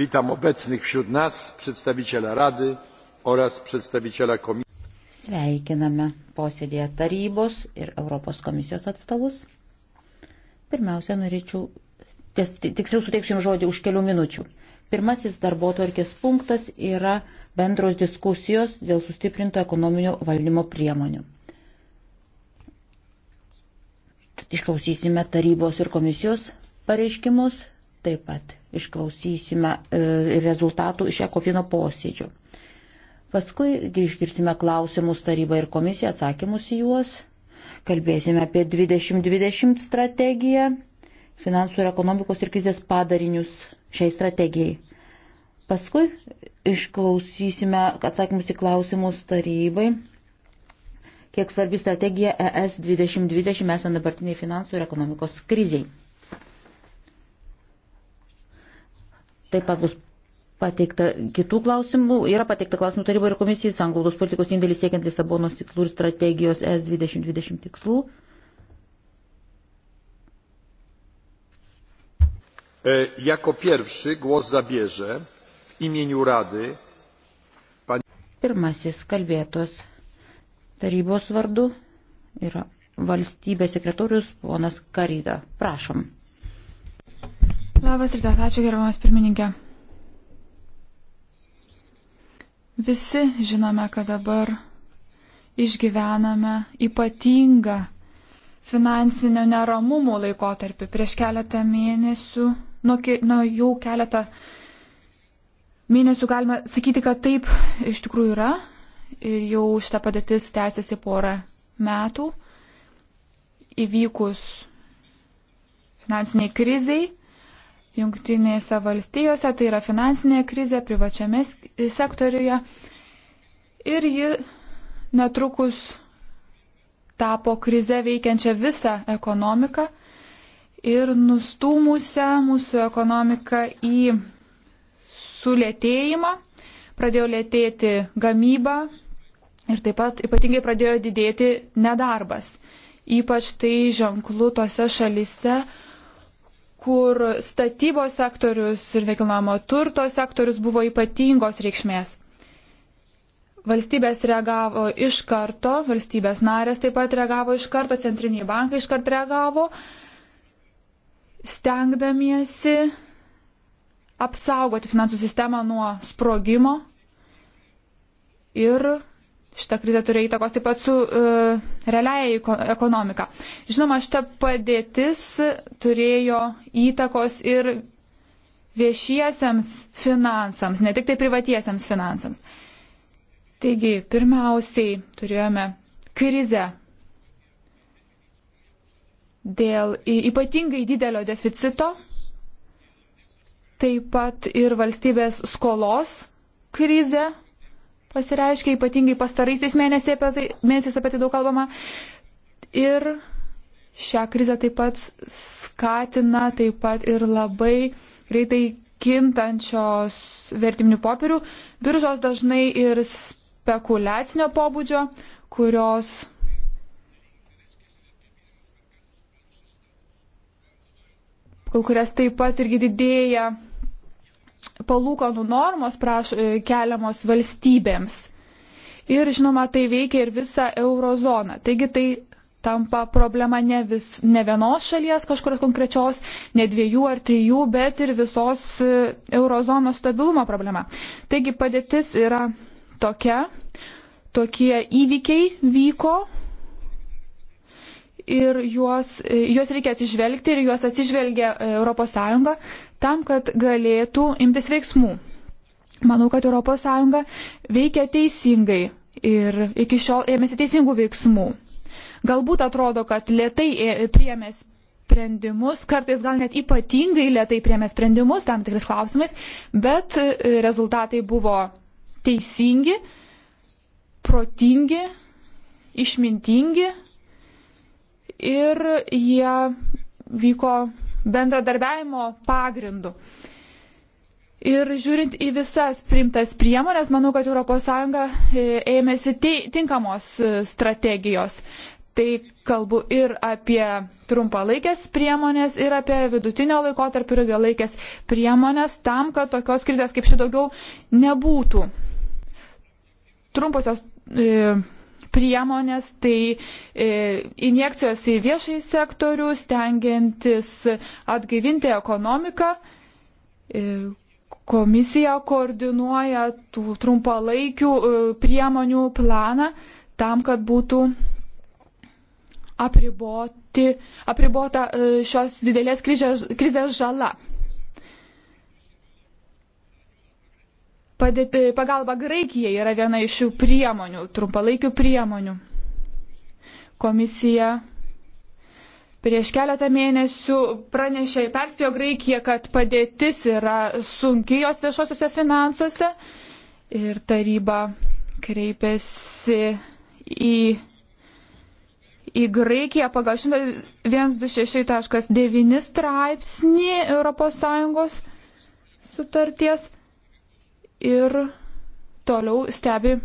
Witam obecnych wśród nas przedstawiciela Rady oraz przedstawiciela komisji. Sveikiname posėdėje tarybos ir Europos komisijos atstovus. Pirmiausia, norėčiau, ties, tiksliau suteiksiu jums žodį už kelių minučių. Pirmasis darbo tvarkės punktas yra bendros diskusijos dėl sustiprinto ekonominio valdymo priemonių. Išklausysime tarybos ir komisijos pareiškimus, Taip pat išklausysime e, rezultatų iš ekofino posėdžio. Paskui išgirsime klausimus tarybą ir komisiją, atsakymus į juos. Kalbėsime apie 2020 strategiją, finansų ir ekonomikos ir krizės padarinius šiai strategijai. Paskui išklausysime atsakymus į klausimus tarybai, kiek svarbi strategija ES 2020 esant dabartiniai finansų ir ekonomikos kriziai. Taip pat bus pateikta kitų klausimų, yra pateikta klausimų tarybai ir komisijai, sanglaudos politikos indėlis siekiant Lisabonos tikslų ir strategijos S 2020 tikslų. E, jako pierwszy głos zabierze w imieniu Rady pan... Pirmasis kalbėtos tarybos vardu yra valstybės sekretorius ponas Karida. Prašom. Labas rytas, ačiū gerbamas pirmininkė. Visi žinome, kad dabar išgyvename ypatingą finansinio neramumų laikotarpį. Prieš keletą mėnesių, nuo, nuo jau keletą mėnesių galima sakyti, kad taip iš tikrųjų yra. Jau šita padėtis tęsiasi porą metų. Įvykus finansiniai kriziai Junktinėse valstijose, tai yra finansinė krizė privačiame sektoriuje. Ir ji netrukus tapo krize veikiančią visą ekonomiką ir nustūmusią mūsų ekonomiką į sulėtėjimą. Pradėjo lėtėti gamyba ir taip pat ypatingai pradėjo didėti nedarbas. Ypač tai ženklu tose šalise, kur statybos sektorius ir nekilnojamo turto sektorius buvo ypatingos reikšmės. Valstybės reagavo iš karto, valstybės narės taip pat reagavo iš karto, centriniai bankai iš karto reagavo, stengdamiesi apsaugoti finansų sistemą nuo sprogimo ir šita krizė turėjo įtakos taip pat su uh, realiai ekonomika. Žinoma, šita padėtis turėjo įtakos ir viešiesiems finansams, ne tik tai privatiesiems finansams. Taigi, pirmiausiai turėjome krizę dėl ypatingai didelio deficito, taip pat ir valstybės skolos krizę pasireiškia, ypatingai pastaraisiais mėnesiais apie, tai, mėnesiais apie tai daug kalbama. Ir šią krizę taip pat skatina taip pat ir labai greitai kintančios vertiminių popierių biržos dažnai ir spekulacinio pobūdžio, kurios kol kurias taip pat irgi didėja palūkanų normos praš, e, keliamos valstybėms. Ir žinoma, tai veikia ir visą eurozoną. Taigi tai tampa problema ne, vis, ne vienos šalies kažkurios konkrečios, ne dviejų ar trijų, bet ir visos e, eurozonos stabilumo problema. Taigi padėtis yra tokia, tokie įvykiai vyko ir juos, e, juos reikia atsižvelgti ir juos atsižvelgia ES tam, kad galėtų imtis veiksmų. Manau, kad ES veikia teisingai ir iki šiol ėmėsi teisingų veiksmų. Galbūt atrodo, kad lietai priemė sprendimus, kartais gal net ypatingai lietai priemė sprendimus tam tikris klausimais, bet e, rezultatai buvo teisingi, protingi, išmintingi ir jie vyko bendradarbiavimo pagrindu. Ir žiūrint į visas primtas priemonės, manau, kad ES e, ėmėsi tinkamos e, strategijos. Tai kalbu ir apie trumpalaikės priemonės, ir apie vidutinio laiko tarp ir ilgalaikės priemonės tam, kad tokios krizės kaip ši daugiau nebūtų. Trumposios. E, priemonės, tai e, injekcijos į viešai sektorių, stengiantis atgaivinti ekonomiką. E, komisija koordinuoja tų trumpalaikių e, priemonių planą tam, kad būtų apriboti, apribota šios didelės krizės, krizės žala. Padėti, e, pagalba Graikijai yra viena iš šių priemonių, trumpalaikių priemonių. Komisija prieš keletą mėnesių pranešė, perspėjo Graikiją, kad padėtis yra sunki jos viešosiuose finansuose ir taryba kreipėsi į, į Graikiją pagal 126.9 straipsnį ES sutarties ir toliau stebi,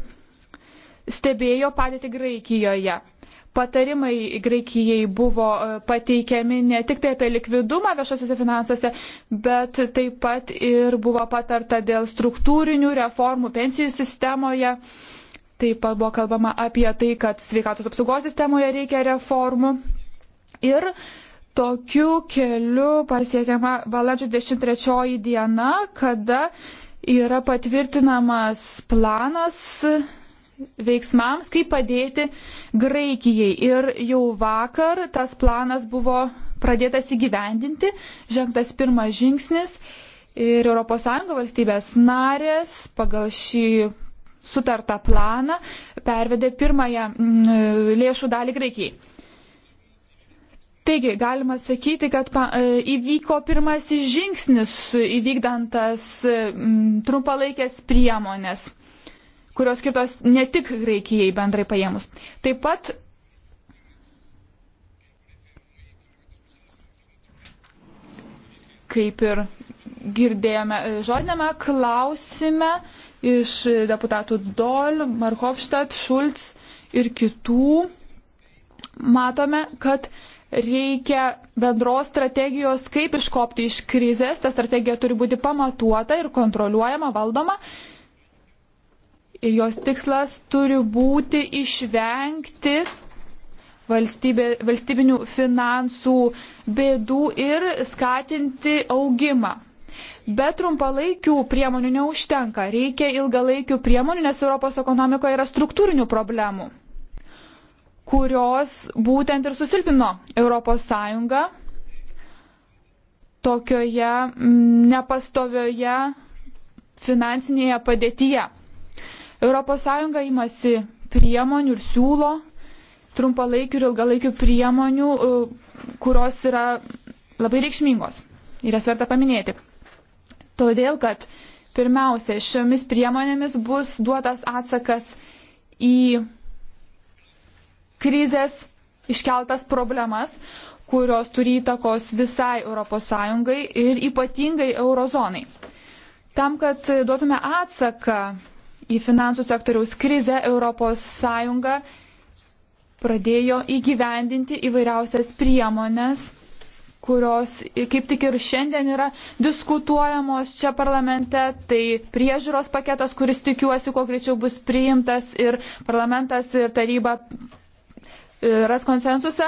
stebėjo padėti Graikijoje. Patarimai Graikijai buvo e, pateikiami ne tik tai apie likvidumą viešosiuose finansuose, bet taip pat ir buvo patarta dėl struktūrinių reformų pensijų sistemoje. Taip pat buvo kalbama apie tai, kad sveikatos apsaugos sistemoje reikia reformų. Ir tokiu keliu pasiekiama balandžio 23 diena, kada yra patvirtinamas planas veiksmams, kaip padėti Graikijai. Ir jau vakar tas planas buvo pradėtas įgyvendinti, žengtas pirmas žingsnis ir ES valstybės narės pagal šį sutartą planą pervedė pirmąją mm, lėšų dalį Graikijai. Taigi, galima sakyti, kad pa, e, įvyko pirmasis žingsnis įvykdantas e, m, trumpalaikės priemonės, kurios skirtos ne tik Graikijai bendrai paėmus. Taip pat kaip ir girdėjome e, žodinėme klausime iš deputatų Dol, Markovštat, Šulc ir kitų, matome, kad reikia bendros strategijos, kaip iškopti iš krizės. Ta strategija turi būti pamatuota ir kontroliuojama, valdoma. Ir jos tikslas turi būti išvengti valstybė, valstybinių finansų bėdų ir skatinti augimą. Bet trumpalaikių priemonių neužtenka, reikia ilgalaikių priemonių, nes Europos ekonomikoje yra struktūrinių problemų kurios būtent ir susilpino ES tokioje mm, nepastovioje finansinėje padėtyje. ES imasi priemonių ir siūlo trumpalaikių ir ilgalaikių priemonių, e, kurios yra labai reikšmingos ir jas verta paminėti. Todėl, kad pirmiausia, šiomis priemonėmis bus duotas atsakas į krizės iškeltas problemas, kurios turi įtakos visai ES ir ypatingai eurozonai. Tam, kad duotume atsaką į finansų sektoriaus krizę, ES pradėjo įgyvendinti įvairiausias priemonės, kurios kaip tik ir šiandien yra diskutuojamos čia parlamente. Tai priežiūros paketas, kuris tikiuosi, kuo greičiau bus priimtas ir parlamentas ir taryba ras konsensusą.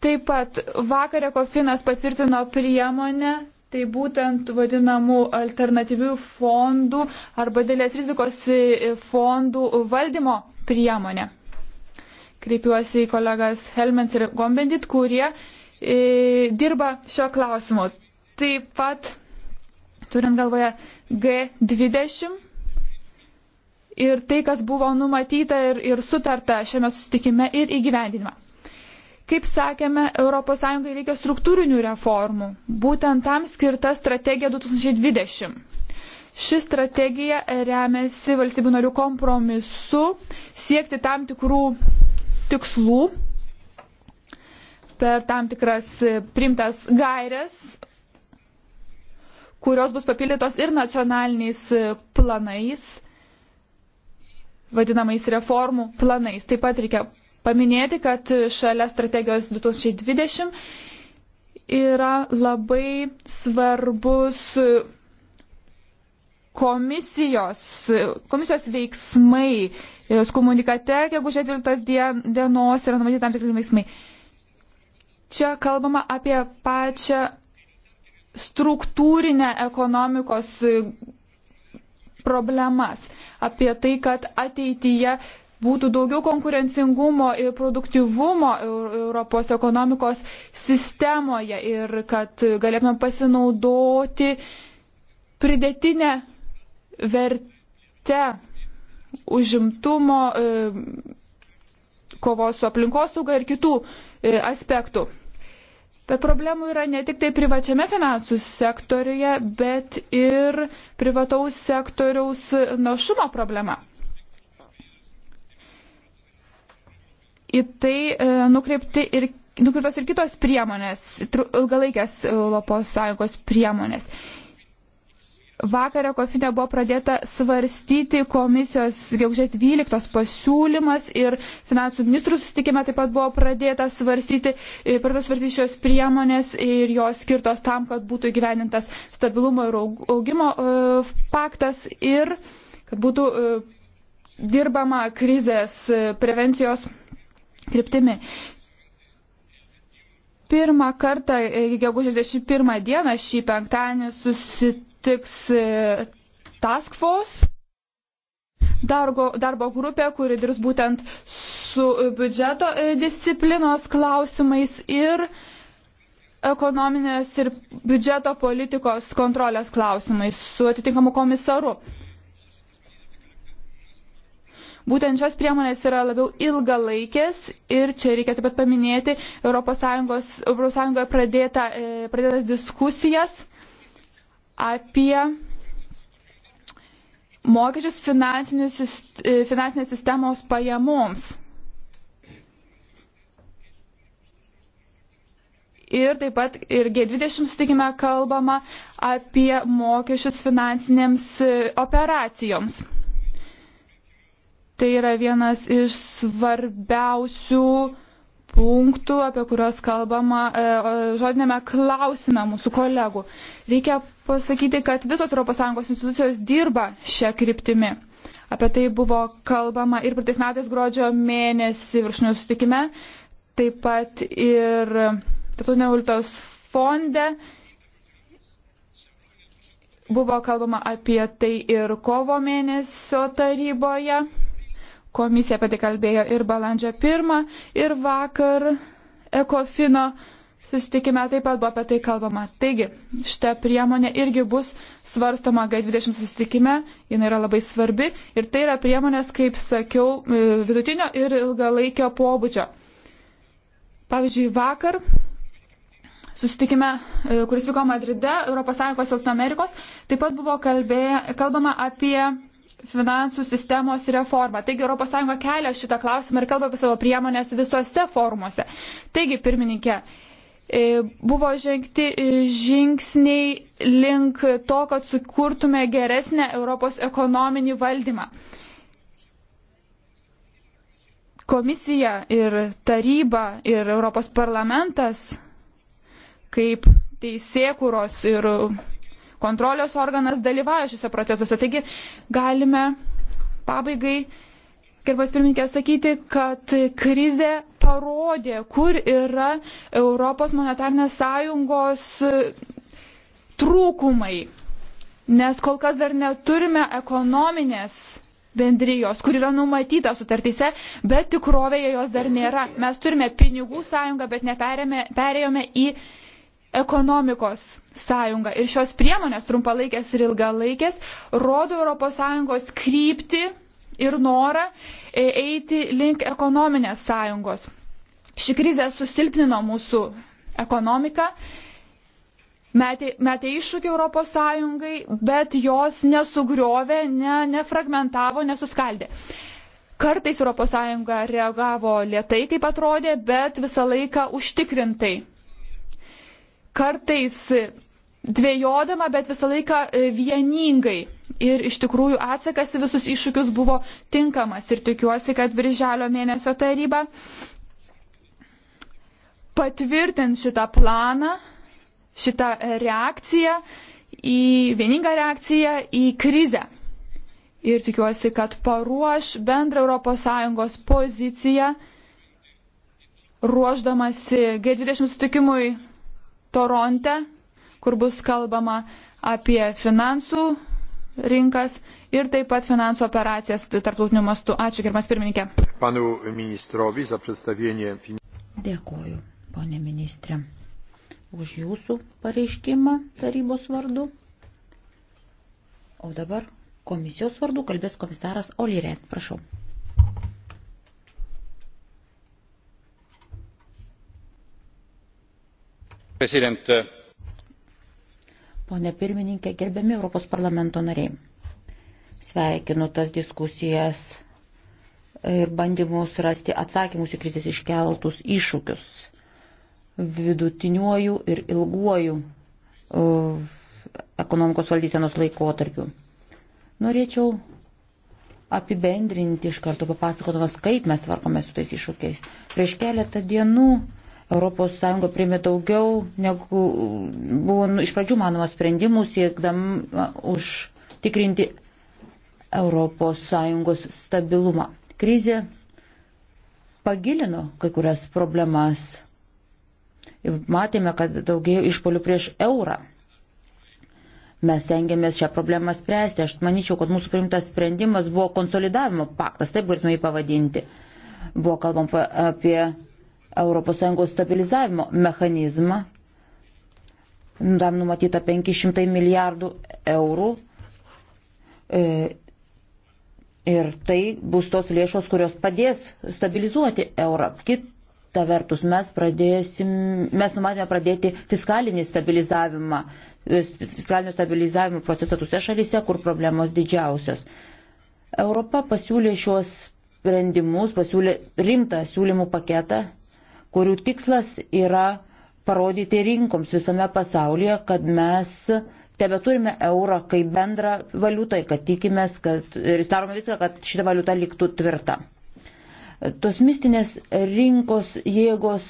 Taip pat vakar Ekofinas patvirtino priemonę, tai būtent vadinamų alternatyvių fondų arba dėlės rizikos fondų valdymo priemonė. Kreipiuosi į kolegas Helmens ir Gombendit, kurie e, dirba šio klausimu. Taip pat, turint galvoje G20, ir tai, kas buvo numatyta ir, ir sutarta šiame susitikime ir įgyvendinimą. Kaip sakėme, ES reikia struktūrinių reformų. Būtent tam skirta strategija 2020. Ši strategija remiasi valstybių narių kompromisu siekti tam tikrų tikslų per tam tikras primtas gairias, kurios bus papildytos ir nacionaliniais planais vadinamais reformų planais. Taip pat reikia paminėti, kad šalia strategijos 2020 yra labai svarbus komisijos, komisijos veiksmai. Jos komunikate, gegužė 12 dienos yra numatyti tam tikri veiksmai. Čia kalbama apie pačią struktūrinę ekonomikos problemas apie tai, kad ateityje būtų daugiau konkurencingumo ir produktivumo Europos ekonomikos sistemoje ir kad galėtume pasinaudoti pridėtinę vertę užimtumo, e, kovos su aplinkosauga ir kitų e, aspektų. Bet problemų yra ne tik tai privačiame finansų sektoriuje, bet ir privataus sektoriaus našumo problema. Į tai e, nukreipti ir nukreiptos ir kitos priemonės, ilgalaikės ES priemonės. Vakar Ekofinė buvo pradėta svarstyti komisijos gegužės 12 pasiūlymas ir finansų ministrų susitikime taip pat buvo pradėta svarstyti, e, pradėtos svarstyti šios priemonės ir jos skirtos tam, kad būtų įgyvenintas stabilumo ir augimo e, paktas ir kad būtų e, dirbama krizės prevencijos kryptimi pirmą kartą gegužės 21 dieną šį penktadienį susitikti sutiks e, Task Force darbo, darbo grupė, kuri dirbs būtent su e, biudžeto e, disciplinos klausimais ir ekonominės ir biudžeto politikos kontrolės klausimais su atitinkamu komisaru. Būtent šios priemonės yra labiau ilgalaikės ir čia reikia taip pat paminėti ES pradėta, pradėtas diskusijas apie mokesčius e, finansinės sistemos pajamoms. Ir taip pat ir G20 sutikime kalbama apie mokesčius finansinėms e, operacijoms. Tai yra vienas iš svarbiausių punktų, apie kuriuos kalbama e, žodinėme klausime mūsų kolegų. Reikia pasakyti, kad visos ES institucijos dirba šią kryptimį. Apie tai buvo kalbama ir praeitais metais gruodžio mėnesį viršinių sutikime, taip pat ir Taptautinio valiutos fonde buvo kalbama apie tai ir kovo mėnesio taryboje. Komisija pati kalbėjo ir balandžio 1, ir vakar Ekofino susitikime taip pat buvo apie tai kalbama. Taigi, šita priemonė irgi bus svarstoma G20 susitikime, jinai yra labai svarbi ir tai yra priemonės, kaip sakiau, e, vidutinio ir ilgalaikio pobūdžio. Pavyzdžiui, vakar susitikime, e, kuris vyko Madride, ES ir Amerikos, taip pat buvo kalbėję, kalbama apie finansų sistemos reformą. Taigi ES kelia šitą klausimą ir kalba apie savo priemonės visose formuose. Taigi, pirmininkė, e, buvo žengti e, žingsniai link to, kad sukurtume geresnę Europos ekonominį valdymą. Komisija ir taryba ir Europos parlamentas kaip teisėkuros ir kontrolės organas dalyvauja šiuose procesuose. Taigi galime pabaigai, gerbas pirmininkė, sakyti, kad krizė parodė, kur yra Europos monetarnės sąjungos e, trūkumai. Nes kol kas dar neturime ekonominės bendrijos, kur yra numatyta sutartyse, bet tikrovėje jos dar nėra. Mes turime pinigų sąjungą, bet neperėjome į ekonomikos sąjunga. Ir šios priemonės, trumpalaikės ir ilgalaikės, rodo ES krypti ir norą e, eiti link ekonominės sąjungos. Ši krizė susilpnino mūsų ekonomiką, metė, metė iššūkį Europos Sąjungai, bet jos nesugriovė, ne, nefragmentavo, nesuskaldė. Kartais Europos Sąjunga reagavo lietai, kaip atrodė, bet visą laiką užtikrintai kartais dvėjodama, bet visą laiką e, vieningai. Ir iš tikrųjų atsakas į visus iššūkius buvo tinkamas ir tikiuosi, kad Birželio mėnesio taryba patvirtins šitą planą, šitą e, reakciją, į vieningą reakciją į krizę. Ir tikiuosi, kad paruoš bendrą ES poziciją ruoždamasi G20 sutikimui Toronte, kur bus kalbama apie finansų rinkas ir taip pat finansų operacijas tarptautiniu mastu. Ačiū, gerbiamas pirmininkė. Panu ministrovi za pristavienį. Dėkuoju, ponė ministrė, už jūsų pareiškimą tarybos vardu. O dabar komisijos vardu kalbės komisaras Olirė. Prašau. President. Pone pirmininkė, gerbiami Europos parlamento nariai. Sveikinu tas diskusijas ir bandymus rasti atsakymus į krizės iškeltus iššūkius vidutiniuoju ir ilguoju e, ekonomikos valdysenos laikotarpiu. Norėčiau apibendrinti iš karto papasakodamas, kaip mes tvarkome su tais iššūkiais. Prieš keletą dienų ES priėmė daugiau negu buvo nu, iš pradžių manoma sprendimų siekdam užtikrinti ES stabilumą. Krizė pagilino kai kurias problemas. Matėme, kad daugėjo išpolių prieš eurą. Mes tengiamės šią problemą spręsti. Aš manyčiau, kad mūsų primtas sprendimas buvo konsolidavimo paktas, taip galėtume jį pavadinti. Buvo kalbam apie ES stabilizavimo mechanizmą. Tam numatyta 500 milijardų eurų. E, ir tai bus tos lėšos, kurios padės stabilizuoti eurą. Kita vertus, mes, pradėsim, mes numatėme pradėti fiskalinį stabilizavimą, e, fiskalinio stabilizavimo procesą tuose šalyse, kur problemos didžiausios. Europa pasiūlė šios sprendimus, pasiūlė rimtą siūlymų paketą kurių tikslas yra parodyti rinkoms visame pasaulyje, kad mes tebe turime eurą kaip bendrą valiutą ir kad tikimės, kad ir darome viską, kad šita valiuta liktų tvirta. Tos mistinės rinkos jėgos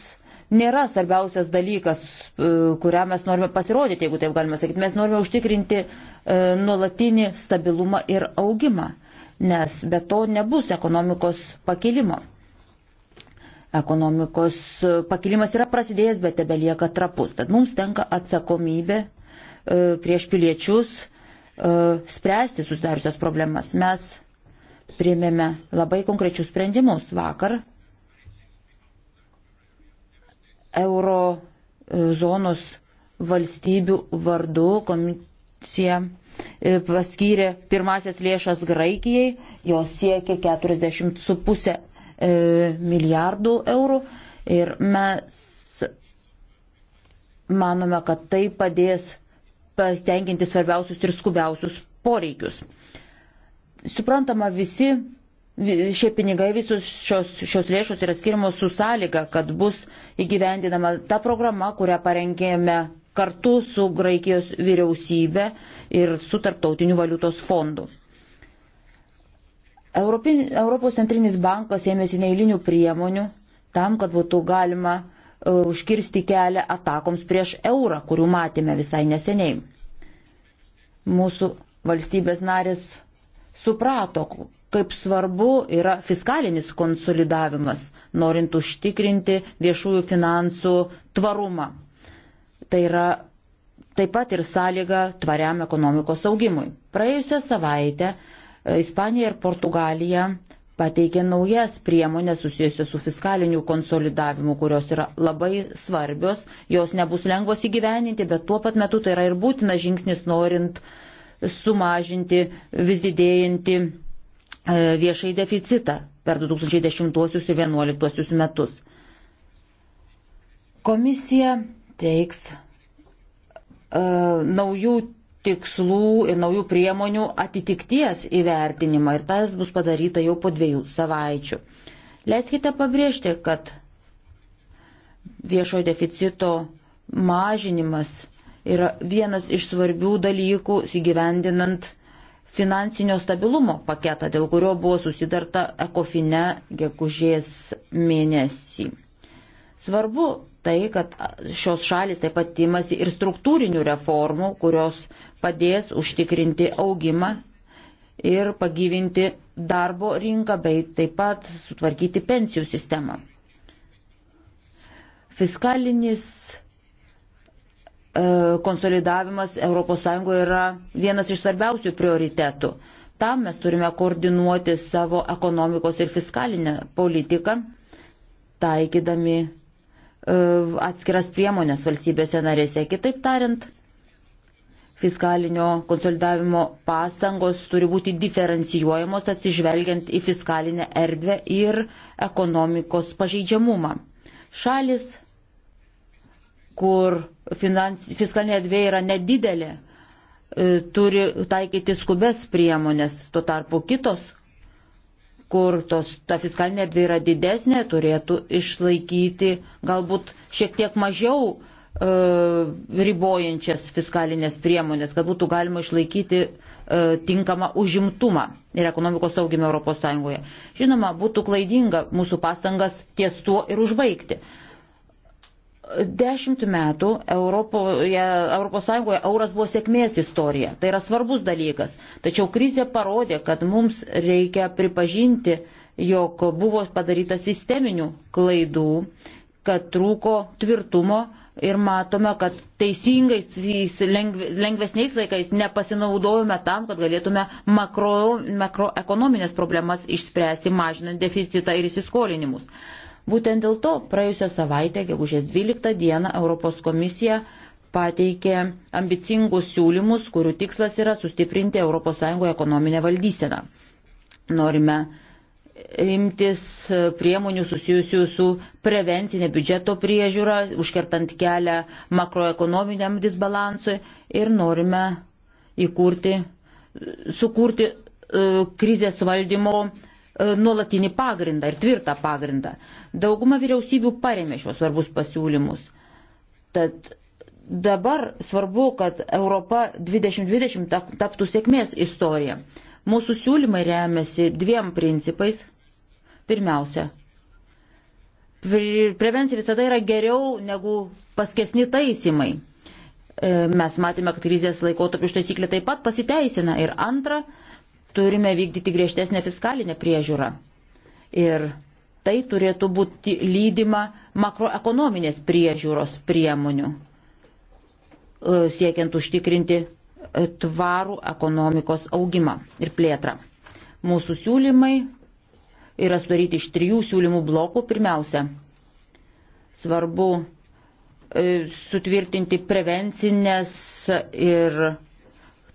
nėra svarbiausias dalykas, e, kurią mes norime pasirodyti, jeigu taip galime sakyti. Mes norime užtikrinti e, nuolatinį stabilumą ir augimą, nes be to nebus ekonomikos pakilimo. Ekonomikos pakilimas yra prasidėjęs, bet tebe lieka trapus. Tad mums tenka atsakomybė e, prieš piliečius e, spręsti susidariusias problemas. Mes priėmėme labai konkrečius sprendimus vakar. Euro e, zonos valstybių vardu komisija paskyrė pirmasias lėšas Graikijai, jos siekia 40,5 E, milijardų eurų ir mes manome, kad tai padės patenkinti svarbiausius ir skubiausius poreikius. Suprantama, visi šie pinigai, visos šios, šios lėšos yra skirimos su sąlyga, kad bus įgyvendinama ta programa, kurią parengėme kartu su Graikijos vyriausybė ir su Tarptautiniu valiutos fondu. Europin, Europos centrinis bankas ėmėsi neįlinių priemonių tam, kad būtų galima uh, užkirsti kelią atakoms prieš eurą, kurių matėme visai neseniai. Mūsų valstybės narės suprato, kaip svarbu yra fiskalinis konsolidavimas, norint užtikrinti viešųjų finansų tvarumą. Tai yra taip pat ir sąlyga tvariam ekonomikos augimui. Praėjusią savaitę uh, Ispanija ir Portugalija pateikė naujas priemonės susijusios su fiskaliniu konsolidavimu, kurios yra labai svarbios, jos nebus lengvos įgyveninti, bet tuo pat metu tai yra ir būtinas žingsnis norint sumažinti vis didėjantį e, viešai deficitą per 2010 ir 2011 metus. Komisija teiks uh, naujų tikslų ir naujų priemonių atitikties įvertinimą ir tas bus padaryta jau po dviejų savaičių. Leiskite pabrėžti, kad viešojo deficito mažinimas yra vienas iš svarbių dalykų įgyvendinant finansinio stabilumo paketą, dėl kurio buvo susidarta ekofine gegužės mėnesį. Svarbu tai, kad šios šalis taip pat imasi ir struktūrinių reformų, kurios padės užtikrinti augimą ir pagyvinti darbo rinką bei taip pat sutvarkyti pensijų sistemą. Fiskalinis e, konsolidavimas ES yra vienas iš svarbiausių prioritetų. Tam mes turime koordinuoti savo ekonomikos ir fiskalinę politiką, taikydami E, atskiras priemonės valstybėse narėse. Kitaip tariant, fiskalinio konsolidavimo pastangos turi būti diferencijuojamos atsižvelgiant į fiskalinę erdvę ir ekonomikos pažeidžiamumą. Šalis, kur finans, fiskalinė erdvė yra nedidelė, e, turi taikyti skubes priemonės, tuo tarpu kitos, kur tos, ta fiskalinė erdvė yra didesnė, turėtų išlaikyti galbūt šiek tiek mažiau e, ribojančias fiskalinės priemonės, kad būtų galima išlaikyti e, tinkamą užimtumą ir ekonomikos augimą ES. Žinoma, būtų klaidinga mūsų pastangas ties tuo ir užbaigti. Dešimt metų Europoje, Europos Sąjungoje euras buvo sėkmės istorija. Tai yra svarbus dalykas. Tačiau krizė parodė, kad mums reikia pripažinti, jog buvo padaryta sisteminių klaidų, kad trūko tvirtumo ir matome, kad teisingais lengvesniais laikais nepasinaudojome tam, kad galėtume makro, makroekonominės problemas išspręsti, mažinant deficitą ir įsiskolinimus. Būtent dėl to praėjusią savaitę, gegužės 12 dieną, Europos komisija pateikė ambicingus siūlymus, kurių tikslas yra sustiprinti ES ekonominę valdyseną. Norime imtis priemonių susijusių su prevencinė biudžeto priežiūra, užkertant kelią makroekonominiam disbalansui ir norime įkurti, sukurti e, krizės valdymo E, nuolatinį pagrindą ir tvirtą pagrindą. Dauguma vyriausybių paremė šios svarbus pasiūlymus. Tad dabar svarbu, kad Europa 2020 taptų sėkmės istorija. Mūsų siūlymai remiasi dviem principais. Pirmiausia, prevencija visada yra geriau negu paskesni taisymai. E, mes matėme, kad krizės laikotarpių ištaisyklė taip pat pasiteisina. Ir antra, turime vykdyti griežtesnę fiskalinę priežiūrą. Ir tai turėtų būti lydima makroekonominės priežiūros priemonių, e, siekiant užtikrinti e, tvarų ekonomikos augimą ir plėtrą. Mūsų siūlymai yra sudaryti iš trijų siūlymų blokų. Pirmiausia, svarbu e, sutvirtinti prevencinės ir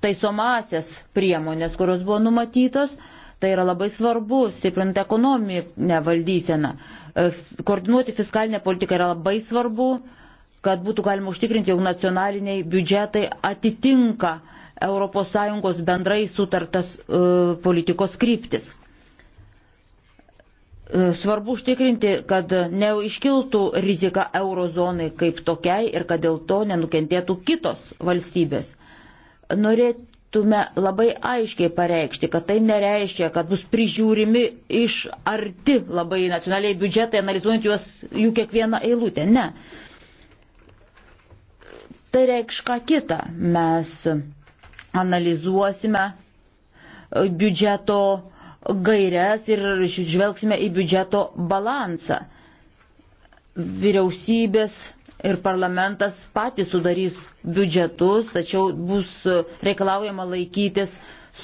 taisomasias priemonės, kurios buvo numatytos. Tai yra labai svarbu, stiprinant ekonominę valdyseną. E, koordinuoti fiskalinę politiką yra labai svarbu, kad būtų galima užtikrinti, jog nacionaliniai biudžetai atitinka ES bendrai sutartas uh, politikos kryptis. E, svarbu užtikrinti, kad neužkiltų rizika eurozonai kaip tokiai ir kad dėl to nenukentėtų kitos valstybės norėtume labai aiškiai pareikšti, kad tai nereiškia, kad bus prižiūrimi iš arti labai nacionaliai biudžetai, analizuojant juos jų kiekvieną eilutę. Ne. Tai reikš ką kitą. Mes analizuosime biudžeto gairias ir žvelgsime į biudžeto balansą. Vyriausybės ir parlamentas patys sudarys biudžetus, tačiau bus reikalaujama laikytis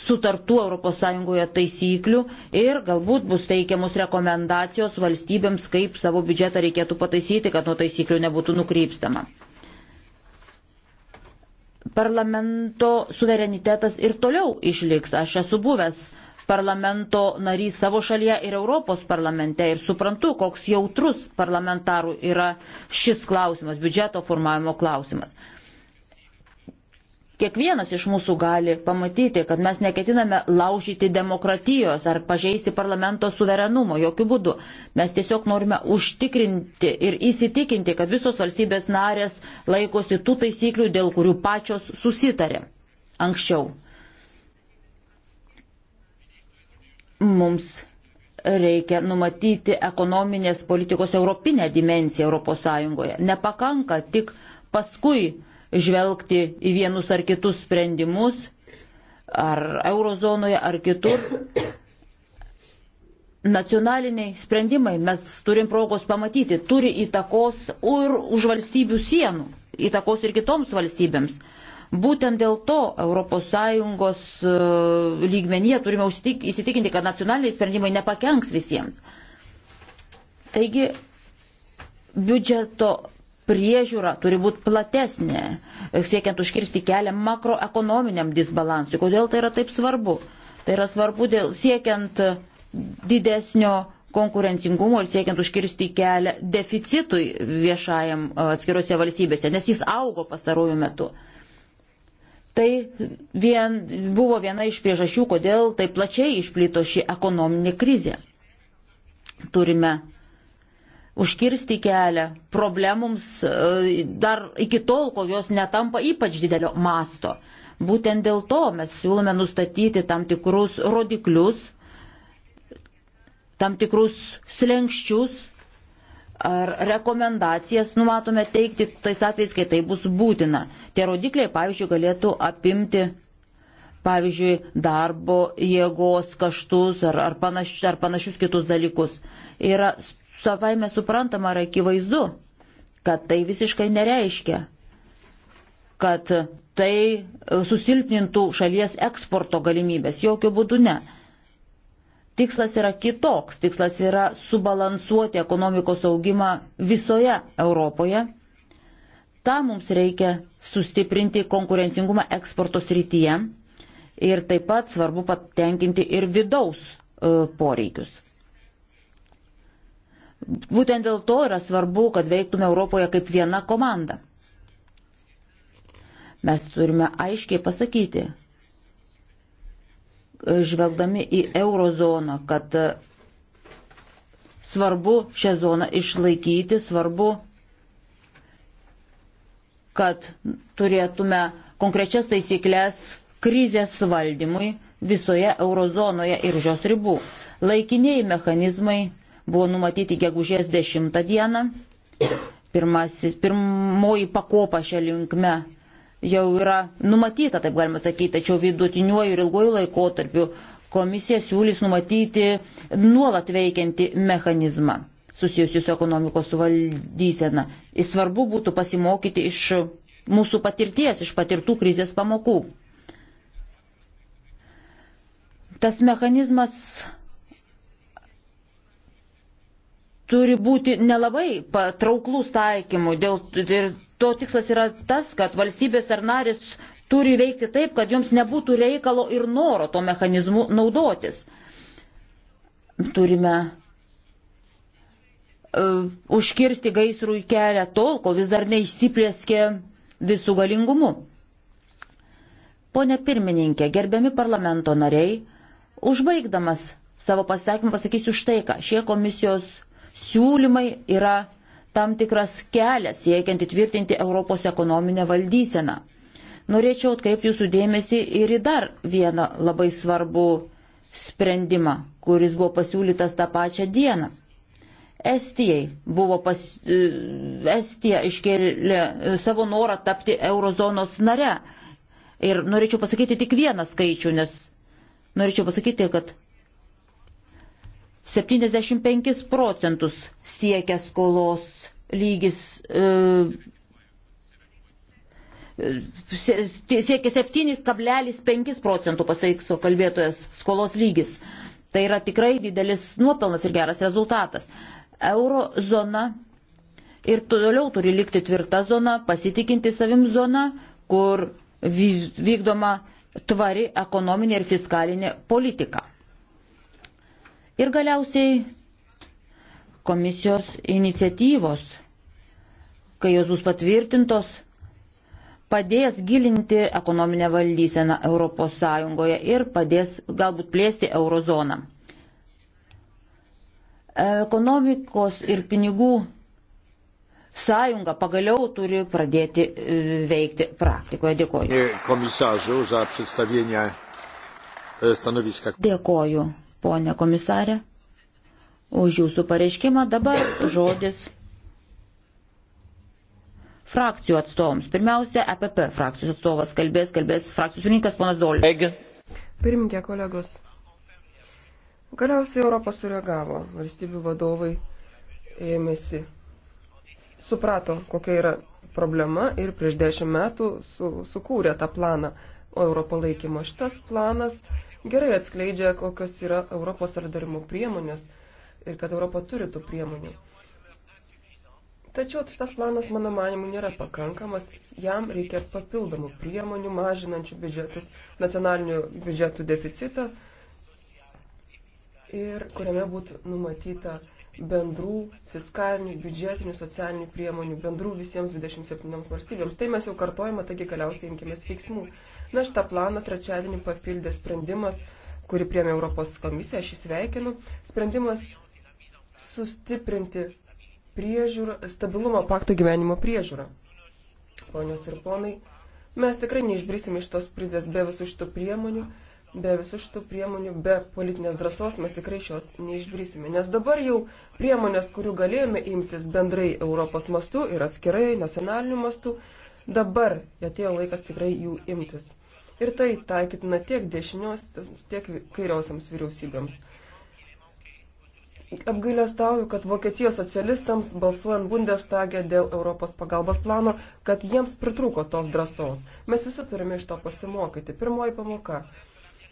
sutartų ES taisyklių ir galbūt bus teikiamus rekomendacijos valstybėms, kaip savo biudžetą reikėtų pataisyti, kad nuo taisyklių nebūtų nukrypstama. Parlamento suverenitetas ir toliau išliks. Aš esu buvęs uh, parlamento narys savo šalyje ir Europos parlamente ir suprantu, koks jautrus parlamentarų yra šis klausimas, biudžeto formavimo klausimas. Kiekvienas iš mūsų gali pamatyti, kad mes neketiname laužyti demokratijos ar pažeisti parlamento suverenumo jokių būdų. Mes tiesiog norime užtikrinti ir įsitikinti, kad visos valstybės narės laikosi tų taisyklių, dėl kurių pačios susitarė anksčiau. mums reikia numatyti ekonominės politikos europinę dimensiją ES. Nepakanka tik paskui žvelgti į vienus ar kitus sprendimus, ar eurozonoje, ar kitur. Nacionaliniai sprendimai, mes turim progos pamatyti, turi įtakos ir už valstybių sienų, įtakos ir kitoms valstybėms. Būtent dėl to ES e, lygmenyje turime įsitikinti, kad nacionaliniai sprendimai nepakenks visiems. Taigi biudžeto priežiūra turi būti platesnė, e, siekiant užkirsti kelią makroekonominiam disbalansui. Kodėl tai yra taip svarbu? Tai yra svarbu dėl siekiant didesnio konkurencingumo ir siekiant užkirsti kelią deficitui viešajam e, atskirose valstybėse, nes jis augo pastarųjų metų. Tai vien, buvo viena iš priežasčių, kodėl taip plačiai išplito ši ekonominė krizė. Turime užkirsti kelią problemums e, dar iki tol, kol jos netampa ypač didelio masto. Būtent dėl to mes siūlome nustatyti tam tikrus rodiklius, tam tikrus slengščius, ar rekomendacijas numatome teikti tais atvejais, kai tai bus būtina. Tie rodikliai, pavyzdžiui, galėtų apimti, pavyzdžiui, darbo jėgos kaštus ar, ar, panaš, ar panašius kitus dalykus. Yra savaime suprantama ar akivaizdu, kad tai visiškai nereiškia, kad tai susilpnintų šalies eksporto galimybės. Jokių būdų ne. Tikslas yra kitoks, tikslas yra subalansuoti ekonomikos augimą visoje Europoje. Ta mums reikia sustiprinti konkurencingumą eksporto srityje ir taip pat svarbu patenkinti ir vidaus e, poreikius. Būtent dėl to yra svarbu, kad veiktume Europoje kaip viena komanda. Mes turime aiškiai pasakyti, žvelgdami į eurozoną, kad e, svarbu šią zoną išlaikyti, svarbu, kad turėtume konkrečias taisyklės krizės valdymui visoje eurozonoje ir už jos ribų. Laikiniai mechanizmai buvo numatyti gegužės 10 dieną. Pirmasis, pirmoji pakopa šią linkme jau yra numatyta, taip galima sakyti, tačiau vidutiniuoju ir ilguoju laikotarpiu komisija siūlys numatyti nuolat veikiantį mechanizmą susijusiu su ekonomikos valdysena. Ir svarbu būtų pasimokyti iš mūsų patirties, iš patirtų krizės pamokų. Tas mechanizmas turi būti nelabai patrauklus taikymui, dėl, ir to tikslas yra tas, kad valstybės ar narės turi veikti taip, kad joms nebūtų reikalo ir noro to mechanizmu naudotis. Turime uh, užkirsti gaisrų į kelią tol, kol vis dar neišsiplėskė visų galingumu. Pone pirmininkė, gerbiami parlamento nariai, užbaigdamas savo pasakymą pasakysiu štai ką. Šie komisijos siūlymai yra tam tikras kelias siekiant įtvirtinti Europos ekonominę valdyseną. Norėčiau atkreipti jūsų dėmesį ir į dar vieną labai svarbų sprendimą, kuris buvo pasiūlytas tą pačią dieną. Estijai buvo pas, e, Estija iškėlė e, savo norą tapti eurozonos nare. Ir norėčiau pasakyti tik vieną skaičių, nes norėčiau pasakyti, kad 75 procentus siekia skolos lygis. E, siekia 7,5 procentų, pasakso kalbėtojas, skolos lygis. Tai yra tikrai didelis nuopelnas ir geras rezultatas. Eurozona ir toliau turi likti tvirta zona, pasitikinti savim zona, kur vykdoma tvari ekonominė ir fiskalinė politika. Ir galiausiai komisijos iniciatyvos, kai jos bus patvirtintos, padės gilinti ekonominę valdyseną ES ir padės galbūt plėsti eurozoną. Ekonomikos ir pinigų sąjunga pagaliau turi pradėti e, veikti praktikoje. Dėkoju. Komisaržu za pristatymą e, stanoviska. Dėkoju ponė komisarė, už jūsų pareiškimą. Dabar žodis frakcijų atstovams. Pirmiausia, EPP frakcijos atstovas kalbės, kalbės frakcijos pirmininkas ponas Dolis. Pirmininkė kolegos. Galiausiai Europą sureagavo, valstybių vadovai ėmėsi, suprato, kokia yra problema ir prieš dešimt metų su, sukūrė tą planą. O Europo laikymo šitas planas gerai atskleidžia, kokios yra Europos solidarimo priemonės ir kad Europa turi tų priemonių. Tačiau tas planas, mano manimu, nėra pakankamas, jam reikia papildomų priemonių, mažinančių biudžetus, nacionalinių biudžetų deficitą ir kuriame būtų numatyta bendrų fiskalinių, biudžetinių, socialinių priemonių, bendrų visiems 27 valstybėms. Tai mes jau kartojame, taigi galiausiai imkimės veiksmų. Na, šitą planą trečiadienį papildė sprendimas, kurį priemė Europos komisija, aš įsveikinu. Sprendimas sustiprinti priežiūrą, stabilumo pakto gyvenimo priežiūrą. Ponios ir ponai, mes tikrai neišbrisime iš tos prizės be visų šitų priemonių be visų šitų priemonių, be politinės drąsos mes tikrai šios neišbrysime. Nes dabar jau priemonės, kurių galėjome imtis bendrai Europos mastu ir atskirai nacionaliniu mastu, dabar atėjo laikas tikrai jų imtis. Ir tai taikytina tiek dešinios, tiek kairiausiams vyriausybėms. Apgailestauju, kad Vokietijos socialistams balsuojant Bundestagė dėl Europos pagalbos plano, kad jiems pritruko tos drąsos. Mes visi turime iš to pasimokyti. Pirmoji pamoka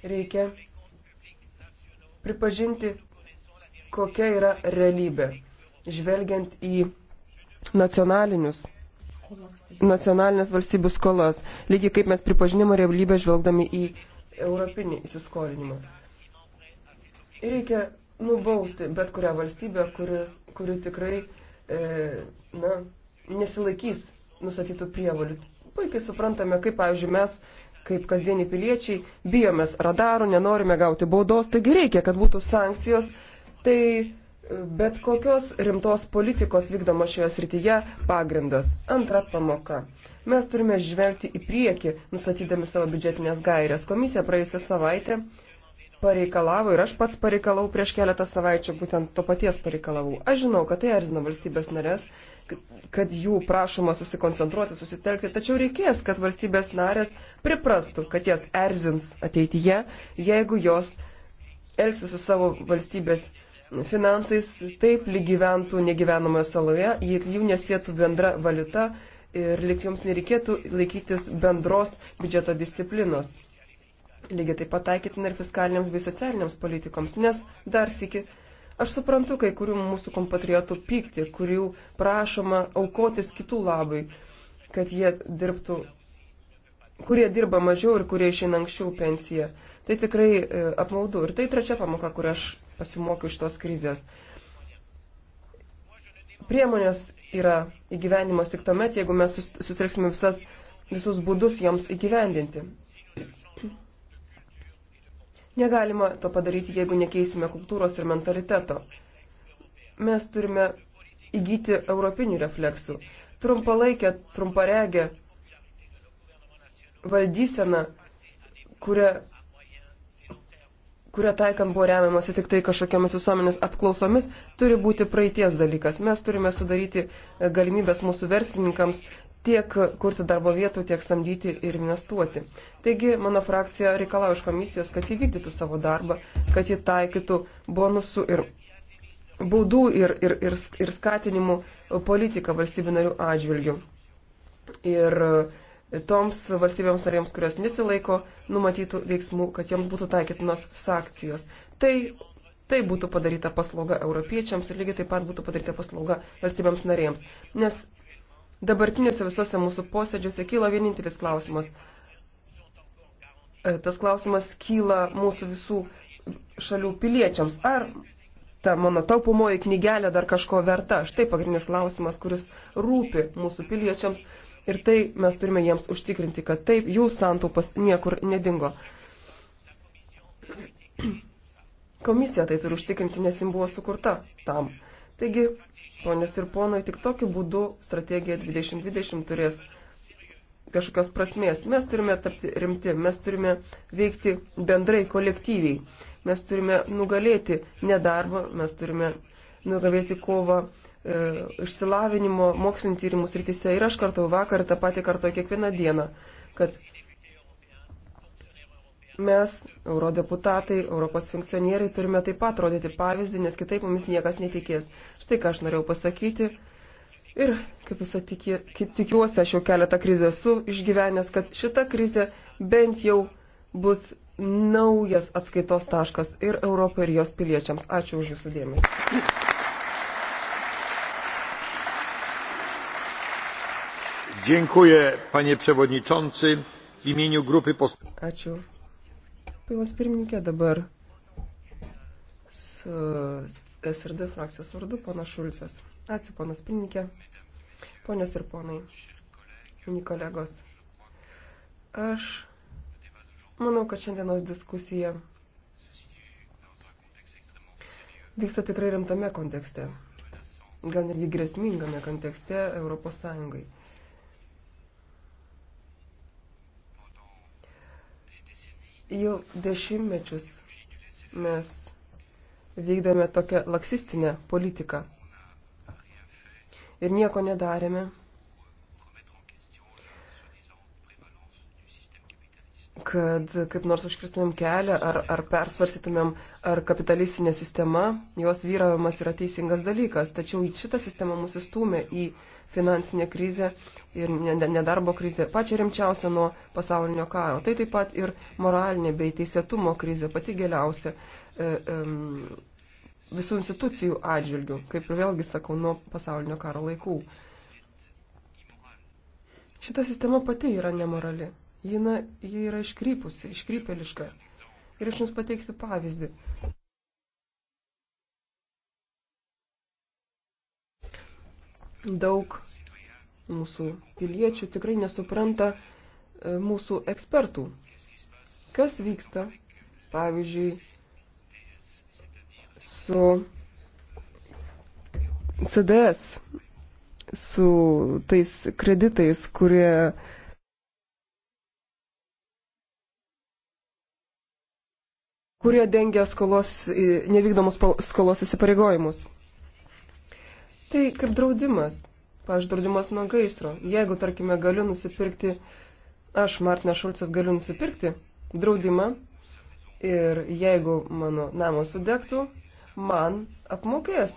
reikia pripažinti, kokia yra realybė, žvelgiant į nacionalinius nacionalinės valstybių skolas, lygiai kaip mes pripažinimo realybę žvelgdami į europinį įsiskolinimą. Reikia nubausti bet kurią valstybę, kuris, kuri tikrai e, na, nesilaikys nusatytų prievalių. Puikiai suprantame, kaip, pavyzdžiui, mes kaip kasdieni piliečiai, bijomės radarų, nenorime gauti baudos, taigi reikia, kad būtų sankcijos. Tai e, bet kokios rimtos politikos vykdomo šioje srityje pagrindas. Antra pamoka. Mes turime žvelgti į priekį, nustatydami savo biudžetinės gairės. Komisija praėjusią savaitę pareikalavo ir aš pats pareikalau prieš keletą savaičių, būtent to paties pareikalavau. Aš žinau, kad tai erzina valstybės narės, kad jų prašoma susikoncentruoti, susitelkti, tačiau reikės, kad valstybės narės priprastų, kad jas erzins ateityje, jeigu jos elgsis su savo valstybės finansais taip, lyg gyventų negyvenamoje saloje, jeigu jų nesėtų bendra valiuta ir lyg joms nereikėtų laikytis bendros biudžeto disciplinos. Lygiai taip pat taikytina ir fiskaliniams bei socialiniams politikoms, nes dar sėki Aš suprantu kai kurių mūsų kompatriotų pykti, kurių prašoma aukotis kitų labui, kad jie dirbtų kurie dirba mažiau ir kurie išeina anksčiau pensiją. Tai tikrai e, apmaudu. Ir tai trečia pamoka, kurią aš pasimokiau iš tos krizės. Priemonės yra įgyvenimas tik tuomet, jeigu mes sutriksime visas, visus būdus joms įgyvendinti. Negalima to padaryti, jeigu nekeisime kultūros ir mentaliteto. Mes turime įgyti europinių refleksų. Trumpalaikę, trumparegę valdysena, kuria kuria taikant buvo remiamasi tik tai kažkokiamis visuomenės apklausomis, turi būti praeities dalykas. Mes turime sudaryti e, galimybės mūsų verslininkams tiek kurti darbo vietų, tiek samdyti ir investuoti. Taigi mano frakcija reikalauja iš komisijos, kad ji vykdytų savo darbą, kad ji taikytų bonusų ir baudų ir, ir, ir, ir skatinimų politiką valstybių narių atžvilgių. Ir uh, toms valstybėms narėms, kurios nesilaiko numatytų veiksmų, kad joms būtų taikytinos sankcijos. Tai, tai būtų padaryta paslauga europiečiams ir lygiai taip pat būtų padaryta paslauga valstybėms narėms. Nes dabartiniuose visuose mūsų posėdžiuose kyla vienintelis klausimas. E, tas klausimas kyla mūsų visų šalių piliečiams. Ar ta mano taupumoji knygelė dar kažko verta? Štai pagrindinis klausimas, kuris rūpi mūsų piliečiams Ir tai mes turime jiems užtikrinti, kad taip jų santaupas niekur nedingo. Komisija tai turi užtikrinti, nes jin buvo sukurta tam. Taigi, ponios ir ponai, tik tokiu būdu strategija 2020 turės kažkokios prasmės. Mes turime tapti rimti, mes turime veikti bendrai, kolektyviai, mes turime nugalėti nedarbą, mes turime nugalėti kovą E, išsilavinimo mokslinio tyrimų srityse. Ir aš kartau vakar tą patį kartą kiekvieną dieną, kad mes, eurodeputatai, Europos funkcionieriai, turime taip pat rodyti pavyzdį, nes kitaip mumis niekas netikės. Štai ką aš norėjau pasakyti. Ir, kaip visą tikiuosi, aš jau keletą krizę esu išgyvenęs, kad šita krizė bent jau bus naujas atskaitos taškas ir Europai, ir jos piliečiams. Ačiū už Jūsų dėmesį. Dziękuję, panie przewodniczący. W imieniu grupy posłów. Ačiū. Pilas pirmininkė dabar su SRD frakcijos vardu, ponas Šulcas. Ačiū, ponas pirmininkė. Ponios ir ponai, mini kolegos. Aš manau, kad šiandienos diskusija vyksta tikrai rimtame kontekste, gan irgi grėsmingame kontekste Europos Sąjungai. Jau dešimtmečius mes vykdėme tokią laksistinę politiką ir nieko nedarėme, kad kaip nors užkirstumėm kelią ar, ar persvarsytumėm, ar kapitalistinė sistema, jos vyravimas yra teisingas dalykas. Tačiau šita sistema mūsų stumė į finansinė krizė ir nedarbo krizė, pačia rimčiausia nuo pasaulinio karo. Tai taip pat ir moralinė bei teisėtumo krizė, pati giliausia e, visų institucijų atžvilgių, kaip ir vėlgi sakau, nuo pasaulinio karo laikų. Šita sistema pati yra nemorali. Ji, na, ji yra iškrypusi, iškrypeliška. Ir aš jums pateiksiu pavyzdį. Daug mūsų piliečių tikrai nesupranta e, mūsų ekspertų. Kas vyksta, pavyzdžiui, su CDS, su tais kreditais, kurie kurie dengia skolos, nevykdomus skolos įsipareigojimus. Tai kaip draudimas, pavyzdžiui, draudimas nuo gaisro. Jeigu, tarkime, galiu nusipirkti, aš, Martinas Šulcas, galiu nusipirkti draudimą ir jeigu mano namas sudegtų, man apmokės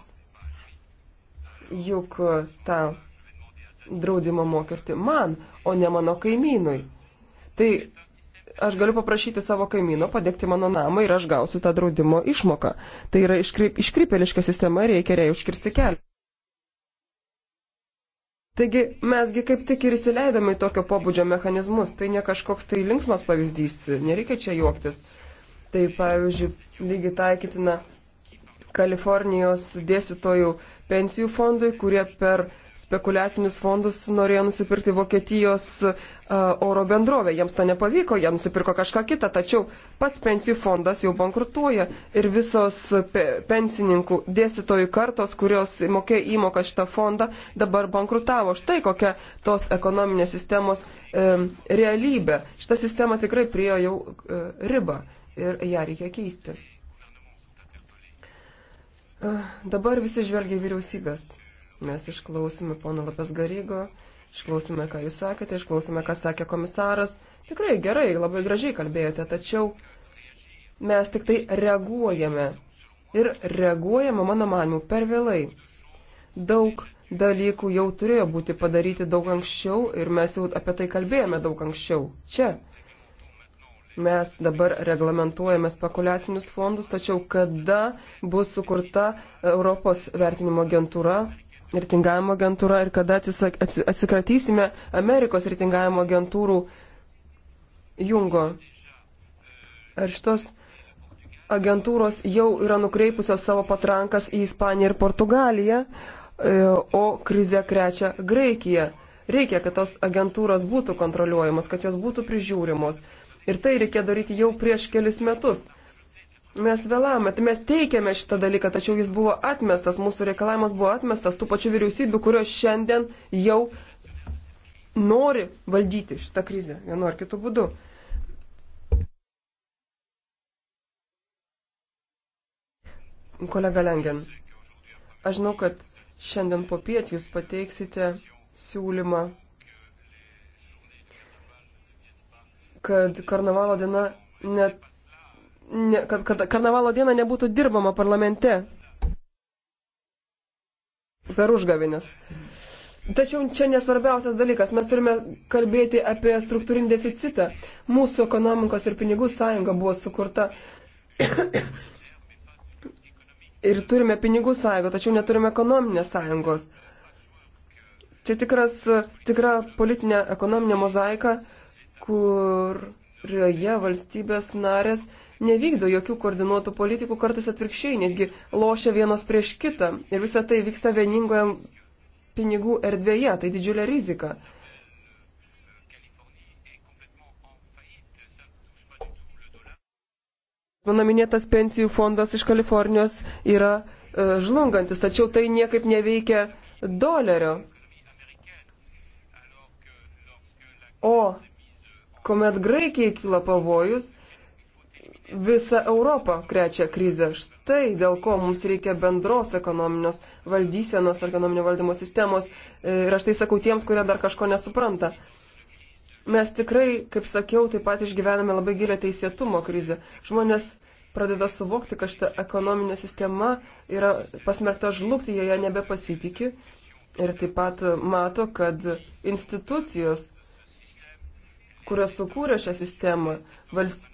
juk tą draudimo mokestį man, o ne mano kaimynui. Tai aš galiu paprašyti savo kaimyno padegti mano namą ir aš gausiu tą draudimo išmoką. Tai yra iškryp, iškrypeliška sistema ir reikia jai užkirsti kelią. Taigi mesgi kaip tik ir įsileidame į tokio pobūdžio mechanizmus. Tai ne kažkoks tai linksmas pavyzdys, nereikia čia juoktis. Tai pavyzdžiui, lygiai taikytina Kalifornijos dėstytojų pensijų fondui, kurie per uh, spekuliacinius fondus norėjo nusipirkti Vokietijos uh, oro bendrovė. Jiems to nepavyko, jie nusipirko kažką kitą, tačiau pats pensijų fondas jau bankrutuoja ir visos pe pensininkų dėstytojų kartos, kurios mokė įmoką šitą fondą, dabar bankrutavo. Štai kokia tos ekonominės sistemos um, realybė. Šitą sistemą tikrai priejo jau uh, ribą ir ją reikia keisti. Uh, dabar visi žvelgia į vyriausybės. Mes išklausime pono Lopes Garygo, išklausime, ką jūs sakėte, išklausime, ką sakė komisaras. Tikrai gerai, labai gražiai kalbėjote, tačiau mes tik tai reaguojame. Ir reaguojame, mano manimu, per vėlai. Daug dalykų jau turėjo būti padaryti daug anksčiau ir mes jau apie tai kalbėjome daug anksčiau. Čia. Mes dabar reglamentuojame spekulacinius fondus, tačiau kada bus sukurta Europos vertinimo agentūra, reitingavimo agentūra ir kada atsisak, atsikratysime Amerikos reitingavimo agentūrų jungo. Ar šitos agentūros jau yra nukreipusios savo patrankas į Ispaniją ir Portugaliją, e, o krizė krečia Graikiją. Reikia, kad tos agentūros būtų kontroliuojamos, kad jos būtų prižiūrimos. Ir tai reikia daryti jau prieš kelis metus. Mes vėlame, tai mes teikėme šitą dalyką, tačiau jis buvo atmestas, mūsų reikalavimas buvo atmestas tų pačių vyriausybių, kurios šiandien jau nori valdyti šitą krizę vienu ar kitu būdu. Kolega Lengen, aš žinau, kad šiandien po piet jūs pateiksite siūlymą, kad karnavalo diena net ne, kad, kad karnavalo dieną nebūtų dirbama parlamente per užgavines. Tačiau čia nesvarbiausias dalykas. Mes turime kalbėti apie struktūrinį deficitą. Mūsų ekonomikos ir pinigų sąjunga buvo sukurta. ir turime pinigų sąjungą, tačiau neturime ekonominės sąjungos. Čia tikras, tikra politinė ekonominė mozaika, kurioje valstybės narės nevykdo jokių koordinuotų politikų, kartais atvirkščiai netgi lošia vienos prieš kitą. Ir visa tai vyksta vieningoje pinigų erdvėje, tai didžiulė rizika. Mano minėtas pensijų fondas iš Kalifornijos yra e, žlungantis, tačiau tai niekaip neveikia dolerio. O kuomet Graikijai kyla pavojus, visą Europą krečia krizė. Štai dėl ko mums reikia bendros ekonominės valdysenos, ekonominio valdymo sistemos. E, ir aš tai sakau tiems, kurie dar kažko nesupranta. Mes tikrai, kaip sakiau, taip pat išgyvename labai gilę teisėtumo krizę. Žmonės pradeda suvokti, kad šita ekonominė sistema yra pasmerkta žlugti, jie ją nebepasitikė. Ir taip pat mato, kad institucijos, kurios sukūrė šią sistemą, valstybės,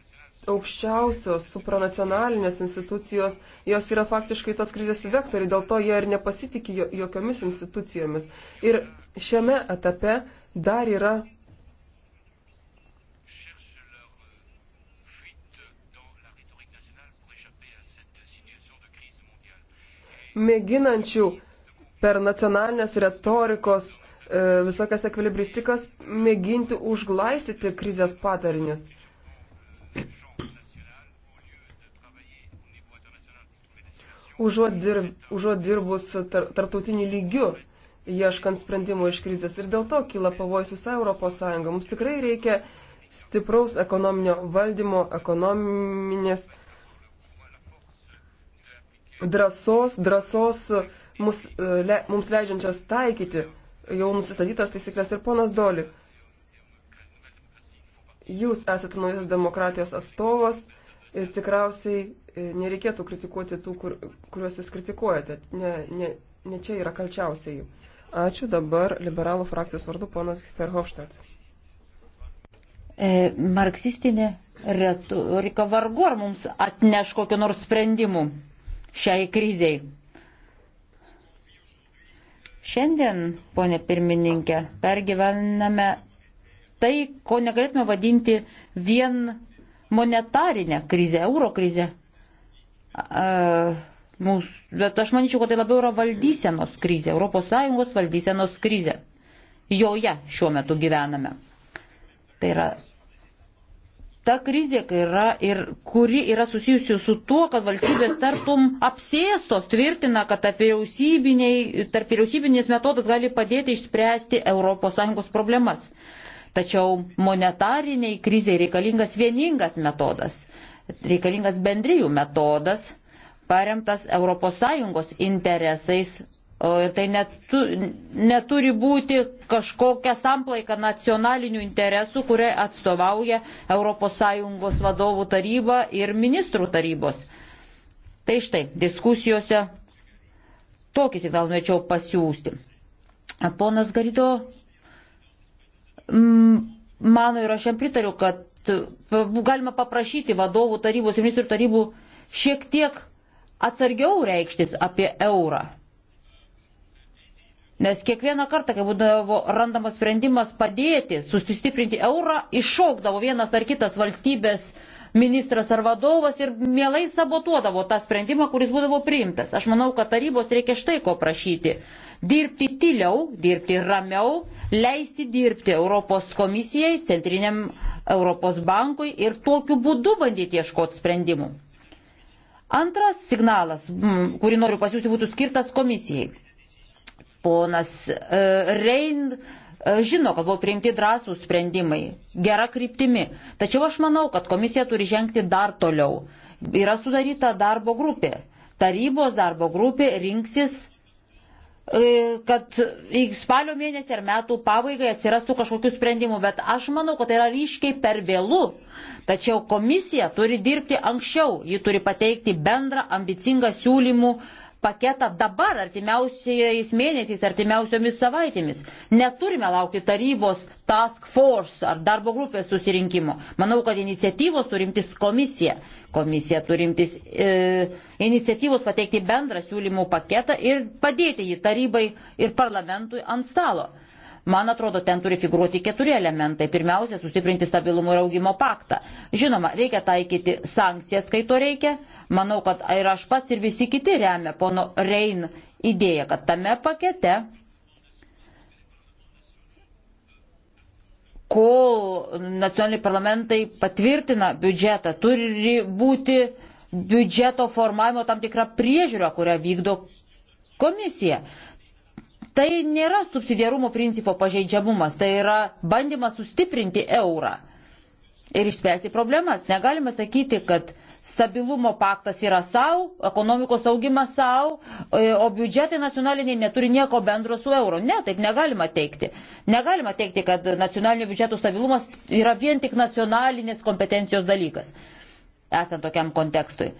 aukščiausios supranacionalinės institucijos, jos yra faktiškai tos krizės vektoriai, dėl to jie ir nepasitikė jokiomis institucijomis. Ir šiame etape dar yra. Mėginančių per nacionalinės retorikos e, visokias ekvilibristikas mėginti užglaistyti krizės padarinius. užuot, dirb, užuot dirbus tar, tarptautiniu lygiu, ieškant sprendimo iš krizės. Ir dėl to kyla pavojus visą Europos Sąjungą. Mums tikrai reikia stipraus ekonominio valdymo, ekonominės drąsos, drąsos mus, e, le, mums leidžiančias taikyti jau nusistatytas taisyklės ir ponas Doli. Jūs esate naujos demokratijos atstovas Ir tikriausiai e, nereikėtų kritikuoti tų, kur, kuriuos jūs kritikuojate. Ne, ne, ne čia yra kalčiausiai. Ačiū dabar liberalų frakcijos vardu ponas Ferhofštat. E, marksistinė retorika vargu ar mums atneš kokio nors sprendimų šiai kriziai. Šiandien, ponė pirmininkė, pergyvename tai, ko negalėtume vadinti vien monetarinę krizę, euro krizę. Mūs, bet aš manyčiau, kad tai labiau yra valdysenos krizė, ES valdysenos krizė. Joje šiuo metu gyvename. Tai yra ta krizė, kai yra ir kuri yra susijusi su tuo, kad valstybės tartum apsėstos tvirtina, kad tarp, tarp vyriausybinės metodas gali padėti išspręsti ES problemas. Tačiau monetariniai kriziai reikalingas vieningas metodas, reikalingas bendrijų metodas, paremtas ES interesais. Ir tai netu, neturi būti kažkokia samplaika nacionalinių interesų, kuriai atstovauja ES vadovų taryba ir ministrų tarybos. Tai štai, diskusijose tokį signalą norėčiau pasiūsti. Ponas Garido Mm, mano ir aš jam pritariu, kad e, galima paprašyti vadovų tarybos ir ministrų tarybų šiek tiek atsargiau reikštis apie eurą. Nes kiekvieną kartą, kai būdavo randamas sprendimas padėti, sustiprinti eurą, iššokdavo vienas ar kitas valstybės ministras ar vadovas ir mielai sabotuodavo tą sprendimą, kuris būdavo priimtas. Aš manau, kad tarybos reikia štai ko prašyti dirbti tyliau, dirbti ramiau, leisti dirbti Europos komisijai, Centriniam Europos bankui ir tokiu būdu bandyti ieškoti sprendimų. Antras signalas, kurį noriu pasiūsti, būtų skirtas komisijai. Ponas e, Rein e, žino, kad buvo priimti drąsų sprendimai, gera kryptimi. Tačiau aš manau, kad komisija turi žengti dar toliau. Yra sudaryta darbo grupė. Tarybos darbo grupė rinksis E, kad spalio mėnesį ar metų pabaigai atsirastų kažkokių sprendimų, bet aš manau, kad tai yra ryškiai per vėlų. Tačiau komisija turi dirbti anksčiau, ji turi pateikti bendrą ambicingą siūlymų uh, paketą dabar, artimiausiais mėnesiais, artimiausiomis savaitėmis. Neturime laukti tarybos task force ar darbo grupės susirinkimo. Manau, kad iniciatyvos turimtis komisija. Komisija turimtis e, iniciatyvos pateikti bendrą siūlymų paketą ir padėti jį tarybai ir parlamentui ant stalo. Man atrodo, ten turi figuruoti keturi elementai. Pirmiausia, sustiprinti stabilumo ir augimo paktą. Žinoma, reikia taikyti sankcijas, kai to reikia. Manau, kad ir aš pats ir visi kiti remia pono Rein idėją, kad tame pakete kol nacionaliniai parlamentai patvirtina biudžetą, turi būti biudžeto formavimo tam tikra priežiūra, kurią vykdo komisija. Tai nėra subsidiarumo principo pažeidžiamumas, tai yra bandymas sustiprinti eurą ir išspręsti problemas. Negalime sakyti, kad stabilumo paktas yra savo, ekonomikos augimas savo, e, o biudžetai nacionaliniai neturi nieko bendro su euro. Ne, taip negalima teikti. Negalima teikti, kad nacionalinių biudžetų stabilumas yra vien tik nacionalinės kompetencijos dalykas, esant tokiam kontekstui.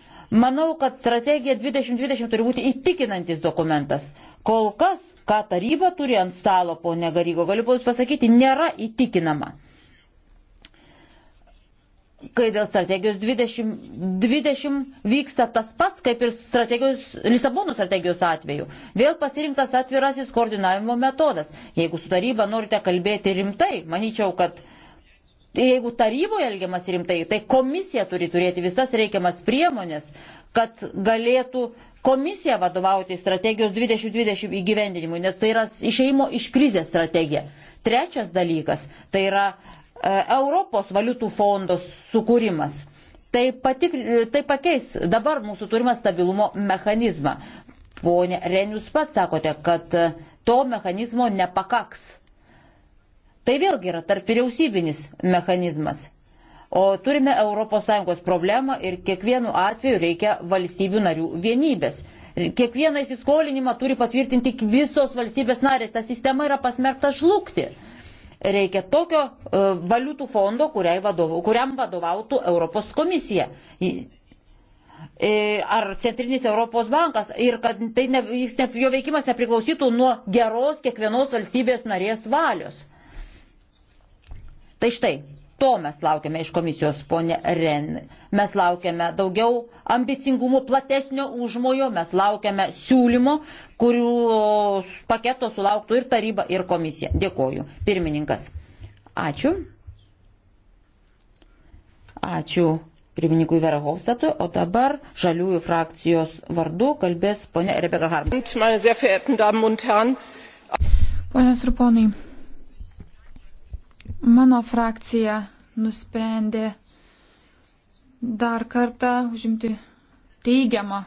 Manau, kad strategija 2020 turi būti įtikinantis dokumentas. Kol kas ką taryba turi ant stalo, ponė Garygo, galiu jums pasakyti, nėra įtikinama. Kai dėl strategijos 20, 20 vyksta tas pats, kaip ir strategijos, Lisabonų strategijos atveju. Vėl pasirinktas atvirasis koordinavimo metodas. Jeigu su taryba norite kalbėti rimtai, manyčiau, kad jeigu taryboje elgiamas rimtai, tai komisija turi turėti visas reikiamas priemonės, kad galėtų komisija vadovauti strategijos 2020 įgyvendinimui, nes tai yra išeimo iš krizės strategija. Trečias dalykas - tai yra e, Europos valiutų fondo sukūrimas. Tai, patik, tai pakeis dabar mūsų turimą stabilumo mechanizmą. Pone Renius pats sakote, kad e, to mechanizmo nepakaks. Tai vėlgi yra tarp vyriausybinis mechanizmas. O turime ES problemą ir kiekvienu atveju reikia valstybių narių vienybės. Kiekvieną įsiskolinimą turi patvirtinti tik visos valstybės narės. Ta sistema yra pasmerkta žlugti. Reikia tokio uh, valiutų fondo, vadovau, kuriam vadovautų Europos komisija e, ar Centrinis Europos bankas ir kad tai ne, jis, ne, jo veikimas nepriklausytų nuo geros kiekvienos valstybės narės valios. Tai štai, To mes laukiame iš komisijos, ponė Ren. Mes laukiame daugiau ambicingumo, platesnio užmojo, mes laukiame siūlymo, kurių paketo sulauktų ir taryba, ir komisija. Dėkoju. Pirmininkas. Ačiū. Ačiū pirmininkui Verhofstatui, o dabar žaliųjų frakcijos vardu kalbės ponė Rebeka Harms. Ponios ir ponai, Mano frakcija nusprendė dar kartą užimti teigiamą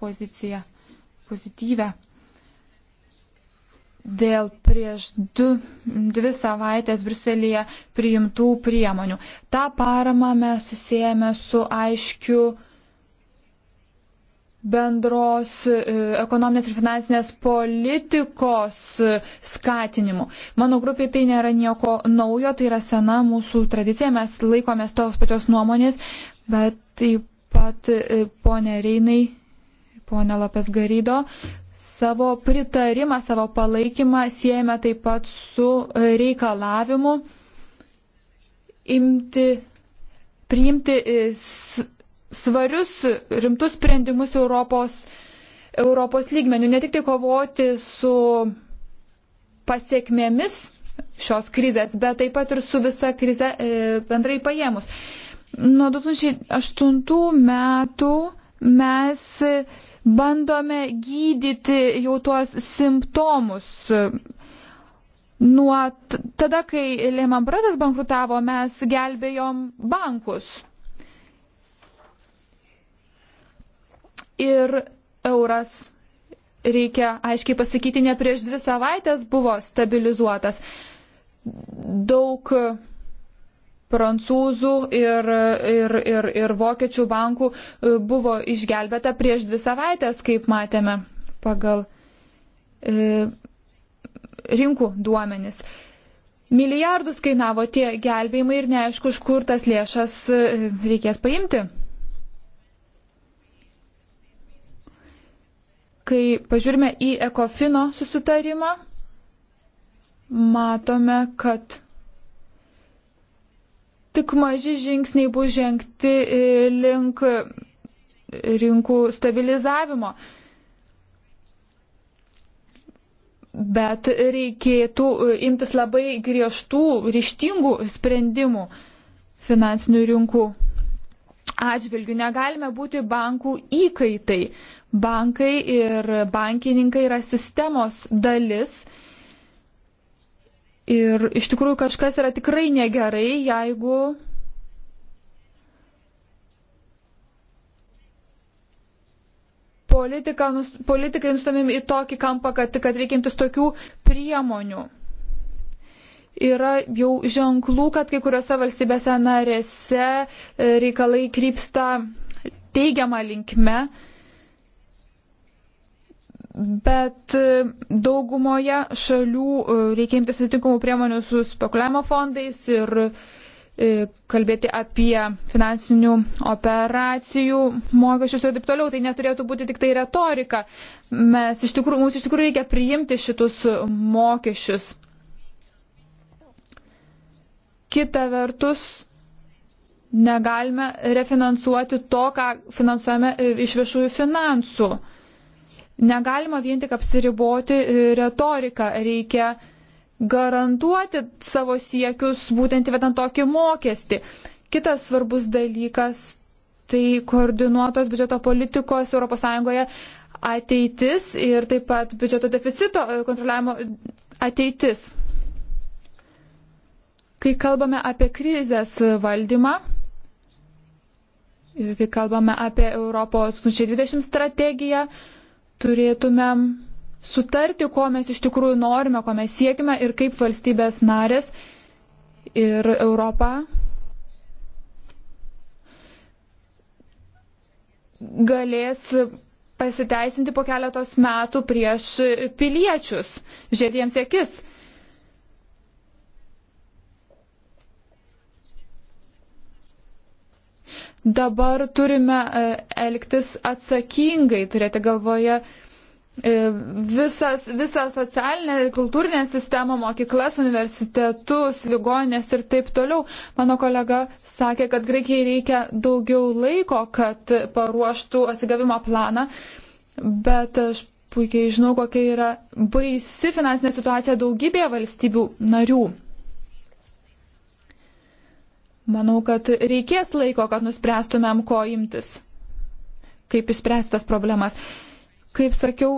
poziciją, pozityvę. Dėl prieš du, dvi savaitės Bruselėje priimtų priemonių. Ta parama mes susijęme su aiškiu bendros e, ekonominės ir finansinės politikos e, skatinimu. Mano grupiai tai nėra nieko naujo, tai yra sena mūsų tradicija, mes laikomės tos pačios nuomonės, bet taip pat e, ponė Reinai, ponė Lopes Garydo, savo pritarimą, savo palaikymą siejame taip pat su reikalavimu imti, priimti svarius, rimtus sprendimus Europos, Europos lygmenių, ne tik tai kovoti su pasiekmėmis šios krizės, bet taip pat ir su visa krize e, bendrai paėmus. Nuo 2008 metų mes bandome gydyti jau tuos simptomus. Nuo tada, kai Lehman Brothers bankrutavo, mes gelbėjom bankus. ir euras reikia aiškiai pasakyti, ne prieš dvi savaitės buvo stabilizuotas. Daug prancūzų ir, ir, ir, ir vokiečių bankų e, buvo išgelbėta prieš dvi savaitės, kaip matėme pagal e, rinkų duomenis. Milijardus kainavo tie gelbėjimai ir neaišku, iš kur tas lėšas e, reikės paimti. Kai pažiūrime į ekofino susitarimą, matome, kad tik maži žingsniai bus žengti e, link e, rinkų stabilizavimo. Bet reikėtų e, imtis labai griežtų, ryštingų sprendimų finansinių rinkų atžvilgių. Negalime būti bankų įkaitai. Bankai ir bankininkai yra sistemos dalis. Ir iš tikrųjų kažkas yra tikrai negerai, jeigu politiką, politikai nustamėm į tokį kampą, kad, kad reikia imtis tokių priemonių yra jau ženklų, kad kai kuriuose valstybėse narėse e, reikalai krypsta teigiamą linkme, bet e, daugumoje šalių e, reikia imtis atitinkamų priemonių su spekuliavimo fondais ir kalbėti apie finansinių operacijų mokesčius ir taip toliau. Tai neturėtų būti tik tai retorika. Mes iš tikrųjų, mums iš tikrųjų reikia priimti šitus mokesčius. Kita vertus, negalime refinansuoti to, ką finansuojame e, iš viešųjų finansų. Negalima vien tik apsiriboti e, retoriką, reikia garantuoti savo siekius būtent įvedant tokį mokestį. Kitas svarbus dalykas - tai koordinuotos biudžeto politikos ES ateitis ir taip pat biudžeto deficito e, kontroliavimo ateitis. Kai kalbame apie krizės valdymą ir kai kalbame apie Europos 2020 strategiją, turėtumėm sutarti, ko mes iš tikrųjų norime, ko mes siekime ir kaip valstybės narės ir Europa galės pasiteisinti po keletos metų prieš piliečius, žiūrėjams akis. dabar turime e, elgtis atsakingai, turėti galvoje e, visas, visą socialinę, kultūrinę sistemą, mokyklas, universitetus, ligoninės ir taip toliau. Mano kolega sakė, kad Graikijai reikia daugiau laiko, kad paruoštų atsigavimo planą, bet aš puikiai žinau, kokia yra baisi finansinė situacija daugybėje valstybių narių. Manau, kad reikės laiko, kad nuspręstumėm, ko imtis, kaip išspręsti tas problemas. Kaip sakiau,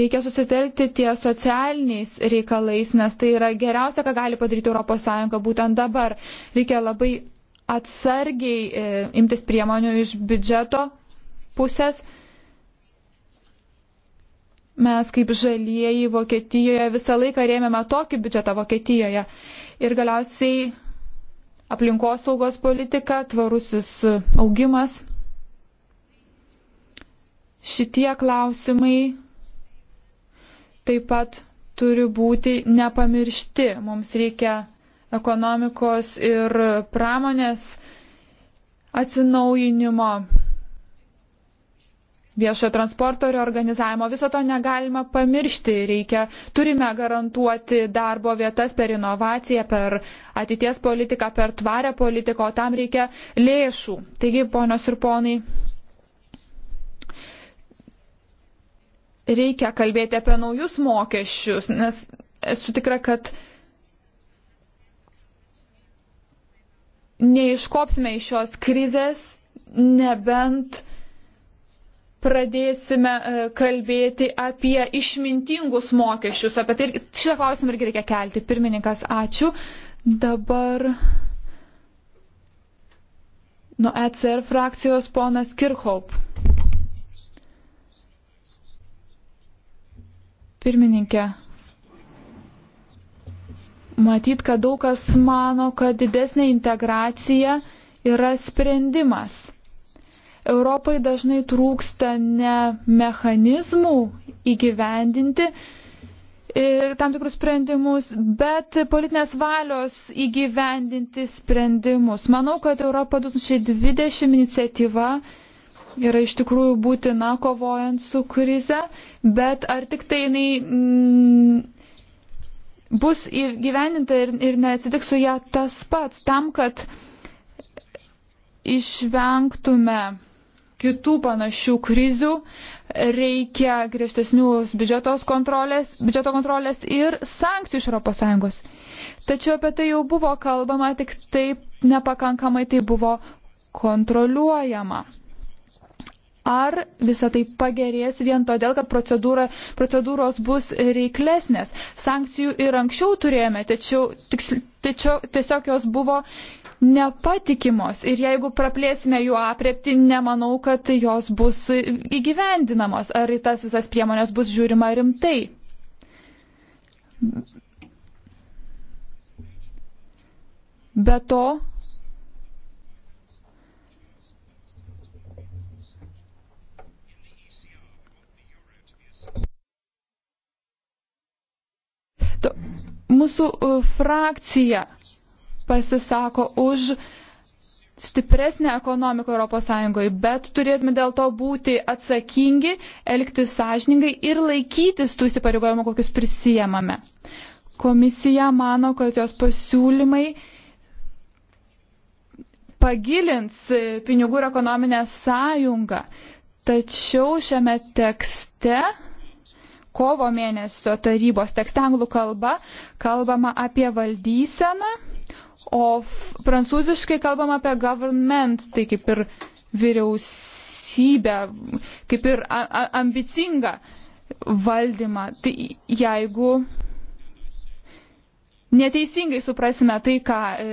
reikia susitelkti ties socialiniais reikalais, nes tai yra geriausia, ką gali padaryti ES būtent dabar. Reikia labai atsargiai e, imtis priemonių iš biudžeto pusės. Mes kaip žalieji Vokietijoje visą laiką rėmėme tokį biudžetą Vokietijoje. Ir galiausiai aplinkosaugos politika, tvarusis augimas. Šitie klausimai taip pat turi būti nepamiršti. Mums reikia ekonomikos ir pramonės atsinaujinimo viešojo transporto reorganizavimo. Viso to negalima pamiršti. Reikia, turime garantuoti darbo vietas per inovaciją, per ateities politiką, per tvarę politiką, o tam reikia lėšų. Taigi, ponios ir ponai, reikia kalbėti apie naujus mokesčius, nes esu tikra, kad neiškopsime iš šios krizės, nebent pradėsime e, kalbėti apie išmintingus mokesčius. Apie tai šitą klausimą irgi reikia kelti. Pirmininkas, ačiū. Dabar nuo ECR frakcijos ponas Kirchhoff. Pirmininkė, matyt, kad daug kas mano, kad didesnė integracija yra sprendimas. Europai dažnai trūksta ne mechanizmų įgyvendinti e, tam tikrus sprendimus, bet politinės valios įgyvendinti sprendimus. Manau, kad Europa 2020 iniciatyva yra iš tikrųjų būtina kovojant su krize, bet ar tik tai jinai. Mm, bus įgyveninta ir, ir neatsitiks su ją tas pats, tam, kad išvengtume kitų panašių krizių, reikia griežtesnius biudžetos kontrolės, biudžeto kontrolės ir sankcijų iš ES. Tačiau apie tai jau buvo kalbama, tik taip nepakankamai tai buvo kontroliuojama. Ar visa tai pagerės vien todėl, kad procedūros bus reiklesnės? Sankcijų ir anksčiau turėjome, tačiau, tiksl, tačiau tiesiog jos buvo nepatikimos ir jeigu praplėsime jų apriepti, nemanau, kad jos bus įgyvendinamos, ar į tas visas priemonės bus žiūrima rimtai. Be to, to mūsų uh, frakcija pasisako už stipresnę ekonomiką ES, bet turėtume dėl to būti atsakingi, elgtis sąžiningai ir laikytis tų įsipareigojimų, kokius prisijėmame. Komisija mano, kad jos pasiūlymai pagilins pinigų ir ekonominę sąjungą. Tačiau šiame tekste, kovo mėnesio tarybos tekste anglų kalba, kalbama apie valdyseną o prancūziškai kalbam apie government, tai kaip ir vyriausybę, kaip ir ambicingą valdymą. Tai jeigu neteisingai suprasime tai, ką e,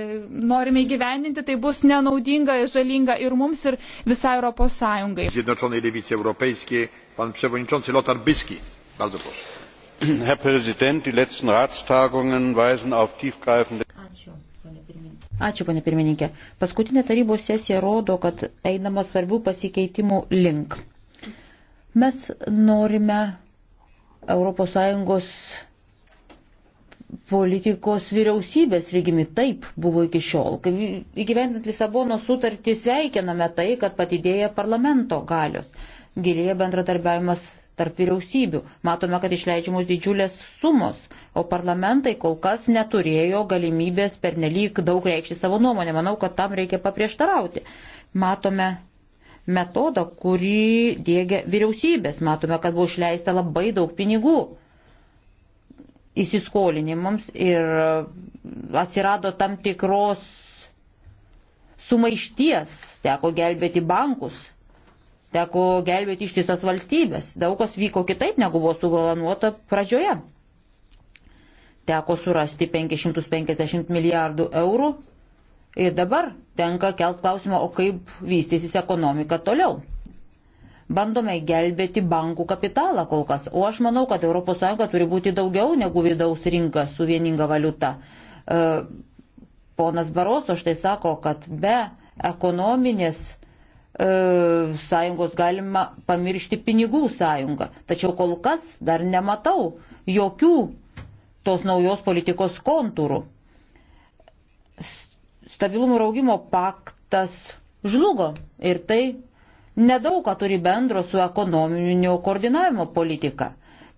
norime įgyvendinti, tai bus nenaudinga ir žalinga ir mums, ir visai Europos Sąjungai. Zjednoczonej Lewicy Europejskiej, pan przewodniczący Lothar Byski. Bardzo proszę. Herr Präsident, die letzten Ratstagungen weisen auf tiefgreifende. Ačiū. Ačiū, ponė pirmininkė. Paskutinė tarybos sesija rodo, kad einama svarbių pasikeitimų link. Mes norime ES politikos vyriausybės lygimi taip buvo iki šiol. Įgyvendant Lisabono sutartį sveikiname tai, kad patidėja parlamento galios, gilėja bendradarbiavimas tarp vyriausybių. Matome, kad išleidžiamos didžiulės sumos, o parlamentai kol kas neturėjo galimybės pernelyg daug reikšti savo nuomonę. Manau, kad tam reikia paprieštarauti. Matome metodą, kurį dėgia vyriausybės. Matome, kad buvo išleista labai daug pinigų įsiskolinimams ir atsirado tam tikros sumaišties, teko gelbėti bankus, Teko gelbėti ištisas valstybės. Daug kas vyko kitaip, negu buvo suplanuota pradžioje. Teko surasti 550 milijardų eurų ir dabar tenka kelt klausimą, o kaip vystysis ekonomika toliau. Bandome gelbėti bankų kapitalą kol kas, o aš manau, kad ES turi būti daugiau negu vidaus rinka su vieninga valiuta. E, ponas Baroso štai sako, kad be ekonominės E, sąjungos galima pamiršti pinigų sąjungą. Tačiau kol kas dar nematau jokių tos naujos politikos kontūrų. Stabilumo ir augimo paktas žlugo ir tai nedaug ką turi bendro su ekonominio koordinavimo politika.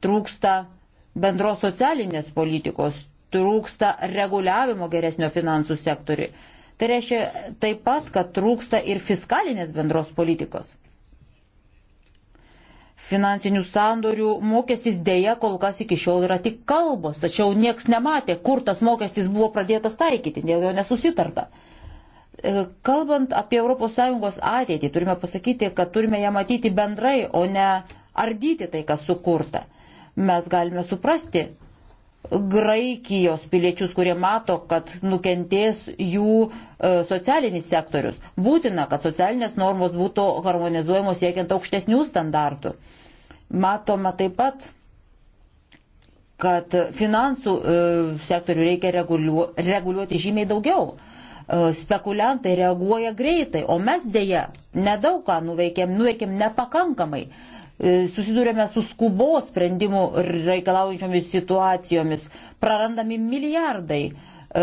Trūksta bendros socialinės politikos, trūksta reguliavimo geresnio finansų sektoriui. Tai reiškia taip pat, kad trūksta ir fiskalinės bendros politikos. Finansinių sandorių mokestis dėja kol kas iki šiol yra tik kalbos, tačiau nieks nematė, kur tas mokestis buvo pradėtas taikyti, dėl jo nesusitarta. E, kalbant apie ES ateitį, turime pasakyti, kad turime ją matyti bendrai, o ne ardyti tai, kas sukurta. Mes galime suprasti, Graikijos piliečius, kurie mato, kad nukentės jų e, socialinis sektorius. Būtina, kad socialinės normos būtų harmonizuojamos siekiant aukštesnių standartų. Matoma taip pat, kad finansų e, sektorių reikia reguliu, reguliuoti žymiai daugiau. E, spekuliantai reaguoja greitai, o mes dėja nedaug ką nuveikėm, nuveikėm nepakankamai. E, susidurėme su skubos sprendimų reikalaujančiomis situacijomis, prarandami milijardai. E,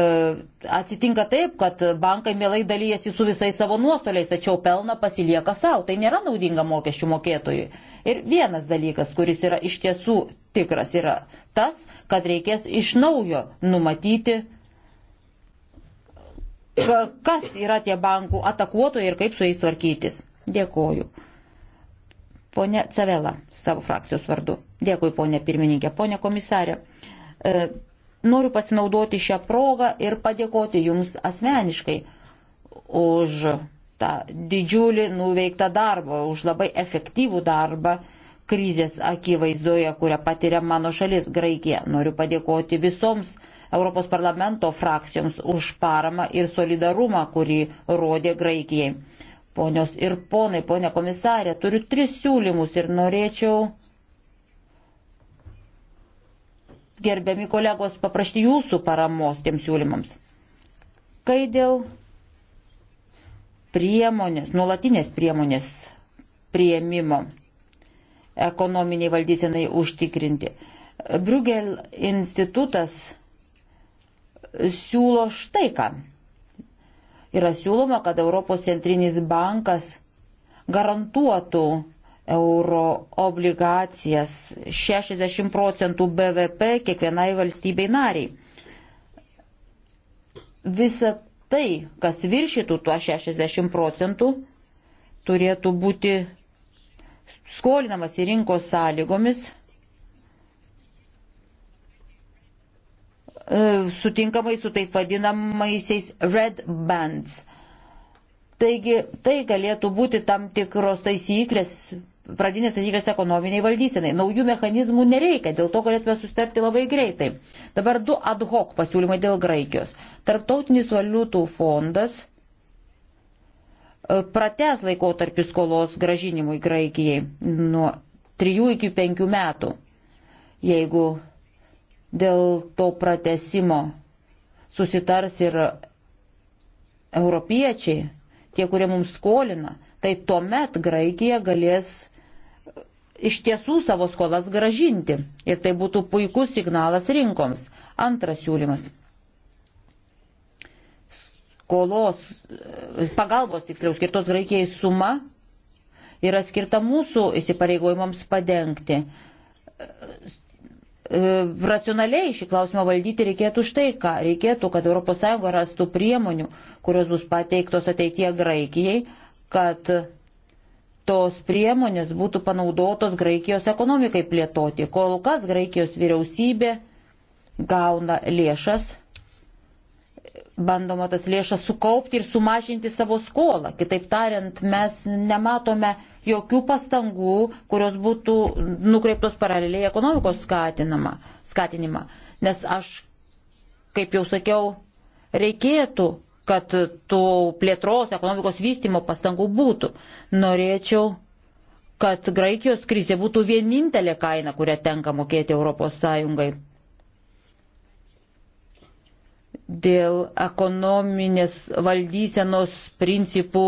atsitinka taip, kad bankai mielai dalyjasi su visais savo nuostoliais, tačiau pelną pasilieka savo. Tai nėra naudinga mokesčių mokėtojui. Ir vienas dalykas, kuris yra iš tiesų tikras, yra tas, kad reikės iš naujo numatyti kas yra tie bankų atakuotojai ir kaip su jais tvarkytis. Dėkoju. Pone Cavela savo frakcijos vardu. Dėkui, ponė pirmininkė, ponė komisarė. E, noriu pasinaudoti šią progą ir padėkoti Jums asmeniškai už tą didžiulį nuveiktą darbą, už labai efektyvų darbą krizės akivaizdoje, kurią patiria mano šalis Graikija. Noriu padėkoti visoms Europos parlamento frakcijoms už paramą ir solidarumą, kurį rodė Graikijai. Ponios ir ponai, ponia komisarė, turiu tris siūlymus ir norėčiau, gerbiami kolegos, paprašti jūsų paramos tiem siūlymams. Kai dėl priemonės, nuolatinės priemonės prieimimo ekonominiai valdysenai užtikrinti. Briugel institutas siūlo štai ką Yra siūloma, kad Europos centrinis bankas garantuotų euro obligacijas 60 procentų BVP kiekvienai valstybei nariai. Visa tai, kas viršytų tuo 60 procentų, turėtų būti skolinamas į rinkos sąlygomis E, sutinkamai su taip vadinamaisiais red bands. Taigi tai galėtų būti tam tikros taisyklės, pradinės taisyklės ekonominiai valdysenai. Naujų mechanizmų nereikia, dėl to galėtume sustarti labai greitai. Dabar du ad hoc pasiūlymai dėl Graikijos. Tarptautinis valiutų fondas e, prates laikotarpį skolos gražinimui Graikijai nuo 3 iki 5 metų, jeigu Dėl to pratesimo susitars ir europiečiai, tie, kurie mums skolina, tai tuomet Graikija galės e, iš tiesų savo skolas gražinti. Ir tai būtų puikus signalas rinkoms. Antras siūlymas. Skolos, e, pagalbos tiksliau skirtos Graikijai suma yra skirta mūsų įsipareigojimams padengti. E, E, racionaliai šį klausimą valdyti reikėtų štai ką. Reikėtų, kad ES rastų priemonių, kurios bus pateiktos ateitie Graikijai, kad tos priemonės būtų panaudotos Graikijos ekonomikai plėtoti. Kol kas Graikijos vyriausybė gauna lėšas bandoma tas lėšas sukaupti ir sumažinti savo skolą. Kitaip tariant, mes nematome jokių pastangų, kurios būtų nukreiptos paraleliai ekonomikos skatinama, skatinimą. Nes aš, kaip jau sakiau, reikėtų, kad tų plėtros, ekonomikos vystimo pastangų būtų. Norėčiau, kad Graikijos krizė būtų vienintelė kaina, kurią tenka mokėti ES dėl ekonominės valdysenos principų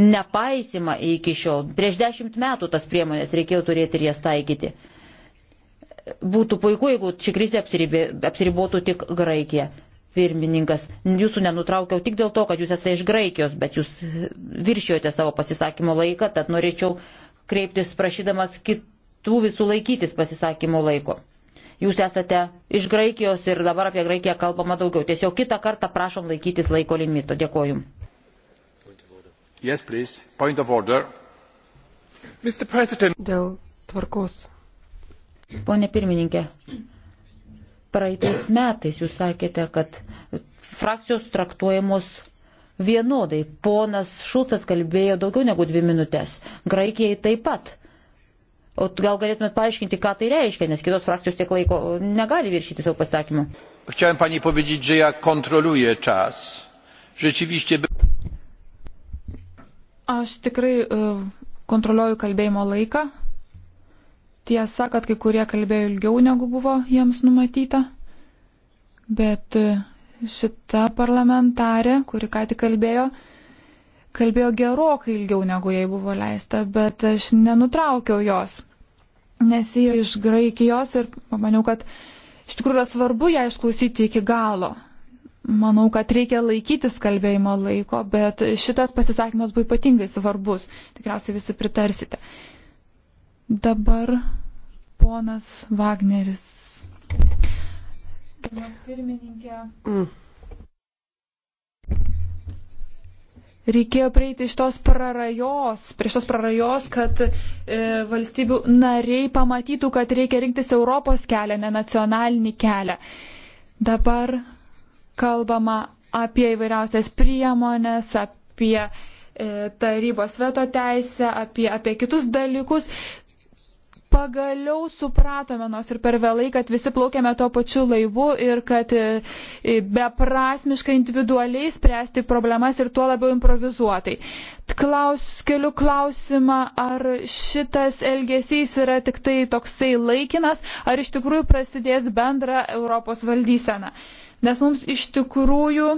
nepaisima iki šiol. Prieš dešimt metų tas priemonės reikėjo turėti ir jas taikyti. Būtų puiku, jeigu ši krizė apsiribotų tik Graikija. Pirmininkas, jūsų nenutraukiau tik dėl to, kad jūs esate iš Graikijos, bet jūs viršijote savo pasisakymo laiką, tad norėčiau kreiptis prašydamas kitų visų laikytis pasisakymo laiko. Jūs esate iš Graikijos ir dabar apie Graikiją kalbama daugiau. Tiesiog kitą kartą prašom laikytis laiko limito. Dėkoju. Yes, please. Point of order. Mr. President. Dėl tvarkos. Pone pirmininkė, praeitais metais jūs sakėte, kad frakcijos traktuojamos vienodai. Ponas Šulcas kalbėjo daugiau negu dvi minutės. Graikijai taip pat. O gal galėtumėt paaiškinti, ką tai reiškia, nes kitos frakcijos tiek laiko negali viršyti savo pasakymą. Chciałem pani powiedzieć, że ja kontroluję czas. Rzeczywiście. Aš tikrai uh, kontroliuoju kalbėjimo laiką. Tiesa, kad kai kurie kalbėjo ilgiau negu buvo jiems numatyta. Bet uh, šita parlamentarė, kuri ką tik kalbėjo, kalbėjo gerokai ilgiau negu jai buvo leista, bet aš nenutraukiau jos nesijo iš Graikijos ir pamaniau, kad iš tikrųjų yra svarbu ją išklausyti iki galo. Manau, kad reikia laikytis kalbėjimo laiko, bet šitas pasisakymas buvo ypatingai svarbus. Tikriausiai visi pritarsite. Dabar ponas Wagneris. Pirmininkė. Mm. reikėjo prieiti šitos prarajos, prie šitos prarajos, kad e, valstybių nariai pamatytų, kad reikia rinktis Europos kelią, ne nacionalinį kelią. Dabar kalbama apie įvairiausias priemonės, apie e, tarybos veto teisę, apie, apie kitus dalykus pagaliau supratome, nors ir per vėlai, kad visi plaukėme tuo pačiu laivu ir kad e, e, beprasmiškai individualiai spręsti problemas ir tuo labiau improvizuotai. Klaus, keliu klausimą, ar šitas elgesys yra tik tai toksai laikinas, ar iš tikrųjų prasidės bendra Europos valdysena. Nes mums iš tikrųjų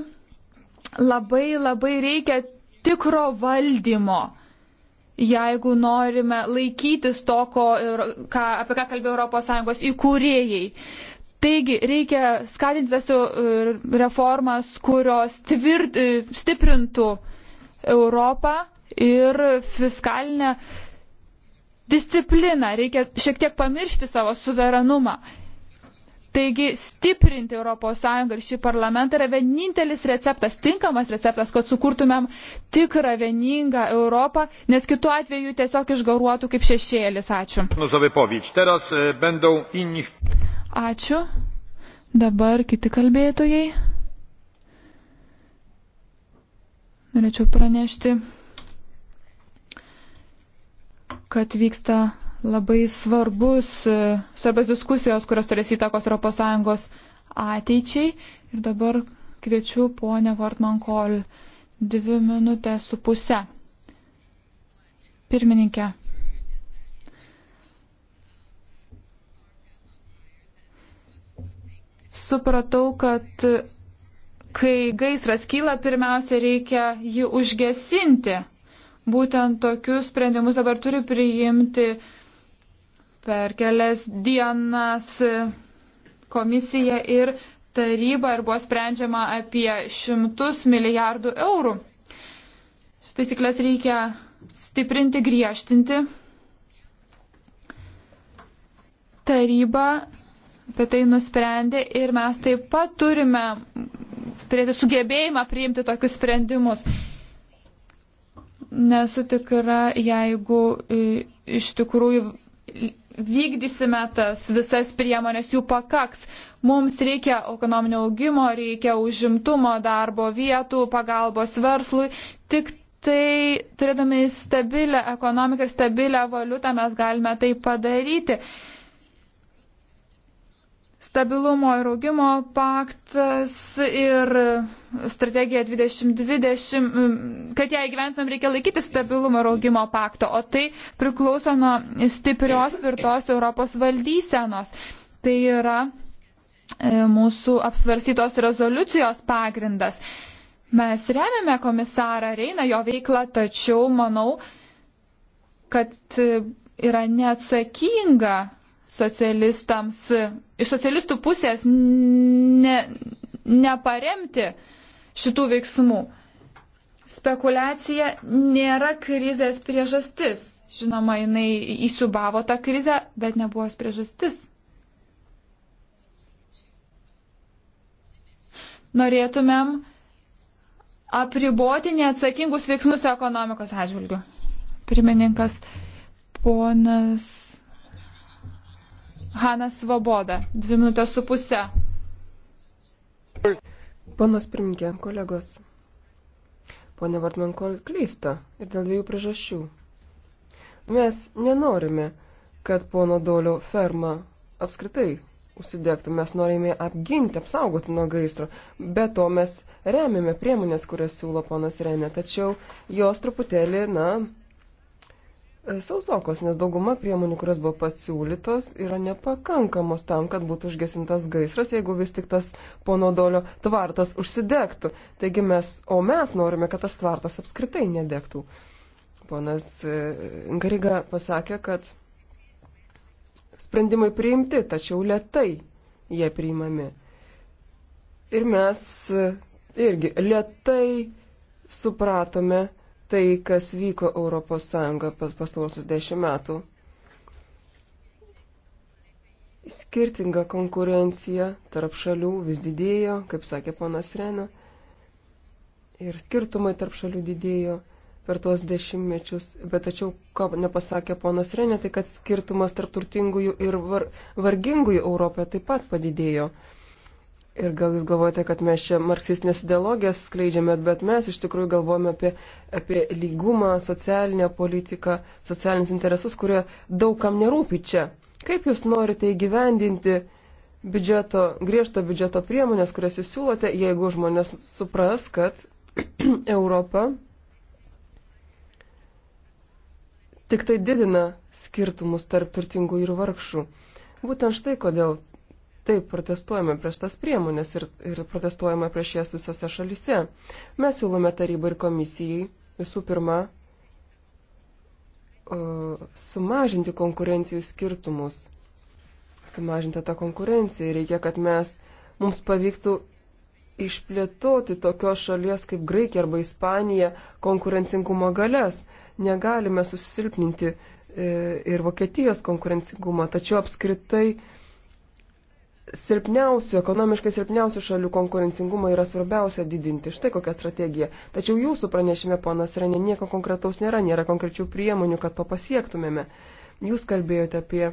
labai labai reikia tikro valdymo jeigu norime laikytis to, ko, ką, apie ką kalbėjo ES įkūrėjai. Taigi reikia skatinti tas e, reformas, kurios tvirt, e, stiprintų Europą ir fiskalinę discipliną. Reikia šiek tiek pamiršti savo suverenumą. Taigi stiprinti ES ir šį parlamentą yra vienintelis receptas, tinkamas receptas, kad sukurtumėm tikrą vieningą Europą, nes kitu atveju tiesiog išgaruotų kaip šešėlis. Ačiū. E, Ačiū. Dabar kiti kalbėtojai. Norėčiau pranešti, kad vyksta labai svarbus, e, svarbios diskusijos, kurios turės įtakos ES ateičiai. Ir dabar kviečiu ponę Vartman Kol dvi minutės su pusę. Pirmininkė. Supratau, kad kai gaisras kyla, pirmiausia reikia jį užgesinti. Būtent tokius sprendimus dabar turi priimti uh, Per kelias dienas komisija ir taryba ir buvo sprendžiama apie šimtus milijardų eurų. Šis taisyklės reikia stiprinti, griežtinti. Taryba apie tai nusprendė ir mes taip pat turime turėti sugebėjimą priimti tokius sprendimus. Nesu tikra, jeigu iš tikrųjų vykdysime tas visas priemonės, jų pakaks. Mums reikia ekonominio augimo, reikia užimtumo, darbo vietų, pagalbos verslui. Tik tai turėdami stabilę ekonomiką ir stabilę valiutą mes galime tai padaryti stabilumo ir augimo paktas ir strategija 2020, kad ją įgyventumėm reikia laikyti stabilumo ir augimo pakto, o tai priklauso nuo stiprios tvirtos Europos valdysenos. Tai yra e, mūsų apsvarstytos rezoliucijos pagrindas. Mes remiame komisarą Reina jo veiklą, tačiau manau, kad e, yra neatsakinga socialistams iš socialistų pusės ne, neparemti šitų veiksmų. Spekulacija nėra krizės priežastis. Žinoma, jinai įsiubavo tą krizę, bet nebuvo priežastis. Norėtumėm apriboti neatsakingus veiksmus ekonomikos atžvilgių. Pirmininkas ponas Hanas Svoboda, dvi minutės su pusė. Panas pirmininkė, kolegos. Pone Vartmanko klysta ir dėl dviejų priežasčių. Mes nenorime, kad pono Dolio ferma apskritai užsidegtų. Mes norime apginti, apsaugoti nuo gaisro. Be to mes remime priemonės, kurias siūlo ponas Renė, tačiau jos truputėlį, na, E, sausokos, nes dauguma priemonių, kurios buvo pasiūlytos, yra nepakankamos tam, kad būtų užgesintas gaisras, jeigu vis tik tas ponodolio tvartas užsidegtų. Taigi mes, o mes norime, kad tas tvartas apskritai nedegtų. Ponas e, Gariga pasakė, kad sprendimai priimti, tačiau lietai jie priimami. Ir mes e, irgi lietai supratome, tai, kas vyko Europos Sąjunga pas pastarosius dešimt metų. Skirtinga konkurencija tarp šalių vis didėjo, kaip sakė ponas Rena, ir skirtumai tarp šalių didėjo per tuos dešimtmečius, bet tačiau, ko nepasakė ponas Renė, tai kad skirtumas tarp turtingųjų ir var, vargingųjų Europoje taip pat padidėjo. Ir gal jūs galvojate, kad mes čia marksistinės ideologijas skleidžiame, bet mes iš tikrųjų galvojame apie, apie lygumą, socialinę politiką, socialinius interesus, kurie daugam nerūpi čia. Kaip jūs norite įgyvendinti biudžeto, griežto biudžeto priemonės, kurias jūs siūlote, jeigu žmonės supras, kad Europa tik tai didina skirtumus tarp turtingų ir vargšų. Būtent štai kodėl Taip, protestuojame prieš tas priemonės ir, ir protestuojame prieš jas visose šalise. Mes siūlome tarybai ir komisijai visų pirma sumažinti konkurencijų skirtumus. Sumažinti tą konkurenciją. Reikia, kad mes, mums pavyktų išplėtoti tokios šalies kaip Graikija arba Ispanija konkurencingumo galės. Negalime susilpninti e, ir Vokietijos konkurencingumą, tačiau apskritai silpniausių, ekonomiškai silpniausių šalių konkurencingumą yra svarbiausia didinti. Štai kokia strategija. Tačiau jūsų pranešime, ponas Renė, nieko konkretaus nėra, nėra konkrečių priemonių, kad to pasiektumėme. Jūs kalbėjote apie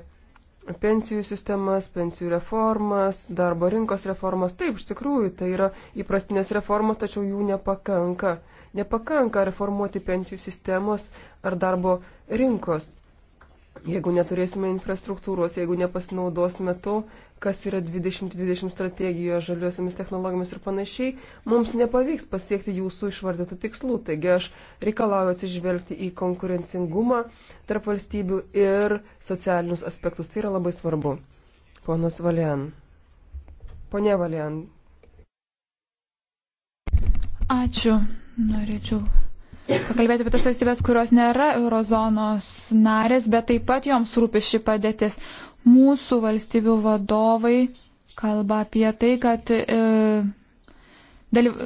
pensijų sistemas, pensijų reformas, darbo rinkos reformas. Taip, iš tikrųjų, tai yra įprastinės reformos, tačiau jų nepakanka. Nepakanka reformuoti pensijų sistemos ar darbo rinkos. Jeigu neturėsime infrastruktūros, jeigu nepasinaudosime to, kas yra 2020 strategijos žaliosiamis technologijomis ir panašiai, mums nepavyks pasiekti jūsų išvardytų tikslų. Taigi aš reikalauju atsižvelgti į konkurencingumą tarp valstybių ir socialinius aspektus. Tai yra labai svarbu. Ponas Valian. Pone Valian. Ačiū. Norėčiau pakalbėti apie tas valstybės, kurios nėra eurozonos narės, bet taip pat joms rūpi ši padėtis. Mūsų valstybių vadovai kalba apie tai, kad, e, dalyv...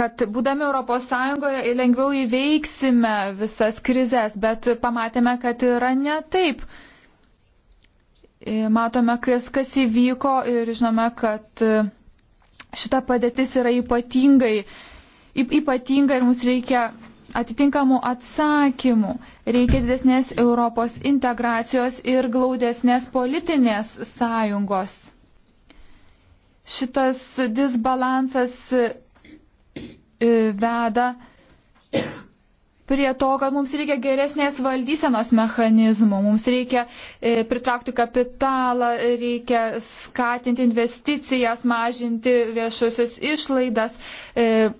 kad būdami ES lengviau įveiksime visas krizės, bet pamatėme, kad yra ne taip. E, matome, kas, kas įvyko ir žinome, kad e, šita padėtis yra ypatingai, ypatinga ir mums reikia atitinkamų atsakymų. Reikia didesnės Europos integracijos ir glaudesnės politinės sąjungos. Šitas disbalansas e, veda prie to, kad mums reikia geresnės valdysenos mechanizmų, mums reikia e, pritraukti kapitalą, reikia skatinti investicijas, mažinti viešusius išlaidas, e,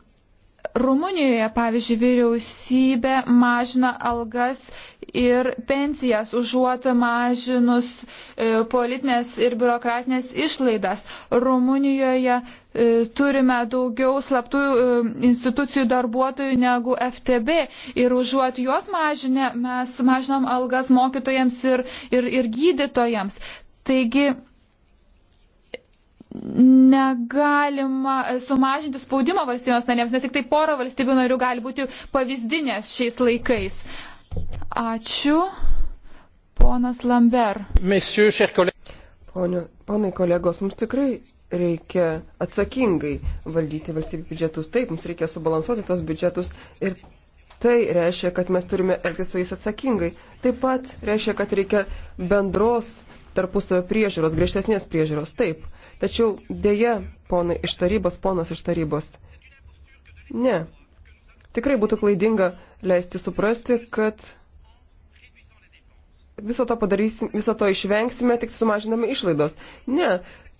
Rumunijoje, pavyzdžiui, vyriausybė mažina algas ir pensijas, užuot mažinus e, politinės ir biurokratinės išlaidas. Rumunijoje e, turime daugiau slaptų e, institucijų darbuotojų negu FTB ir užuot juos mažinę, mes mažinam algas mokytojams ir, ir, ir gydytojams. Taigi, negalima e, sumažinti spaudimo valstybės narėms, nes tik tai pora valstybių narių gali būti pavyzdinės šiais laikais. Ačiū. Ponas Lambert. Mesiu, Pone, ponai kolegos, mums tikrai reikia atsakingai valdyti valstybių biudžetus. Taip, mums reikia subalansuoti tos biudžetus ir tai reiškia, kad mes turime elgtis su jais atsakingai. Taip pat reiškia, kad reikia bendros tarpusavio priežiūros, griežtesnės priežiūros. Taip, Tačiau dėja, ponai iš tarybos, ponas iš tarybos. Ne. Tikrai būtų klaidinga leisti suprasti, kad viso to, padarysim, viso to išvengsime, tik sumažiname išlaidos. Ne,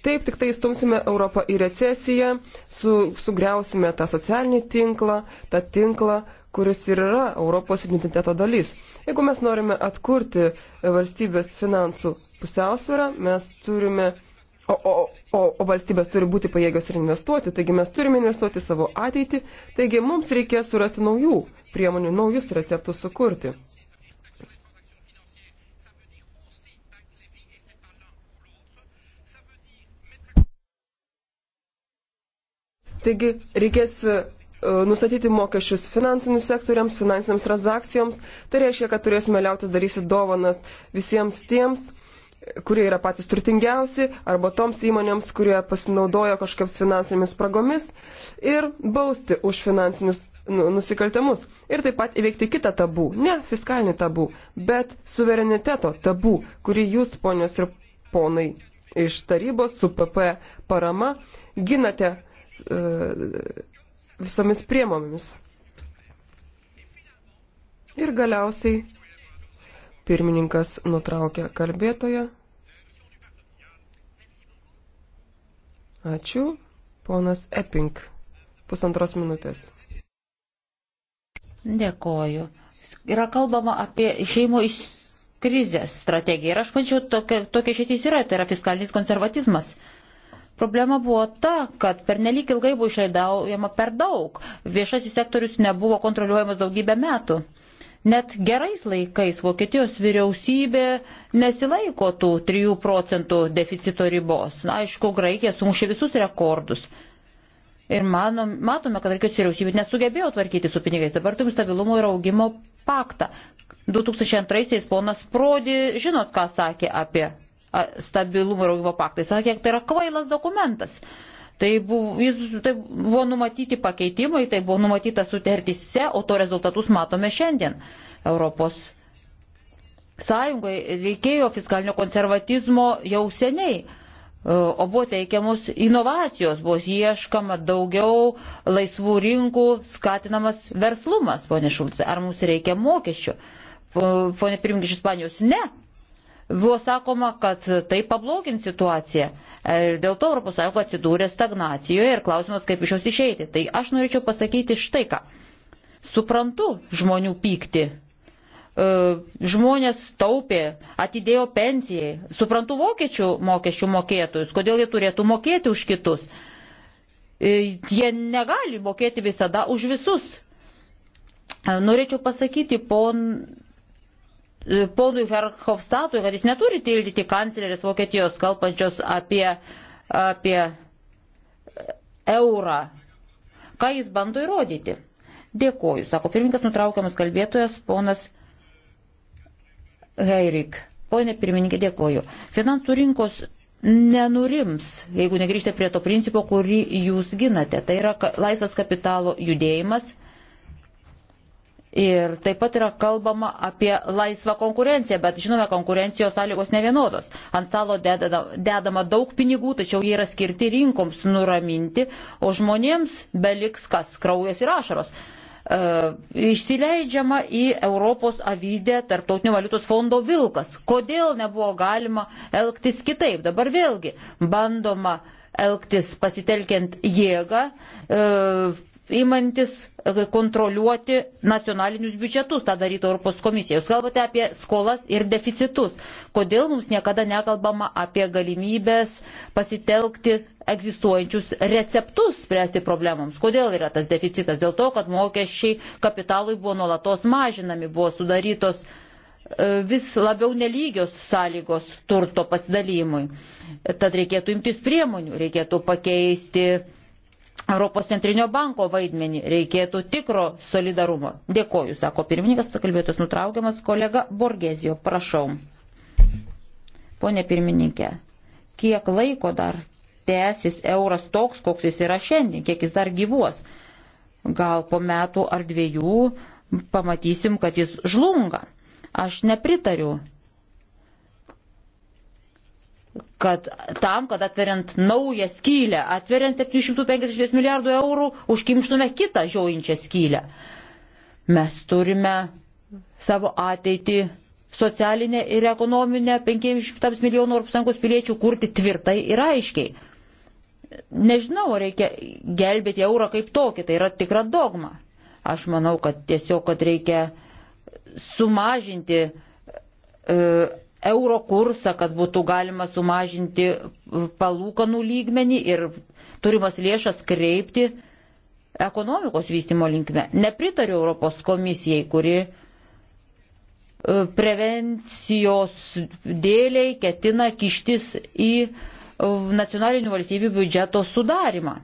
taip tik tai stumsime Europą į recesiją, su, sugriausime tą socialinį tinklą, tą tinklą, kuris ir yra Europos identiteto dalis. Jeigu mes norime atkurti valstybės finansų pusiausvyrą, mes turime O, o, o, o valstybės turi būti pajėgios ir investuoti, taigi mes turime investuoti savo ateitį, taigi mums reikės surasti naujų priemonių, naujus receptus sukurti. Taigi reikės e, nustatyti mokesčius finansinius sektoriams, finansiniams transakcijoms. Tai reiškia, kad turėsime liautis darysi dovanas visiems tiems, kurie yra patys turtingiausi, arba toms įmonėms, kurie pasinaudojo kažkokiams finansinėmis spragomis ir bausti už finansinius nu, nusikaltimus. Ir taip pat įveikti kitą tabų, ne fiskalinį tabų, bet suvereniteto tabų, kurį jūs, ponios ir ponai, iš tarybos su PP parama ginate e, visomis priemomis. Ir galiausiai Pirmininkas nutraukė kalbėtoją. Ačiū. Ponas Epping. Pusantros minutės. Dėkoju. Yra kalbama apie šeimų iš krizės strategiją. Ir aš mančiau, tokia, tokia šitys yra, tai yra fiskalinis konservatizmas. Problema buvo ta, kad per nelik ilgai buvo išleidaujama per daug. Viešasis sektorius nebuvo kontroliuojamas daugybę metų. Net gerais laikais Vokietijos vyriausybė nesilaiko tų 3 procentų deficito ribos. Na, aišku, Graikija sumušė visus rekordus. Ir manom, matome, kad Graikijos vyriausybė nesugebėjo tvarkyti su pinigais. Dabar turim stabilumo ir augimo paktą. 2002-aisiais ponas Prodi, žinot, ką sakė apie stabilumo ir augimo paktą. Jis sakė, kad tai yra kvailas dokumentas. Tai buvo, jis, tai buvo numatyti pakeitimai, tai buvo numatyta sutartise, o to rezultatus matome šiandien. Europos Sąjungai reikėjo fiskalinio konservatizmo jau seniai, e, o buvo teikiamos inovacijos, buvo ieškama daugiau laisvų rinkų, skatinamas verslumas, ponė Šulce. Ar mums reikia mokesčių? Pone Pirmink iš Ispanijos, ne. Buvo sakoma, kad tai pablogins situaciją. Ir dėl to ES atsidūrė stagnacijoje ir klausimas, kaip iš jos išeiti. Tai aš norėčiau pasakyti štai ką. Suprantu žmonių pykti. E, žmonės taupė, atidėjo pensijai. Suprantu vokiečių mokesčių mokėtojus, kodėl jie turėtų mokėti už kitus. E, jie negali mokėti visada už visus. E, norėčiau pasakyti pon, E, ponui Verhofstatui, kad jis neturi tildyti kanclerės Vokietijos kalbančios apie, apie eurą. Ką jis bando įrodyti? Dėkoju, sako pirmininkas nutraukiamas kalbėtojas ponas Heirik. Pone pirmininkė, dėkoju. Finansų rinkos nenurims, jeigu negrįžtate prie to principo, kurį jūs ginate. Tai yra laisvas kapitalo judėjimas Ir taip pat yra kalbama apie laisvą konkurenciją, bet žinome, konkurencijos sąlygos nevienodos. Ant stalo dedama daug pinigų, tačiau jie yra skirti rinkoms nuraminti, o žmonėms beliks kas kraujas ir ašaros. E, Išsileidžiama į Europos avydę tarptautinio valiutos fondo vilkas. Kodėl nebuvo galima elgtis kitaip? Dabar vėlgi bandoma elgtis pasitelkiant jėgą. E, įmantis e, kontroliuoti nacionalinius biudžetus, tą darytų Europos komisija. Jūs kalbate apie skolas ir deficitus. Kodėl mums niekada nekalbama apie galimybės pasitelkti egzistuojančius receptus spręsti problemams? Kodėl yra tas deficitas? Dėl to, kad mokesčiai kapitalui buvo nuolatos mažinami, buvo sudarytos e, vis labiau nelygios sąlygos turto pasidalymui. Tad reikėtų imtis priemonių, reikėtų pakeisti Europos centrinio banko vaidmenį reikėtų tikro solidarumo. Dėkoju, sako pirmininkas, kalbėtos nutraukiamas kolega Borgezijo, prašau. Pone pirmininkė, kiek laiko dar tęsis euras toks, koks jis yra šiandien, kiek jis dar gyvuos? Gal po metų ar dviejų pamatysim, kad jis žlunga. Aš nepritariu kad tam, kad atveriant naują skylę, atveriant 750 milijardų eurų, užkimštume kitą žiaujančią skylę. Mes turime savo ateitį socialinę ir ekonominę 500 milijonų ES piliečių kurti tvirtai ir aiškiai. Nežinau, reikia gelbėti eurą kaip tokį, tai yra tikra dogma. Aš manau, kad tiesiog, kad reikia sumažinti e, euro kursą, kad būtų galima sumažinti palūkanų lygmenį ir turimas lėšas kreipti ekonomikos vystimo linkme. Nepritariu Europos komisijai, kuri e, prevencijos dėliai ketina kištis į e, nacionalinių valstybių biudžeto sudarimą,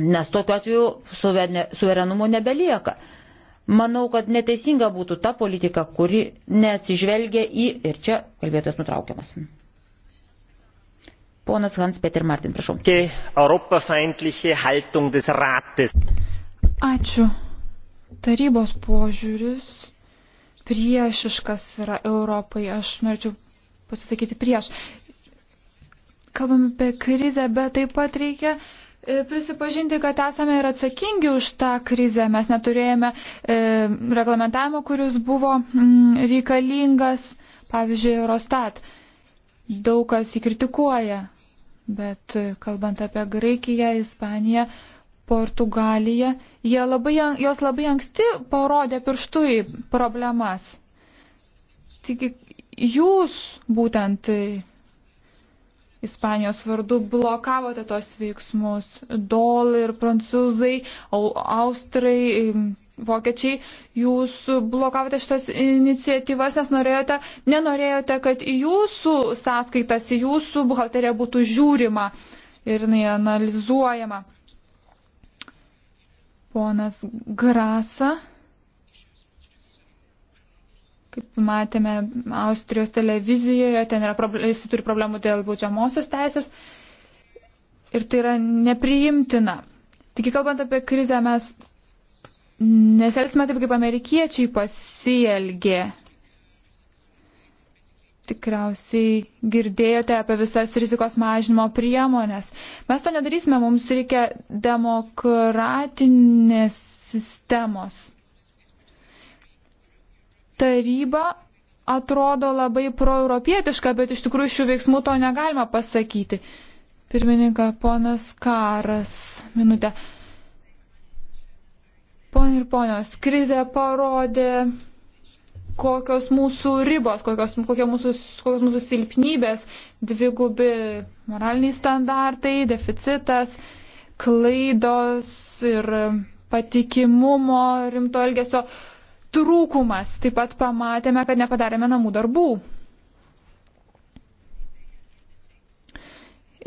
nes tokiu atveju suverenumo nebelieka. Manau, kad neteisinga būtų ta politika, kuri neatsižvelgia į ir čia kalbėtojas nutraukiamas. Ponas Hans-Peter Martin, prašau. Ačiū. Tarybos požiūris priešiškas yra Europai. Aš norėčiau pasisakyti prieš. Kalbame apie krizę, bet taip pat reikia uh, E, prisipažinti, kad esame ir atsakingi už tą krizę. Mes neturėjome e, reglamentavimo, kuris buvo mm, reikalingas, pavyzdžiui, Eurostat. Daug kas jį kritikuoja, bet e, kalbant apie Graikiją, Ispaniją, Portugaliją, labai, jos labai anksti parodė pirštų į problemas. Tik jūs būtent e, Ispanijos vardu blokavote tos veiksmus. Dol ir prancūzai, austrai, vokiečiai, jūs blokavote šitas iniciatyvas, nes norėjote, nenorėjote, kad į jūsų sąskaitas, į jūsų buhalteriją būtų žiūrima ir jinai analizuojama. Ponas Grasa. Kaip matėme Austrijos televizijoje, ten yra, jis turi problemų dėl baudžiamosios teisės ir tai yra nepriimtina. Tik kalbant apie krizę, mes nesielgsime taip, kaip amerikiečiai pasielgė. Tikriausiai girdėjote apie visas rizikos mažinimo priemonės. Mes to nedarysime, mums reikia demokratinės sistemos taryba atrodo labai proeuropietiška, bet iš tikrųjų šių veiksmų to negalima pasakyti. Pirmininką, ponas Karas, minutę. Pone ir ponios, krizė parodė, kokios mūsų ribos, kokios, kokie mūsų, kokios mūsų silpnybės, dvigubi moraliniai standartai, deficitas, klaidos ir patikimumo rimto elgesio trūkumas. Taip pat pamatėme, kad nepadarėme namų darbų.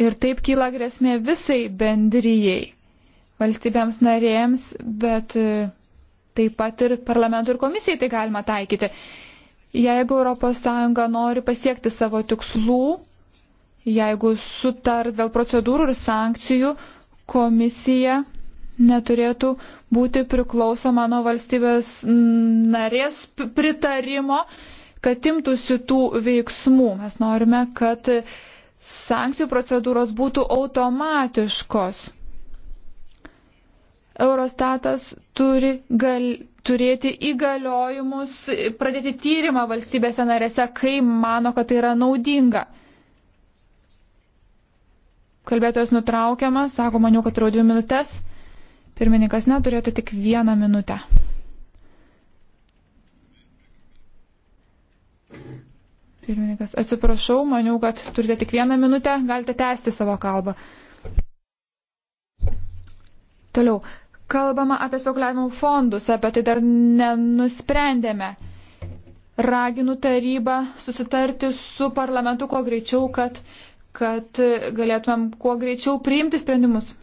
Ir taip kyla grėsmė visai bendryjei, valstybėms narėms, bet e, taip pat ir parlamentui ir komisijai tai galima taikyti. Jeigu ES nori pasiekti savo tikslų, jeigu sutars dėl procedūrų ir sankcijų, komisija neturėtų būti priklausoma nuo valstybės narės pritarimo, kad imtųsi tų veiksmų. Mes norime, kad sankcijų procedūros būtų automatiškos. Eurostatas turi gal, turėti įgaliojimus, pradėti tyrimą valstybėse narėse, kai mano, kad tai yra naudinga. Kalbėtojas nutraukiamas, sako, maniau, kad turiu dvi minutės. Pirmininkas neturėtų tik vieną minutę. Pirmininkas, atsiprašau, maniau, kad turite tik vieną minutę, galite tęsti savo kalbą. Toliau, kalbama apie spekuliavimo fondus, apie tai dar nenusprendėme. Raginu tarybą susitarti su parlamentu kuo greičiau, kad, kad galėtumėm kuo greičiau priimti sprendimus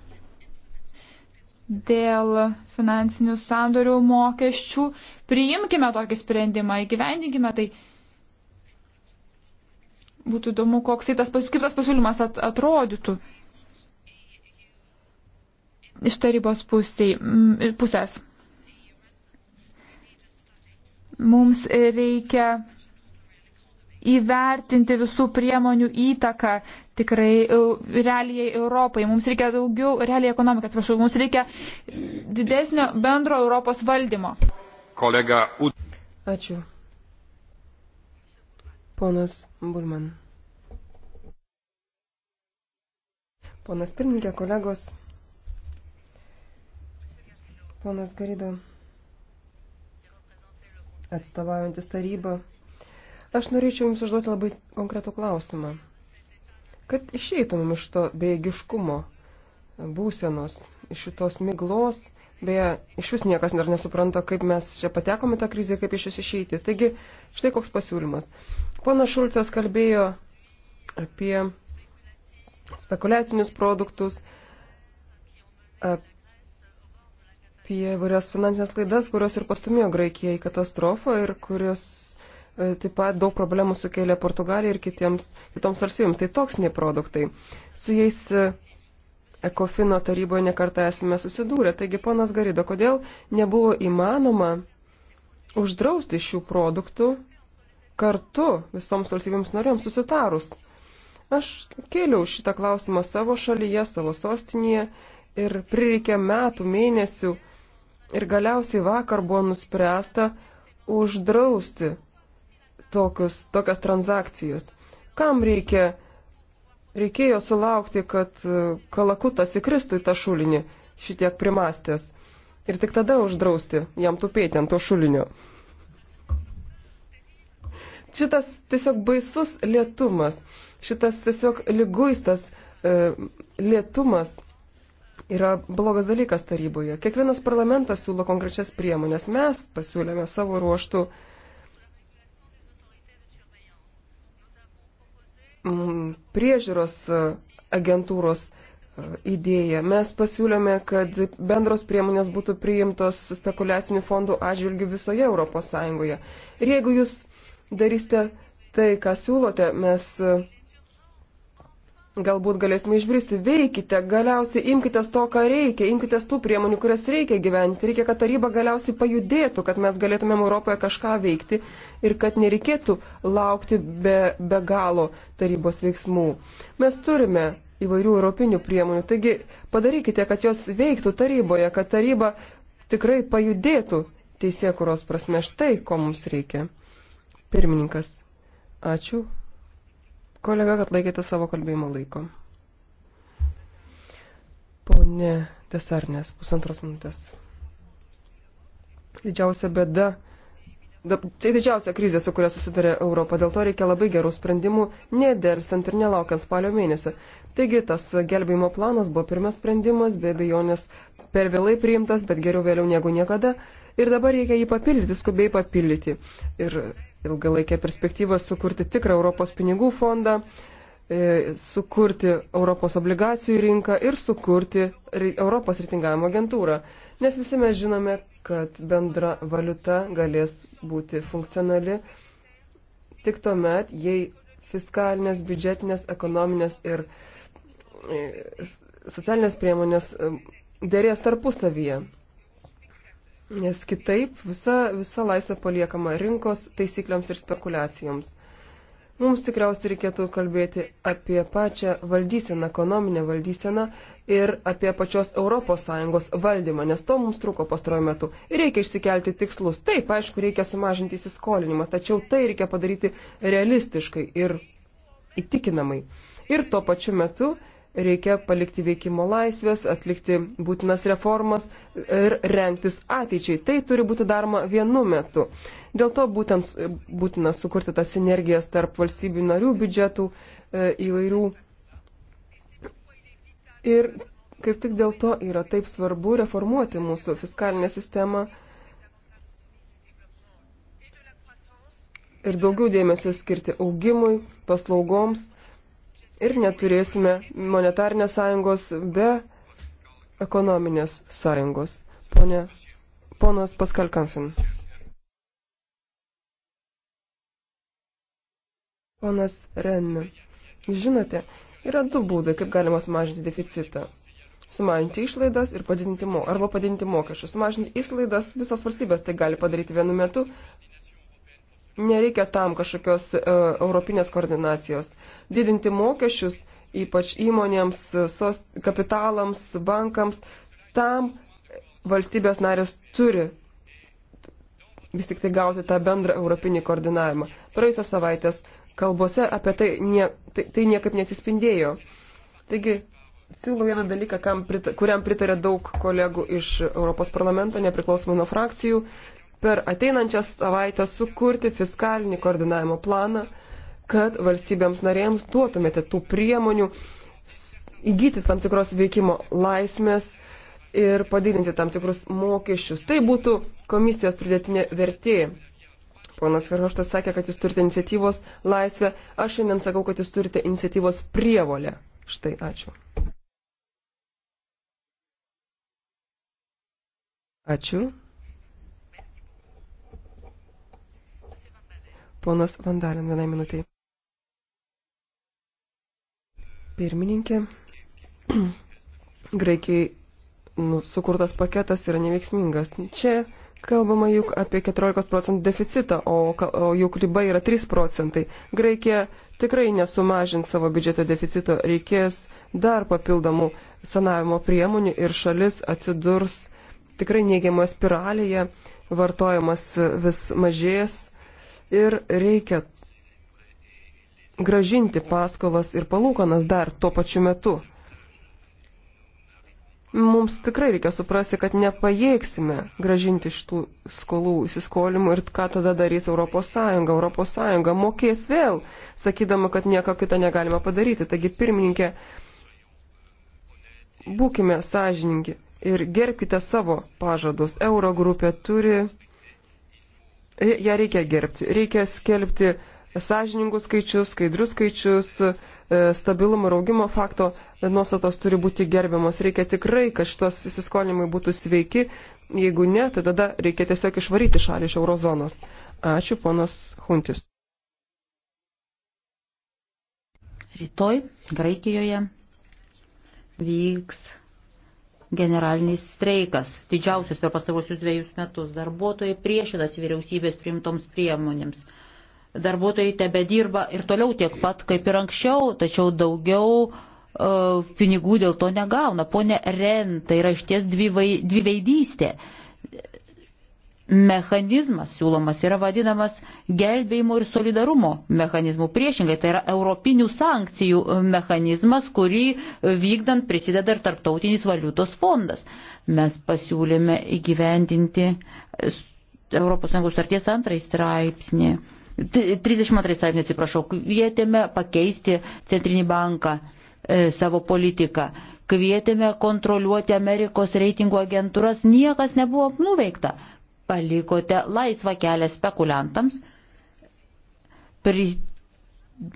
dėl finansinių sandorių mokesčių. Priimkime tokį sprendimą, įgyvendinkime tai. Būtų įdomu, koks tai tas, kaip tas pasiūlymas at, atrodytų iš tarybos pusiai, pusės. Mums reikia įvertinti visų priemonių įtaką tikrai realiai Europai. Mums reikia daugiau, realiai ekonomiką, atsiprašau, mums reikia didesnio bendro Europos valdymo. Kolega Ud. Ačiū. Ponas Burman. Ponas pirmininkė, kolegos. Ponas Garido, atstovaujantis tarybą Aš norėčiau Jums užduoti labai konkretų klausimą. Kad išeitumėm iš to bejėgiškumo būsenos, iš šitos miglos, Beje, iš vis niekas dar nesupranta, kaip mes čia patekome tą krizę, kaip iš jos išeiti. Taigi, štai koks pasiūlymas. Pana Šulcas kalbėjo apie spekuliacinius produktus, apie varias finansinės klaidas, kurios ir pastumėjo Graikiją į katastrofą ir kurios E, taip pat daug problemų sukėlė Portugalija ir kitiems, kitoms valstybėms. Tai toksiniai produktai. Su jais e, Ekofino taryboje nekartą esame susidūrę. Taigi, ponas Garido, kodėl nebuvo įmanoma uždrausti šių produktų kartu visoms valstybėms norėms susitarus? Aš kėliau šitą klausimą savo šalyje, savo sostinėje ir prireikė metų, mėnesių ir galiausiai vakar buvo nuspręsta uždrausti tokius, tokias transakcijas. Kam reikia, reikėjo sulaukti, kad e, kalakutas įkristų į tą šulinį šitiek primastės ir tik tada uždrausti jam tupėti ant to šulinio. Šitas tiesiog baisus lietumas, šitas tiesiog lyguistas e, lietumas yra blogas dalykas taryboje. Kiekvienas parlamentas siūlo konkrečias priemonės. Mes pasiūlėme savo ruoštų e, Mm, priežiūros e, agentūros e, idėją. Mes pasiūlėme, kad bendros priemonės būtų priimtos spekuliacinių fondų atžvilgių visoje ES. Ir jeigu jūs darysite tai, ką siūlote, mes e, galbūt galėsime išbristi. Veikite, galiausiai imkite to, ką reikia, imkite tų priemonių, kurias reikia gyventi. Reikia, kad taryba galiausiai pajudėtų, kad mes galėtumėm Europoje kažką veikti ir kad nereikėtų laukti be, be galo tarybos veiksmų. Mes turime įvairių europinių priemonių, taigi padarykite, kad jos veiktų taryboje, kad taryba tikrai pajudėtų teisėkuros prasme. Štai ko mums reikia. Pirmininkas, ačiū. Kolega, kad laikėte savo kalbėjimo laiko. Pone Desarnės, pusantros minutės. Didžiausia bėda Tai didžiausia krizė, su kuria susidarė Europą, dėl to reikia labai gerų sprendimų, nederstant ir nelaukiant spalio mėnesio. Taigi tas gelbėjimo planas buvo pirmas sprendimas, be abejonės per vėlai priimtas, bet geriau vėliau negu niekada. Ir dabar reikia jį papildyti, skubiai papildyti. Ir ilgalaikę perspektyvą sukurti tikrą Europos pinigų fondą, e, sukurti Europos obligacijų rinką ir sukurti Europos reitingavimo agentūrą. Nes visi mes žinome, kad bendra valiuta galės būti funkcionali tik tuomet, jei fiskalinės, biudžetinės, ekonominės ir e, socialinės priemonės e, dėrės tarpusavyje. Nes kitaip visa, visa laisvė paliekama rinkos taisykliams ir spekulacijoms. Mums tikriausiai reikėtų kalbėti apie pačią valdyseną, ekonominę valdyseną ir apie pačios ES valdymą, nes to mums trūko pastaruoju metu. Ir reikia išsikelti tikslus. Taip, aišku, reikia sumažinti įsiskolinimą, tačiau tai reikia padaryti realistiškai ir įtikinamai. Ir tuo pačiu metu reikia palikti veikimo laisvės, atlikti būtinas reformas ir renktis ateičiai. Tai turi būti daroma vienu metu. Dėl to būtent būtina sukurti tas sinergijas tarp valstybių narių biudžetų e, įvairių. Ir kaip tik dėl to yra taip svarbu reformuoti mūsų fiskalinę sistemą ir daugiau dėmesio skirti augimui, paslaugoms ir neturėsime monetarnės sąjungos be ekonominės sąjungos. Pone, ponas Paskal Kamfin. Ponas Ren. Žinote, yra du būdai, kaip galima sumažinti deficitą. Sumažinti išlaidas ir padidinti mo, arba padidinti mokesčius. Sumažinti išlaidas visos valstybės tai gali padaryti vienu metu. Nereikia tam kažkokios uh, europinės koordinacijos. Uh, didinti mokesčius, ypač įmonėms, sos, kapitalams, bankams, tam valstybės narės turi vis tik tai gauti tą bendrą europinį koordinavimą. Praėjusios savaitės kalbose apie tai, nie, tai, tai niekaip nesispindėjo. Taigi, siūlau vieną dalyką, prita, kuriam pritarė daug kolegų iš Europos parlamento, nepriklausomai nuo frakcijų, per ateinančias savaitę sukurti fiskalinį koordinavimo planą, kad valstybėms narėms duotumėte tų priemonių įgyti tam tikros veikimo laisvės ir padidinti tam tikrus mokesčius. Tai būtų komisijos pridėtinė vertė. Ponas Verhoštas sakė, kad jūs turite iniciatyvos laisvę. Aš šiandien sakau, kad jūs turite iniciatyvos prievolę. Štai, ačiū. Ačiū. Ponas Vandalin, vienai minutiai. pirmininkė. Graikijai nu, sukurtas paketas yra neveiksmingas. Čia kalbama juk apie 14 procentų deficitą, o, o juk riba yra 3 procentai. Graikija tikrai nesumažins savo biudžeto deficito, reikės dar papildomų sanavimo priemonių ir šalis atsidurs tikrai neigiamoje spiralėje, vartojimas vis mažės ir reikia gražinti paskolas ir palūkanas dar tuo pačiu metu. Mums tikrai reikia suprasti, kad nepajėgsime gražinti šitų skolų įsiskolimų ir ką tada darys ES. ES mokės vėl, sakydama, kad nieko kita negalima padaryti. Taigi, pirmininkė, būkime sąžiningi ir gerbkite savo pažadus. Euro grupė turi, ją reikia gerbti, reikia skelbti sąžiningus skaičius, skaidrius skaičius, e, stabilumo ir augimo fakto nuostatos turi būti gerbiamos. Reikia tikrai, kad šitos įsiskolinimai būtų sveiki. Jeigu ne, tai tada reikia tiesiog išvaryti šalį iš eurozonos. Ačiū, ponas Huntis. Rytoj Graikijoje vyks generalinis streikas, didžiausias per pastarosius dviejus metus. Darbuotojai priešinasi vyriausybės priimtoms priemonėms darbuotojai tebe dirba ir toliau tiek pat kaip ir anksčiau, tačiau daugiau uh, pinigų dėl to negauna. Pone Ren, tai yra išties dviveidystė. Mechanizmas siūlomas yra vadinamas gelbėjimo ir solidarumo mechanizmu. Priešingai, tai yra europinių sankcijų mechanizmas, kurį vykdant prisideda ir tarptautinis valiutos fondas. Mes pasiūlėme įgyvendinti ES starties antrąjį straipsnį 32 straipsnį atsiprašau, kvietėme pakeisti Centrinį banką e, savo politiką, kvietėme kontroliuoti Amerikos reitingų agentūras, niekas nebuvo nuveikta. Palikote laisvą kelią spekuliantams, pri,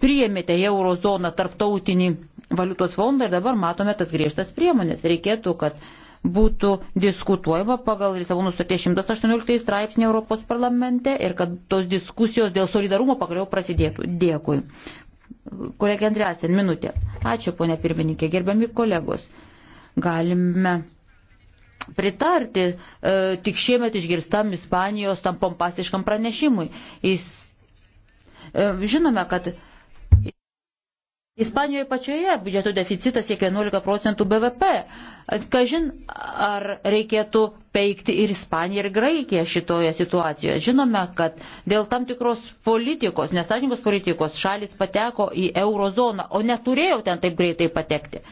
priėmėte į eurozoną tarptautinį valiutos fondą ir dabar matome tas griežtas priemonės. Reikėtų, kad būtų diskutuojama pagal Lisabonų sutarties 118 straipsnį Europos parlamente ir kad tos diskusijos dėl solidarumo pagaliau prasidėtų. Dėkui. Kolegė Andresen, minutė. Ačiū, ponė pirmininkė, gerbiami kolegos. Galime pritarti e, tik šiemet išgirstam Ispanijos tam pompastiškam pranešimui. Jis, e, žinome, kad Ispanijoje pačioje biudžeto deficitas siekia 11 procentų BVP. Kažin, ar reikėtų peikti ir Ispaniją, ir Graikiją šitoje situacijoje. Žinome, kad dėl tam tikros politikos, nesąžininkos politikos, šalis pateko į eurozoną, o neturėjo ten taip greitai patekti.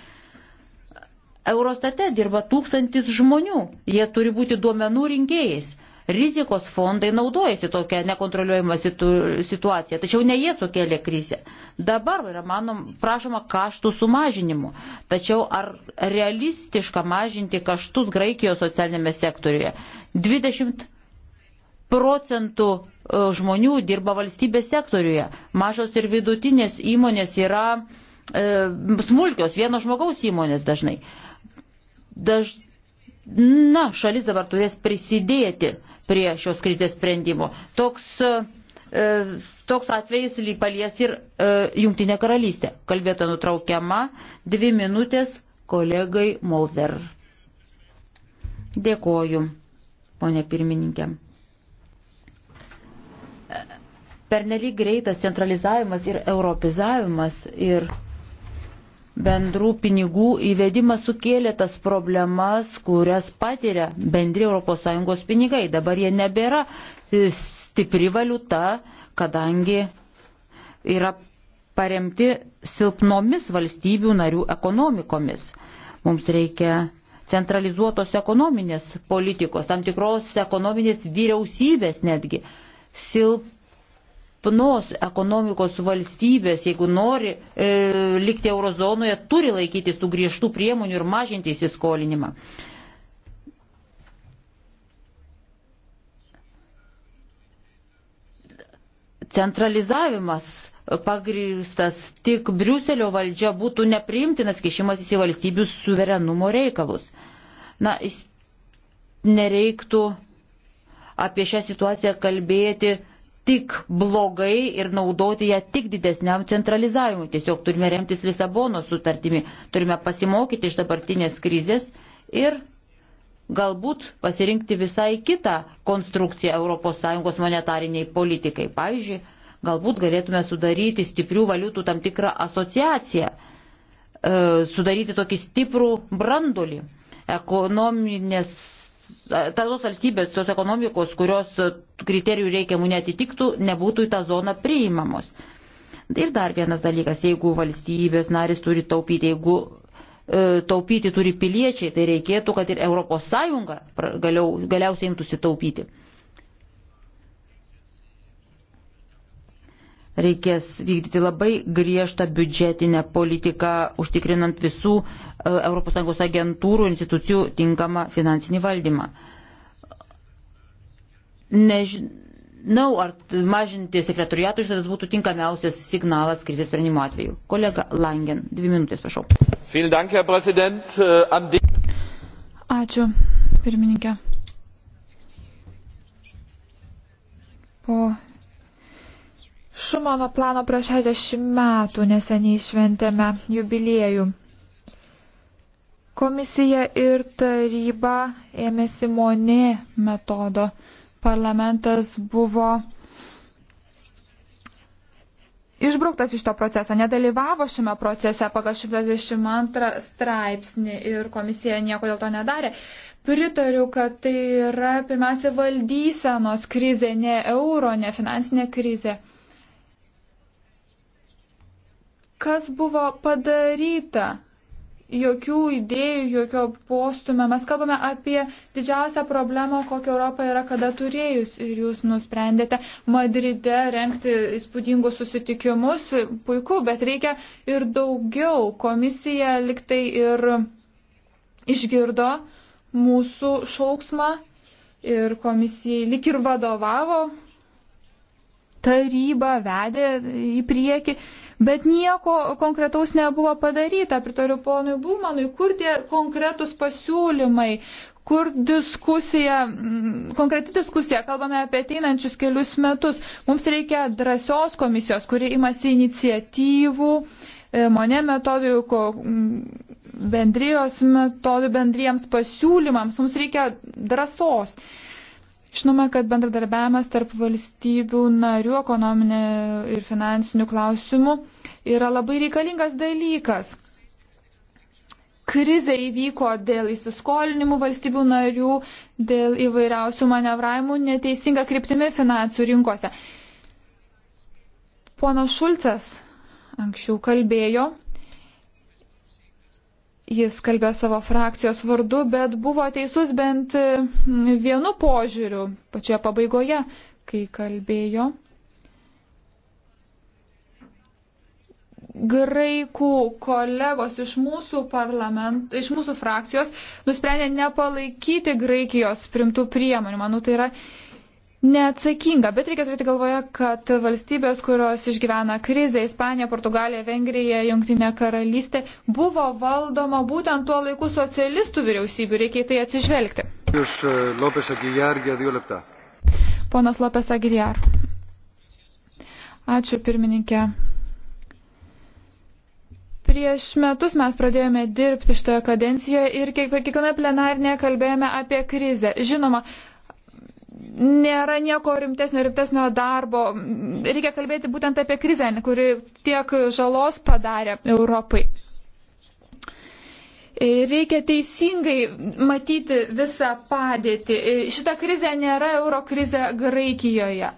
Eurostate dirba tūkstantis žmonių, jie turi būti duomenų rinkėjais. Rizikos fondai naudojasi tokią nekontroliuojamą situ, situaciją, tačiau ne jie sukėlė krizę. Dabar yra manom, prašoma kaštų sumažinimų, tačiau ar realistiška mažinti kaštus Graikijos socialinėme sektoriuje? 20 procentų e, žmonių dirba valstybės sektoriuje, mažos ir vidutinės įmonės yra e, smulkios, vieno žmogaus įmonės dažnai. Daž... Na, šalis dabar turės prisidėti prie šios krizės sprendimo. Toks, e, toks atvejis lyg palies ir e, Jungtinė karalystė. Kalbėta nutraukiama dvi minutės kolegai Molzer. Dėkoju, ponė pirmininkė. Pernelyg greitas centralizavimas ir europizavimas ir bendrų pinigų įvedimas sukėlė tas problemas, kurias patiria bendri ES pinigai. Dabar jie nebėra e, stipri valiuta, kadangi yra paremti silpnomis valstybių narių ekonomikomis. Mums reikia centralizuotos ekonominės politikos, tam tikros ekonominės vyriausybės netgi. Silp silpnos ekonomikos valstybės, jeigu nori e, likti eurozonoje, turi laikytis tų griežtų priemonių ir mažinti įsiskolinimą. Centralizavimas pagrįstas tik Briuselio valdžia būtų nepriimtinas kišimasis į valstybių suverenumo reikalus. Na, nereiktų apie šią situaciją kalbėti tik blogai ir naudoti ją tik didesniam centralizavimui. Tiesiog turime remtis Lisabono sutartimi, turime pasimokyti iš dabartinės krizės ir galbūt pasirinkti visai kitą konstrukciją ES monetariniai politikai. Pavyzdžiui, galbūt galėtume sudaryti stiprių valiutų tam tikrą asociaciją, e, sudaryti tokį stiprų brandolį ekonominės tos valstybės, tos ekonomikos, kurios kriterijų reikiamų netitiktų, nebūtų į tą zoną priimamos. Ir dar vienas dalykas, jeigu valstybės narys turi taupyti, jeigu e, taupyti turi piliečiai, tai reikėtų, kad ir ES galiau, galiausiai imtųsi taupyti. reikės vykdyti labai griežtą biudžetinę politiką, užtikrinant visų ES agentūrų, institucijų tinkamą finansinį valdymą. Nežinau, ar mažinti sekretoriatų išlaidas būtų tinkamiausias signalas krizės sprendimo atveju. Kolega Langen, dvi minutės, prašau. Äh, Ačiū, pirmininkė. Po Šumano plano prieš 60 metų neseniai šventėme jubiliejų. Komisija ir taryba ėmėsi monė metodo. Parlamentas buvo išbrauktas iš to proceso, nedalyvavo šiame procese pagal 122 straipsnį ir komisija nieko dėl to nedarė. Pritariu, kad tai yra pirmiausia valdysenos krizė, ne euro, ne finansinė krizė. Kas buvo padaryta? Jokių idėjų, jokio postumio. Mes kalbame apie didžiausią problemą, kokią Europą yra kada turėjus. Ir jūs nusprendėte Madride renkti įspūdingus susitikimus. Puiku, bet reikia ir daugiau. Komisija liktai ir išgirdo mūsų šauksmą ir komisijai lik ir vadovavo, taryba vedė į priekį, Bet nieko konkretaus nebuvo padaryta. Pritariu ponui Bulmanui, kur tie konkretus pasiūlymai, kur diskusija, mm, konkreti diskusija, kalbame apie ateinančius kelius metus. Mums reikia drąsios komisijos, kuri imasi iniciatyvų, e, monė metodų, mm, bendrijos metodų, bendriems pasiūlymams. Mums reikia drąsos. Žinome, kad bendradarbiavimas tarp valstybių narių ekonominė ir finansinių klausimų yra labai reikalingas dalykas. Krizė įvyko dėl įsiskolinimų valstybių narių, dėl įvairiausių manevravimų neteisinga kryptimi finansų rinkose. Pono Šulcas anksčiau kalbėjo Jis kalbė savo frakcijos vardu, bet buvo teisus bent mm, vienu požiūriu pačioje pabaigoje, kai kalbėjo. Graikų kolegos iš mūsų, parlament, iš mūsų frakcijos nusprendė nepalaikyti Graikijos primtų priemonių. Manau, tai yra neatsakinga, bet reikia turėti galvoje, kad valstybės, kurios išgyvena krizę - Ispanija, Portugalija, Vengrija, Junktinė karalystė - buvo valdoma būtent tuo laiku socialistų vyriausybių, reikia į tai atsižvelgti. Jūs e, Lopes Agiliar, dvi lepta. Ponas Lopes Agiliar. Ačiū pirmininkė. Prieš metus mes pradėjome dirbti šitoje kadencijoje ir kiekvienoje plenarnėje kalbėjome apie krizę. Žinoma, nėra nieko rimtesnio, rimtesnio darbo. Reikia kalbėti būtent apie krizę, kuri tiek žalos padarė Europai. Reikia teisingai matyti visą padėtį. Šita krizė nėra euro krizė Graikijoje.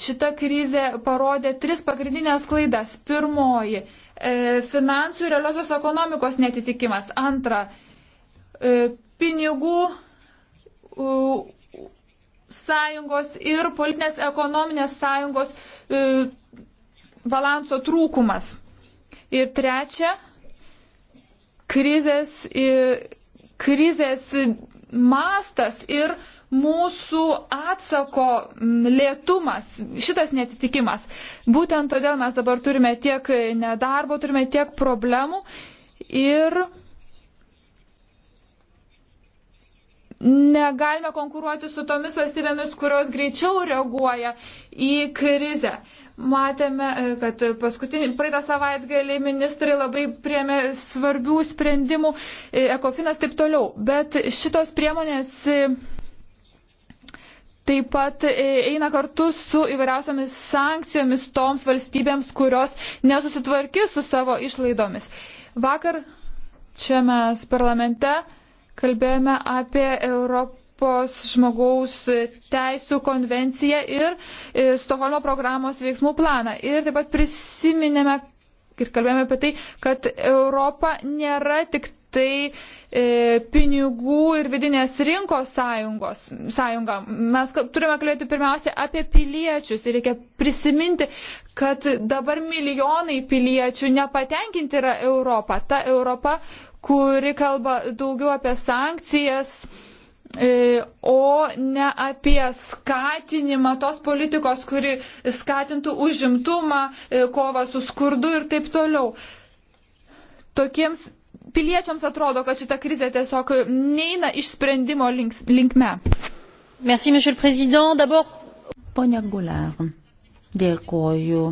Šita krizė parodė tris pagrindinės klaidas. Pirmoji e, - finansų ir realiosios ekonomikos netitikimas. Antra e, - pinigų sąjungos ir politinės ekonominės sąjungos e, balanso trūkumas. Ir trečia, krizės, e, krizės mastas ir mūsų atsako lėtumas, šitas netitikimas. Būtent todėl mes dabar turime tiek nedarbo, turime tiek problemų ir negalime konkuruoti su tomis valstybėmis, kurios greičiau reaguoja į krizę. Matėme, e, kad paskutinį praeitą savaitgalį ministrai labai priemė svarbių sprendimų, e, ekofinas taip toliau. Bet šitos priemonės e, taip pat eina kartu su įvairiausiamis sankcijomis toms valstybėms, kurios nesusitvarkys su savo išlaidomis. Vakar čia mes parlamente Kalbėjome apie Europos žmogaus teisų konvenciją ir e, Stoholmo programos veiksmų planą. Ir taip pat prisiminėme ir kalbėjome apie tai, kad Europa nėra tik tai e, pinigų ir vidinės rinkos sąjungos, sąjunga. Mes turime kalbėti pirmiausia apie piliečius ir reikia prisiminti, kad dabar milijonai piliečių nepatenkinti yra Europą. Ta Europa, kuri kalba daugiau apie sankcijas, e, o ne apie skatinimą tos politikos, kuri skatintų užimtumą, e, kovą su skurdu ir taip toliau. Tokiems piliečiams atrodo, kad šita krizė tiesiog neina iš sprendimo link, linkme. Merci, D'abord... Pone Guler, dėkoju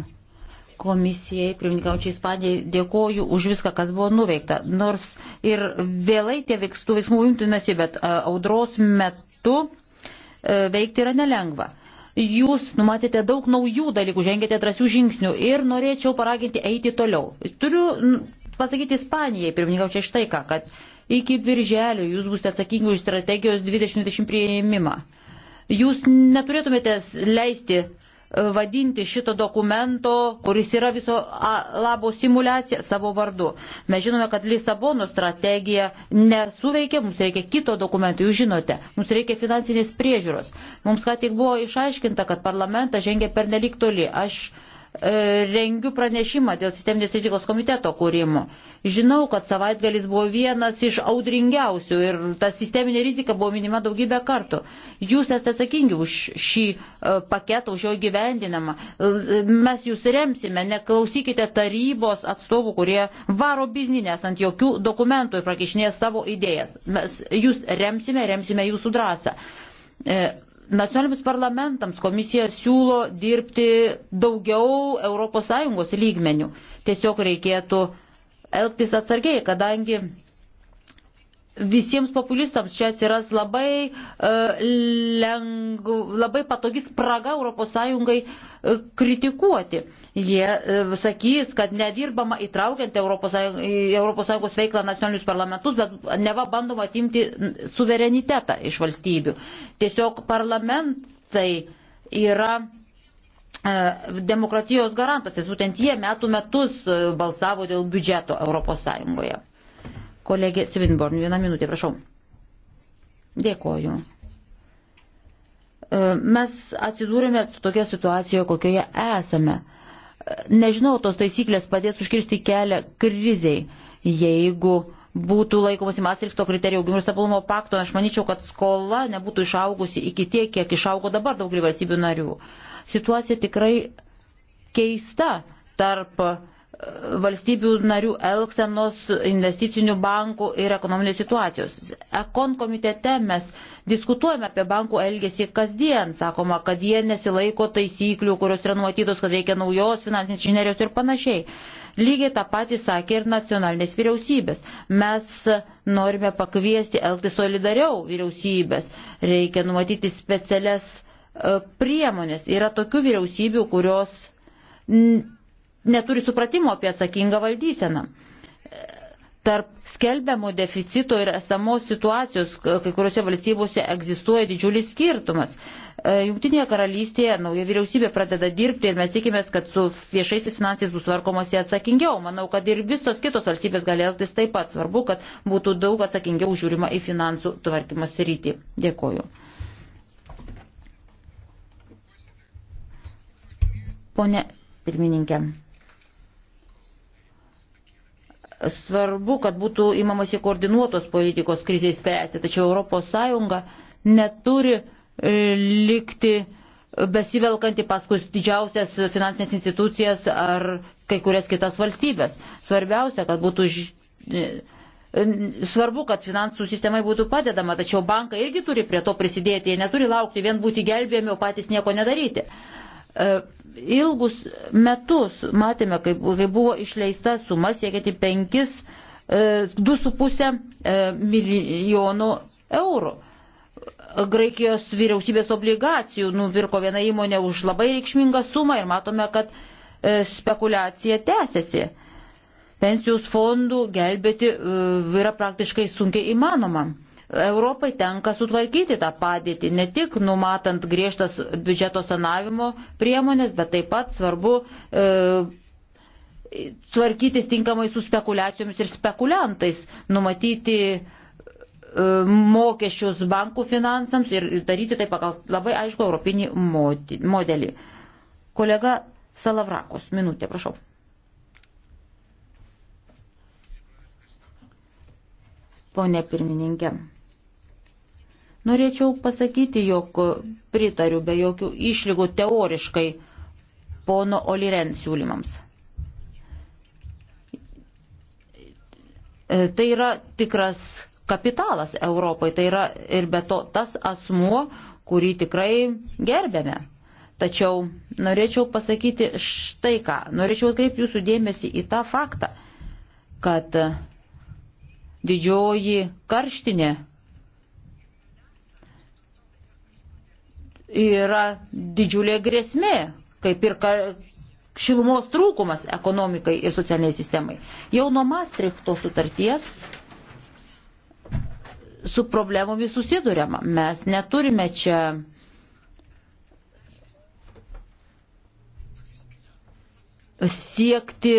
komisijai, pirmininkaučiai Ispanijai, dėkoju už viską, kas buvo nuveikta. Nors ir vėlai tie veiksmų veiksmų imtinasi, bet audros metu e, veikti yra nelengva. Jūs numatėte daug naujų dalykų, žengėte drąsių žingsnių ir norėčiau paraginti eiti toliau. Turiu pasakyti Ispanijai, pirmininkaučiai štai ką, kad iki birželio jūs būsite atsakingi už strategijos 2020 prieimimą. Jūs neturėtumėte leisti vadinti šito dokumento, kuris yra viso labo simulacija, savo vardu. Mes žinome, kad Lisabono strategija nesuveikia, mums reikia kito dokumento, jūs žinote, mums reikia finansinės priežiūros. Mums ką tik buvo išaiškinta, kad parlamentas žengia per nelik toli. Aš E, rengiu pranešimą dėl sisteminės rizikos komiteto kūrimo. Žinau, kad savaitgalis buvo vienas iš audringiausių ir ta sisteminė rizika buvo minima daugybę kartų. Jūs esate atsakingi už šį e, paketą, už jo gyvendinamą. E, mes jūs remsime, neklausykite tarybos atstovų, kurie varo bizninės ant jokių dokumentų ir prakišnės savo idėjas. Mes jūs remsime, remsime jūsų drąsą. Nacionaliniams parlamentams komisija siūlo dirbti daugiau ES lygmenių. Tiesiog reikėtų elgtis atsargiai, kadangi visiems populistams čia atsiras labai, uh, e, leng, labai patogis praga ES uh, e, kritikuoti. Jie uh, sakys, kad nedirbama įtraukiant ES, ES veiklą nacionalinius parlamentus, bet neva bandoma atimti suverenitetą iš valstybių. Tiesiog parlamentai yra demokratijos garantas, nes būtent jie metų metus balsavo dėl biudžeto ES. Kolegė Svinborn, vieną minutę, prašau. Dėkoju. E, mes atsidūrėme tokia situacijoje, kokioje esame. E, nežinau, tos taisyklės padės užkirsti kelią kriziai, jeigu būtų laikomasi Mastrichto kriterijų augimo ir stabilumo pakto, aš manyčiau, kad skola nebūtų išaugusi iki tiek, kiek išaugo dabar daugelį valstybių narių. Situacija tikrai keista tarp valstybių narių elgsenos, investicinių bankų ir ekonominės situacijos. Ekon komitete mes diskutuojame apie bankų elgesį kasdien, sakoma, kad jie nesilaiko taisyklių, kurios yra numatytos, kad reikia naujos finansinės inžinerijos ir panašiai. Lygiai tą patį sakė ir nacionalinės vyriausybės. Mes norime pakviesti elgti solidariau vyriausybės. Reikia numatyti specialias e, priemonės. Yra tokių vyriausybių, kurios neturi supratimo apie atsakingą valdyseną. Tarp skelbiamo deficito ir esamos situacijos kai kuriuose valstybėse egzistuoja didžiulis skirtumas. E, Jungtinėje karalystėje nauja vyriausybė pradeda dirbti ir mes tikimės, kad su viešaisiais finansais bus tvarkomasi atsakingiau. Manau, kad ir visos kitos valstybės gali elgtis taip pat. Svarbu, kad būtų daug atsakingiau žiūrima į finansų tvarkymo sritį. Dėkoju. Pone pirmininkė. Svarbu, kad būtų įmamasi koordinuotos politikos kriziai spręsti, tačiau ES neturi e, likti besivelkanti paskui didžiausias finansinės institucijas ar kai kurias kitas valstybės. Svarbiausia, kad būtų e, e, Svarbu, kad finansų sistemai būtų padedama, tačiau bankai irgi turi prie to prisidėti, jie neturi laukti vien būti gelbėjami, o patys nieko nedaryti ilgus metus matėme, kaip, kaip buvo išleista suma siekianti 5,2,5 e, e, milijonų eurų. Graikijos vyriausybės obligacijų nupirko viena įmonė už labai reikšmingą sumą ir matome, kad e, spekulacija tęsiasi. Pensijos fondų gelbėti yra praktiškai sunkiai įmanoma. Europai tenka sutvarkyti tą padėtį, ne tik numatant griežtas biudžeto sanavimo priemonės, bet taip pat svarbu e, tvarkytis tinkamai su spekulacijomis ir spekuliantais, numatyti e, mokesčius bankų finansams ir daryti tai pagal labai aišku europinį modelį. Kolega Salavrakos, minutė, prašau. Pone pirmininkė. Norėčiau pasakyti, jog pritariu be jokių išlygų teoriškai pono Oliren siūlymams. Tai yra tikras kapitalas Europai, tai yra ir be to tas asmuo, kurį tikrai gerbėme. Tačiau norėčiau pasakyti štai ką, norėčiau atkreipti jūsų dėmesį į tą faktą, kad didžioji karštinė yra didžiulė grėsmė, kaip ir šilumos trūkumas ekonomikai ir socialiniai sistemai. Jau nuo Maastrichto sutarties su problemomis susidurėma. Mes neturime čia siekti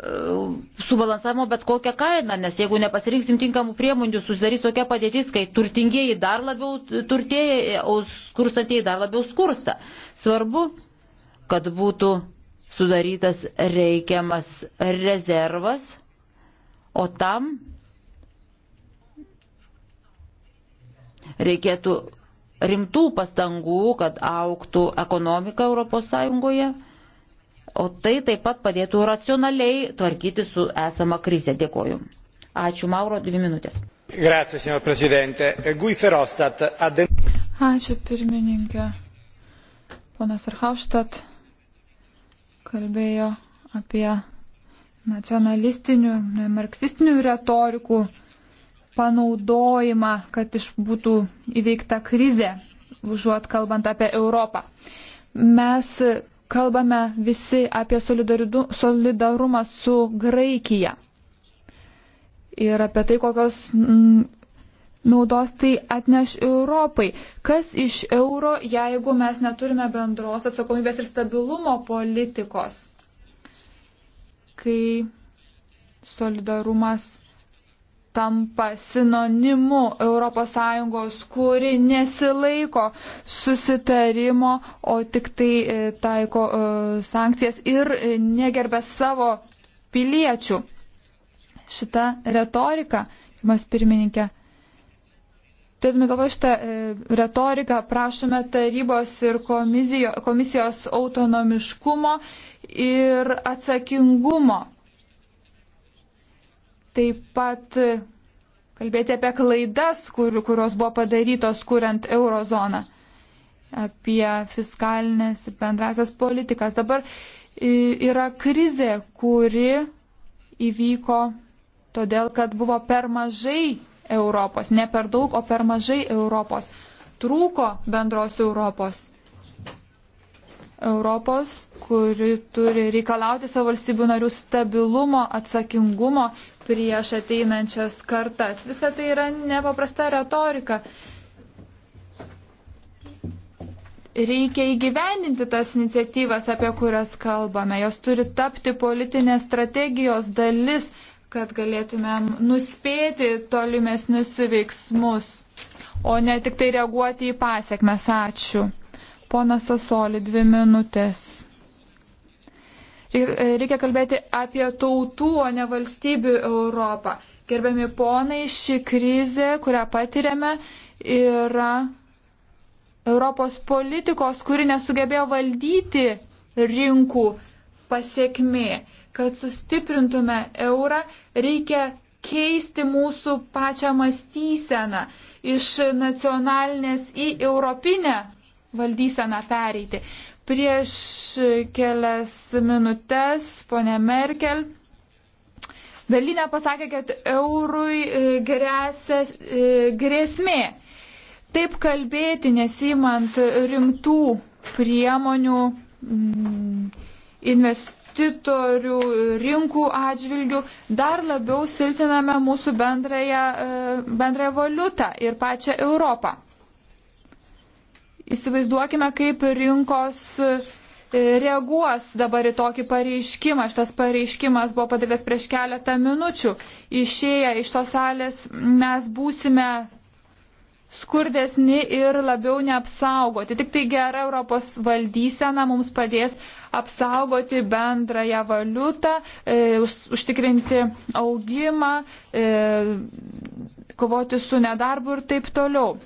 E, subalansavimo bet kokią kainą, nes jeigu nepasirinksim tinkamų priemonių, susidarys tokia padėtis, kai turtingieji dar labiau turtėja, o skursantieji dar labiau skursta. Svarbu, kad būtų sudarytas reikiamas rezervas, o tam reikėtų rimtų pastangų, kad auktų ekonomika Europos Sąjungoje O tai taip pat padėtų racionaliai tvarkyti su esama krize. Dėkoju. Ačiū, Mauro, dvi minutės. Grazie, signor Presidente. Gui Ferostat. Aden... Ačiū, pirmininkė. Ponas Arhauštat kalbėjo apie nacionalistinių, marksistinių retorikų panaudojimą, kad išbūtų įveikta krizė, užuot kalbant apie Europą. Mes kalbame visi apie solidarumą su Graikija ir apie tai, kokios mm, naudos tai atneš Europai. Kas iš euro, jeigu mes neturime bendros atsakomybės ir stabilumo politikos, kai solidarumas tampa sinonimu ES, kuri nesilaiko susitarimo, o tik tai e, taiko e, sankcijas ir e, negerbė savo piliečių. Šita retorika, mas pirmininkė, Turėtume galvoje šitą retoriką, prašome tarybos ir komisijo, komisijos autonomiškumo ir atsakingumo. Taip pat kalbėti apie klaidas, kur, kurios buvo padarytos, kuriant eurozoną, apie fiskalinės ir bendrasias politikas. Dabar yra krizė, kuri įvyko todėl, kad buvo per mažai Europos, ne per daug, o per mažai Europos. Trūko bendros Europos. Europos, kuri turi reikalauti savo valstybių narių stabilumo, atsakingumo, prieš ateinančias kartas. Visa tai yra nepaprasta retorika. Reikia įgyvendinti tas iniciatyvas, apie kurias kalbame. Jos turi tapti politinės strategijos dalis, kad galėtumėm nuspėti tolimesnius veiksmus, o ne tik tai reaguoti į pasiekmes. Ačiū. Ponas Asoli, dvi minutės. E, reikia kalbėti apie tautų, o ne valstybių Europą. Gerbiami ponai, ši krizė, kurią patiriame, yra Europos politikos, kuri nesugebėjo valdyti rinkų pasiekmė. Kad sustiprintume eurą, reikia keisti mūsų pačią mąstyseną iš nacionalinės į europinę valdyseną pereiti. Prieš kelias minutės ponė Merkel Berlyne pasakė, kad eurui e, grėsia e, grėsmė. Taip kalbėti, nesimant rimtų priemonių mm, investitorių rinkų atžvilgių, dar labiau siltiname mūsų bendrąją, e, bendrąją valiutą ir pačią Europą. Įsivaizduokime, kaip rinkos e, reaguos dabar į tokį pareiškimą. Šitas pareiškimas buvo padarytas prieš keletą minučių. Išėję iš tos salės mes būsime skurdesni ir labiau neapsaugoti. Tik tai gera Europos valdysena mums padės apsaugoti bendrąją valiutą, e, už, užtikrinti augimą, e, kovoti su nedarbu ir taip toliau.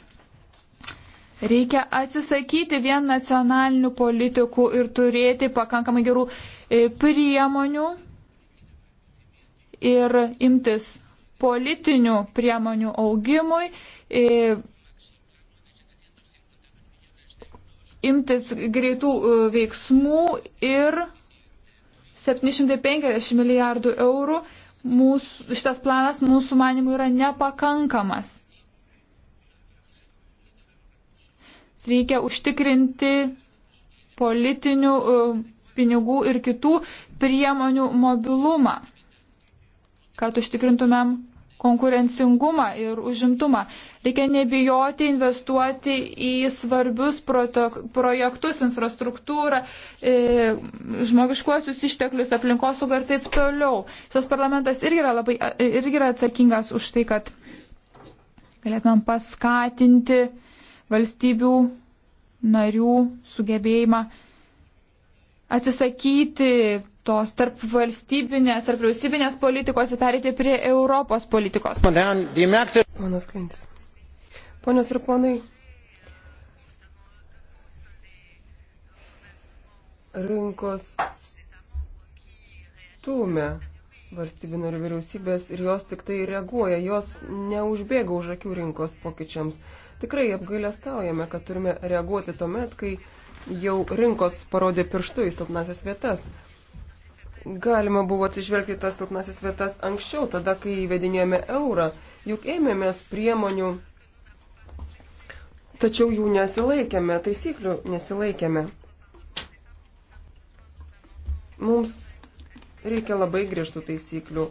Reikia atsisakyti vien nacionalinių politikų ir turėti pakankamai gerų e, priemonių ir imtis politinių priemonių augimui, e, imtis greitų e, veiksmų ir 750 milijardų eurų mūsų, šitas planas mūsų manimų yra nepakankamas. reikia užtikrinti politinių e, pinigų ir kitų priemonių mobilumą, kad užtikrintumėm konkurencingumą ir užimtumą. Reikia nebijoti investuoti į svarbius projektus, infrastruktūrą, e, žmogiškuosius išteklius, aplinkosaugą ir taip toliau. Šios parlamentas irgi yra, labai, e, irgi yra atsakingas už tai, kad galėtumėm paskatinti uh, valstybių narių sugebėjimą atsisakyti tos tarp valstybinės ar vyriausybinės politikos ir perėti prie Europos politikos. Ponas Klinis. Ponios ir ponai, rinkos stūmė valstybinio ir vyriausybės ir jos tik tai reaguoja, jos neužbėga už akių rinkos pokyčiams. Tikrai apgailestaujame, kad turime reaguoti tuomet, kai jau rinkos parodė pirštų į silpnasias vietas. Galima buvo atsižvelgti tas silpnasias vietas anksčiau, tada, kai įvedinėjome eurą, juk ėmėmės priemonių, tačiau jų nesilaikėme, taisyklių nesilaikėme. Mums reikia labai griežtų taisyklių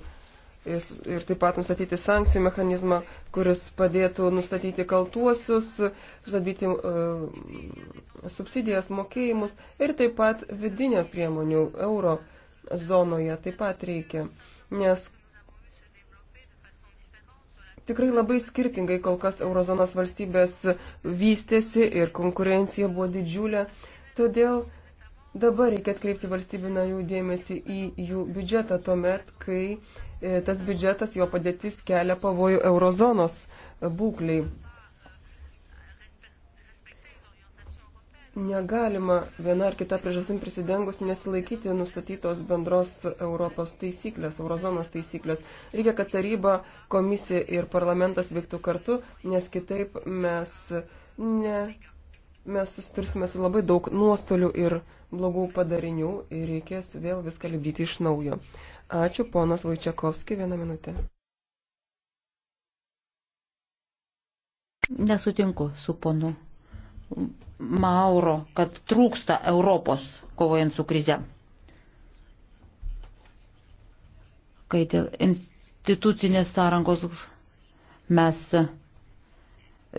ir taip pat nustatyti sankcijų mechanizmą, kuris padėtų nustatyti kaltuosius, žadyti uh, e, subsidijas, mokėjimus ir taip pat vidinio priemonių euro zonoje taip pat reikia, nes tikrai labai skirtingai kol kas eurozonos valstybės vystėsi ir konkurencija buvo didžiulė, todėl uh, Dabar reikia atkreipti valstybių narių dėmesį į jų biudžetą tuomet, kai e, tas biudžetas, jo padėtis kelia pavojų eurozonos e, būkliai. Negalima viena ar kita priežastim prisidengus nesilaikyti nustatytos bendros Europos taisyklės, eurozonos taisyklės. Reikia, kad taryba, komisija ir parlamentas veiktų kartu, nes kitaip mes ne mes susitursime su labai daug nuostolių ir blogų padarinių ir reikės vėl viską libdyti iš naujo. Ačiū, ponas Vaičiakovski, vieną minutę. Nesutinku su ponu Mauro, kad trūksta Europos kovojant su krize. Kai dėl institucinės sąrangos mes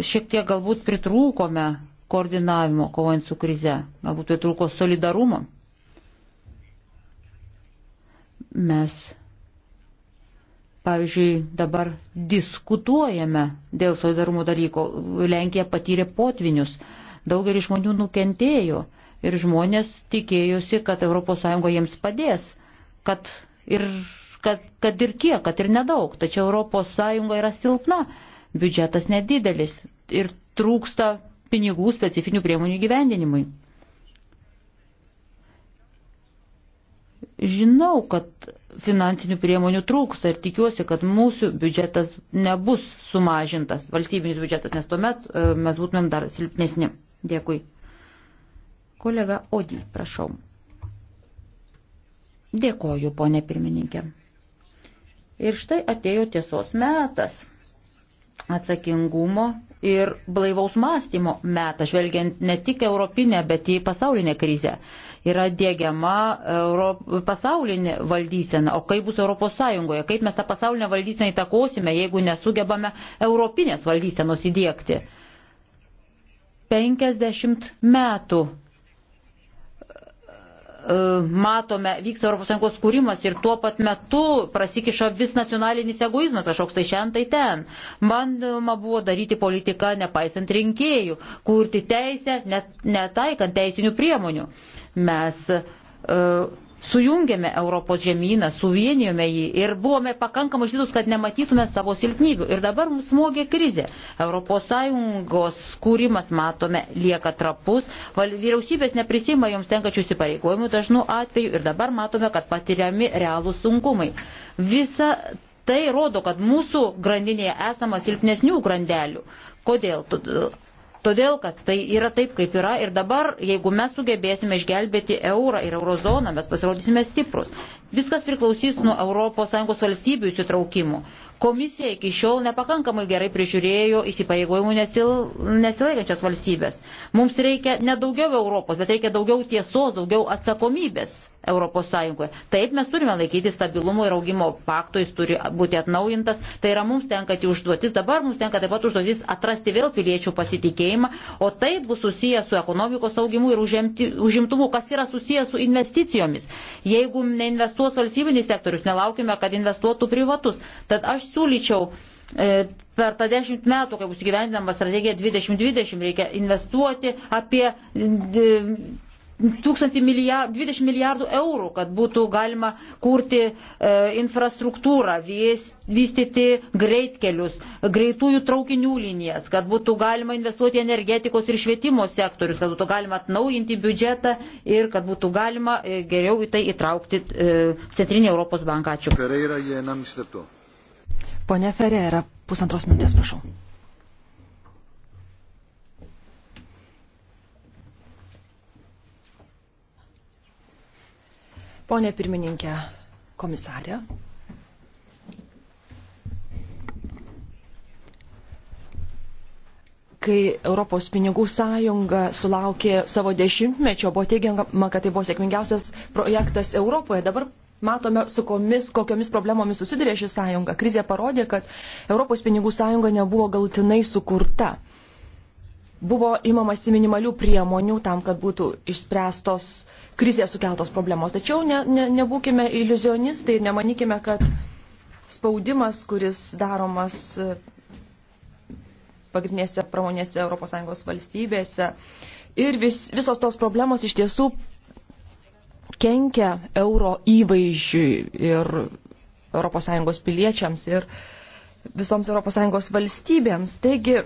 šiek tiek galbūt pritrūkome koordinavimo kovojant su krize, galbūt tai trūko solidarumo. Mes, pavyzdžiui, dabar diskutuojame dėl solidarumo dalyko. Lenkija patyrė potvinius, daugelis žmonių nukentėjo ir žmonės tikėjosi, kad ES jiems padės, kad ir, kad, kad ir kiek, kad ir nedaug. Tačiau ES yra silpna, biudžetas nedidelis ir trūksta pinigų specifinių priemonių gyvendinimui. Žinau, kad finansinių priemonių trūksta ir tikiuosi, kad mūsų biudžetas nebus sumažintas, valstybinis biudžetas, nes tuomet e, mes būtumėm dar silpnesni. Dėkui. Kolega Odį, prašau. Dėkoju, ponė pirmininkė. Ir štai atėjo tiesos metas atsakingumo ir blaivaus mąstymo metą, žvelgiant ne tik europinę, bet į pasaulinę krizę. Yra dėgiama Euro... pasaulinė valdysena, o kaip bus ES, kaip mes tą pasaulinę valdyseną įtakosime, jeigu nesugebame europinės valdysenos įdėkti. 50 metų E, matome, vyksta ES kūrimas ir tuo pat metu prasikiša vis nacionalinis egoizmas, kažkoks tai šiandien tai ten. Bandoma buvo daryti politiką nepaisant rinkėjų, kurti teisę, net, netaikant teisinių priemonių. Mes uh, sujungėme Europos žemyną, suvienijome jį ir buvome pakankamai žydus, kad nematytume savo silpnybių. Ir dabar mums smogė krizė. ES kūrimas, matome, lieka trapus, vyriausybės neprisima joms tenkačių įsipareigojimų dažnu atveju ir dabar matome, kad patiriami realūs sunkumai. Visa tai rodo, kad mūsų grandinėje esama silpnesnių grandelių. Kodėl? Todėl, kad tai yra taip, kaip yra ir dabar, jeigu mes sugebėsime išgelbėti eurą ir eurozoną, mes pasirodysime stiprus. Viskas priklausys nuo ES valstybių įsitraukimų. Komisija iki šiol nepakankamai gerai prižiūrėjo įsipareigojimų nesil, nesilaikančias valstybės. Mums reikia ne daugiau Europos, bet reikia daugiau tiesos, daugiau atsakomybės ES. Taip, mes turime laikyti stabilumo ir augimo pakto, jis turi būti atnaujintas. Tai yra mums tenkati užduotis. Dabar mums tenka taip pat užduotis atrasti vėl piliečių pasitikėjimą, o tai bus susijęs su ekonomikos augimu ir užimti, užimtumu, kas yra susijęs su investicijomis. Jeigu neinvestuos valstybinis sektorius, nelaukime, kad investuotų privatus. Tad aš siūlyčiau e, per tą dešimt metų, kai bus įgyvendinama strategija 2020, reikia investuoti apie milijard, 20 milijardų eurų, kad būtų galima kurti e, infrastruktūrą, vies, vystyti greitkelius, greitųjų traukinių linijas, kad būtų galima investuoti energetikos ir švietimo sektorius, kad būtų galima atnaujinti biudžetą ir kad būtų galima e, geriau į tai įtraukti e, Centrinį Europos banką. Ačiū. Pone Ferreira, pusantros minutės, prašau. Pone pirmininkė, komisarė. Kai Europos pinigų sąjunga sulaukė savo dešimtmečio, buvo teigiama, kad tai buvo sėkmingiausias projektas Europoje. Dabar matome, su komis, kokiomis problemomis susidurė ši sąjunga. Krizė parodė, kad Europos pinigų sąjunga nebuvo galutinai sukurta. Buvo imamasi minimalių priemonių tam, kad būtų išspręstos uh, krizės sukeltos problemos. Tačiau ne, ne, nebūkime iliuzionistai ir nemanykime, kad spaudimas, kuris daromas e, pagrindinėse pramonėse ES valstybėse ir vis, visos tos problemos iš tiesų kenkia euro įvaizdžiui ir ES piliečiams ir visoms ES valstybėms. Taigi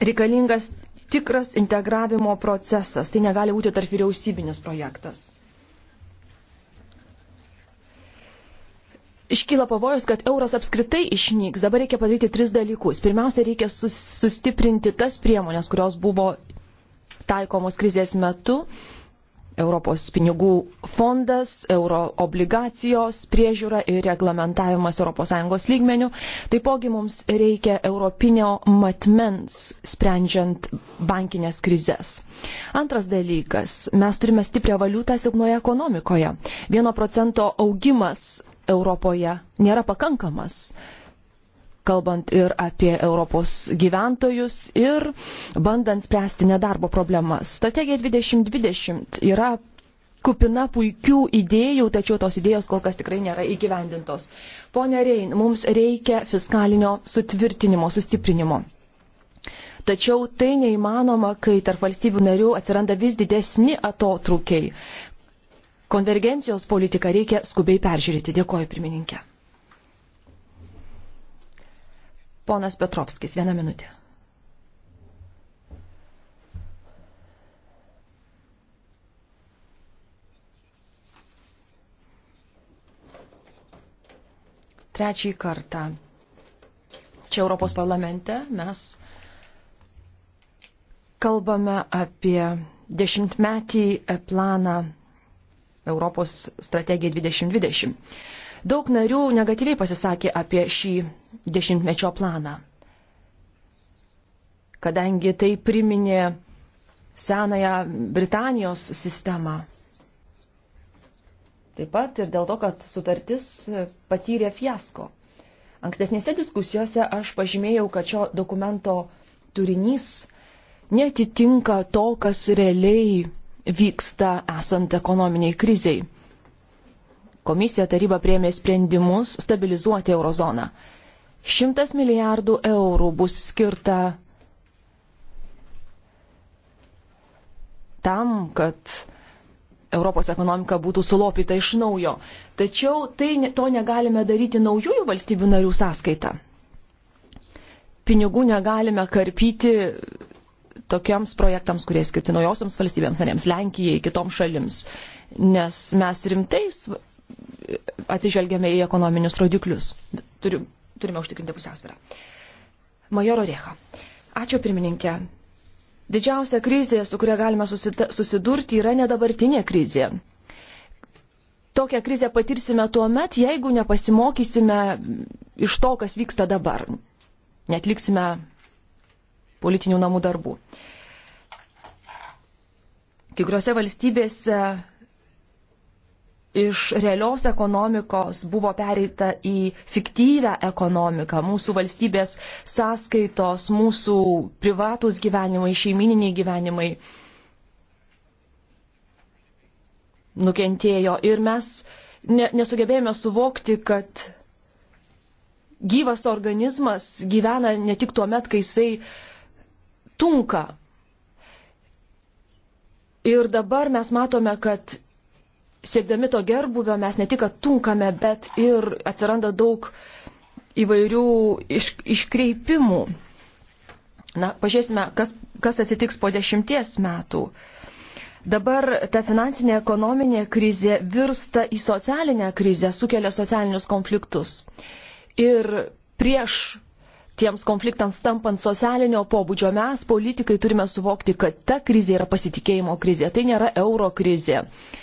reikalingas tikras integravimo procesas. Tai negali būti tarp vyriausybinis projektas. Iškyla pavojus, kad euras apskritai išnyks. Dabar reikia padaryti tris dalykus. Pirmiausia, reikia sustiprinti tas priemonės, kurios buvo taikomos krizės metu. Europos pinigų fondas, euro obligacijos, priežiūra ir reglamentavimas ES lygmenių. Taipogi mums reikia europinio matmens sprendžiant bankinės krizės. Antras dalykas, mes turime stiprią valiutą silpnoje ekonomikoje. Vieno procento augimas Europoje nėra pakankamas kalbant ir apie Europos gyventojus ir bandant spręsti nedarbo problemas. Strategija 2020 yra kupina puikių idėjų, tačiau tos idėjos kol kas tikrai nėra įgyvendintos. Pone Rein, mums reikia fiskalinio sutvirtinimo, sustiprinimo. Tačiau tai neįmanoma, kai tarp valstybių narių atsiranda vis didesni atotrukiai. Konvergencijos politiką reikia skubiai peržiūrėti. Dėkoju, pirmininkė. Ponas Petrovskis, vieną minutę. Trečiąjį kartą čia Europos parlamente mes kalbame apie dešimtmetį planą Europos strategiją 2020. Daug narių negatyviai pasisakė apie šį dešimtmečio planą, kadangi tai priminė senąją Britanijos sistemą. Taip pat ir dėl to, kad sutartis patyrė fiasko. Ankstesnėse diskusijose aš pažymėjau, kad šio dokumento turinys netitinka to, kas realiai vyksta esant ekonominiai kriziai komisija taryba priemė sprendimus stabilizuoti eurozoną. 100 milijardų eurų bus skirta tam, kad Europos ekonomika būtų sulopyta iš naujo. Tačiau tai, to negalime daryti naujųjų valstybių narių sąskaita. Pinigų negalime karpyti tokiems projektams, kurie skirti naujosiams valstybėms narėms, Lenkijai, kitoms šalims, nes mes rimtais atsižvelgiame į ekonominius rodiklius. Turiu, turime užtikrinti pusiausvyrą. Majoro Riecha. Ačiū pirmininkė. Didžiausia krizė, su kuria galime susidurti, yra nedabartinė krizė. Tokią krizę patirsime tuo met, jeigu nepasimokysime iš to, kas vyksta dabar. Netliksime politinių namų darbų. Kai kuriuose valstybėse iš realios ekonomikos buvo pereita į fiktyvę ekonomiką. Mūsų valstybės sąskaitos, mūsų privatus gyvenimai, šeimininiai gyvenimai nukentėjo ir mes ne, nesugebėjome suvokti, kad gyvas organizmas gyvena ne tik tuo met, kai jisai tunka. Ir dabar mes matome, kad siekdami to gerbuvio mes ne tik attunkame, bet ir atsiranda daug įvairių iš, iškreipimų. Na, pažiūrėsime, kas, kas atsitiks po dešimties metų. Dabar ta finansinė ekonominė krizė virsta į socialinę krizę, sukelia socialinius konfliktus. Ir prieš tiems konfliktams tampant socialinio pobūdžio mes, politikai, turime suvokti, kad ta krizė yra pasitikėjimo krizė, tai nėra euro krizė. Uh,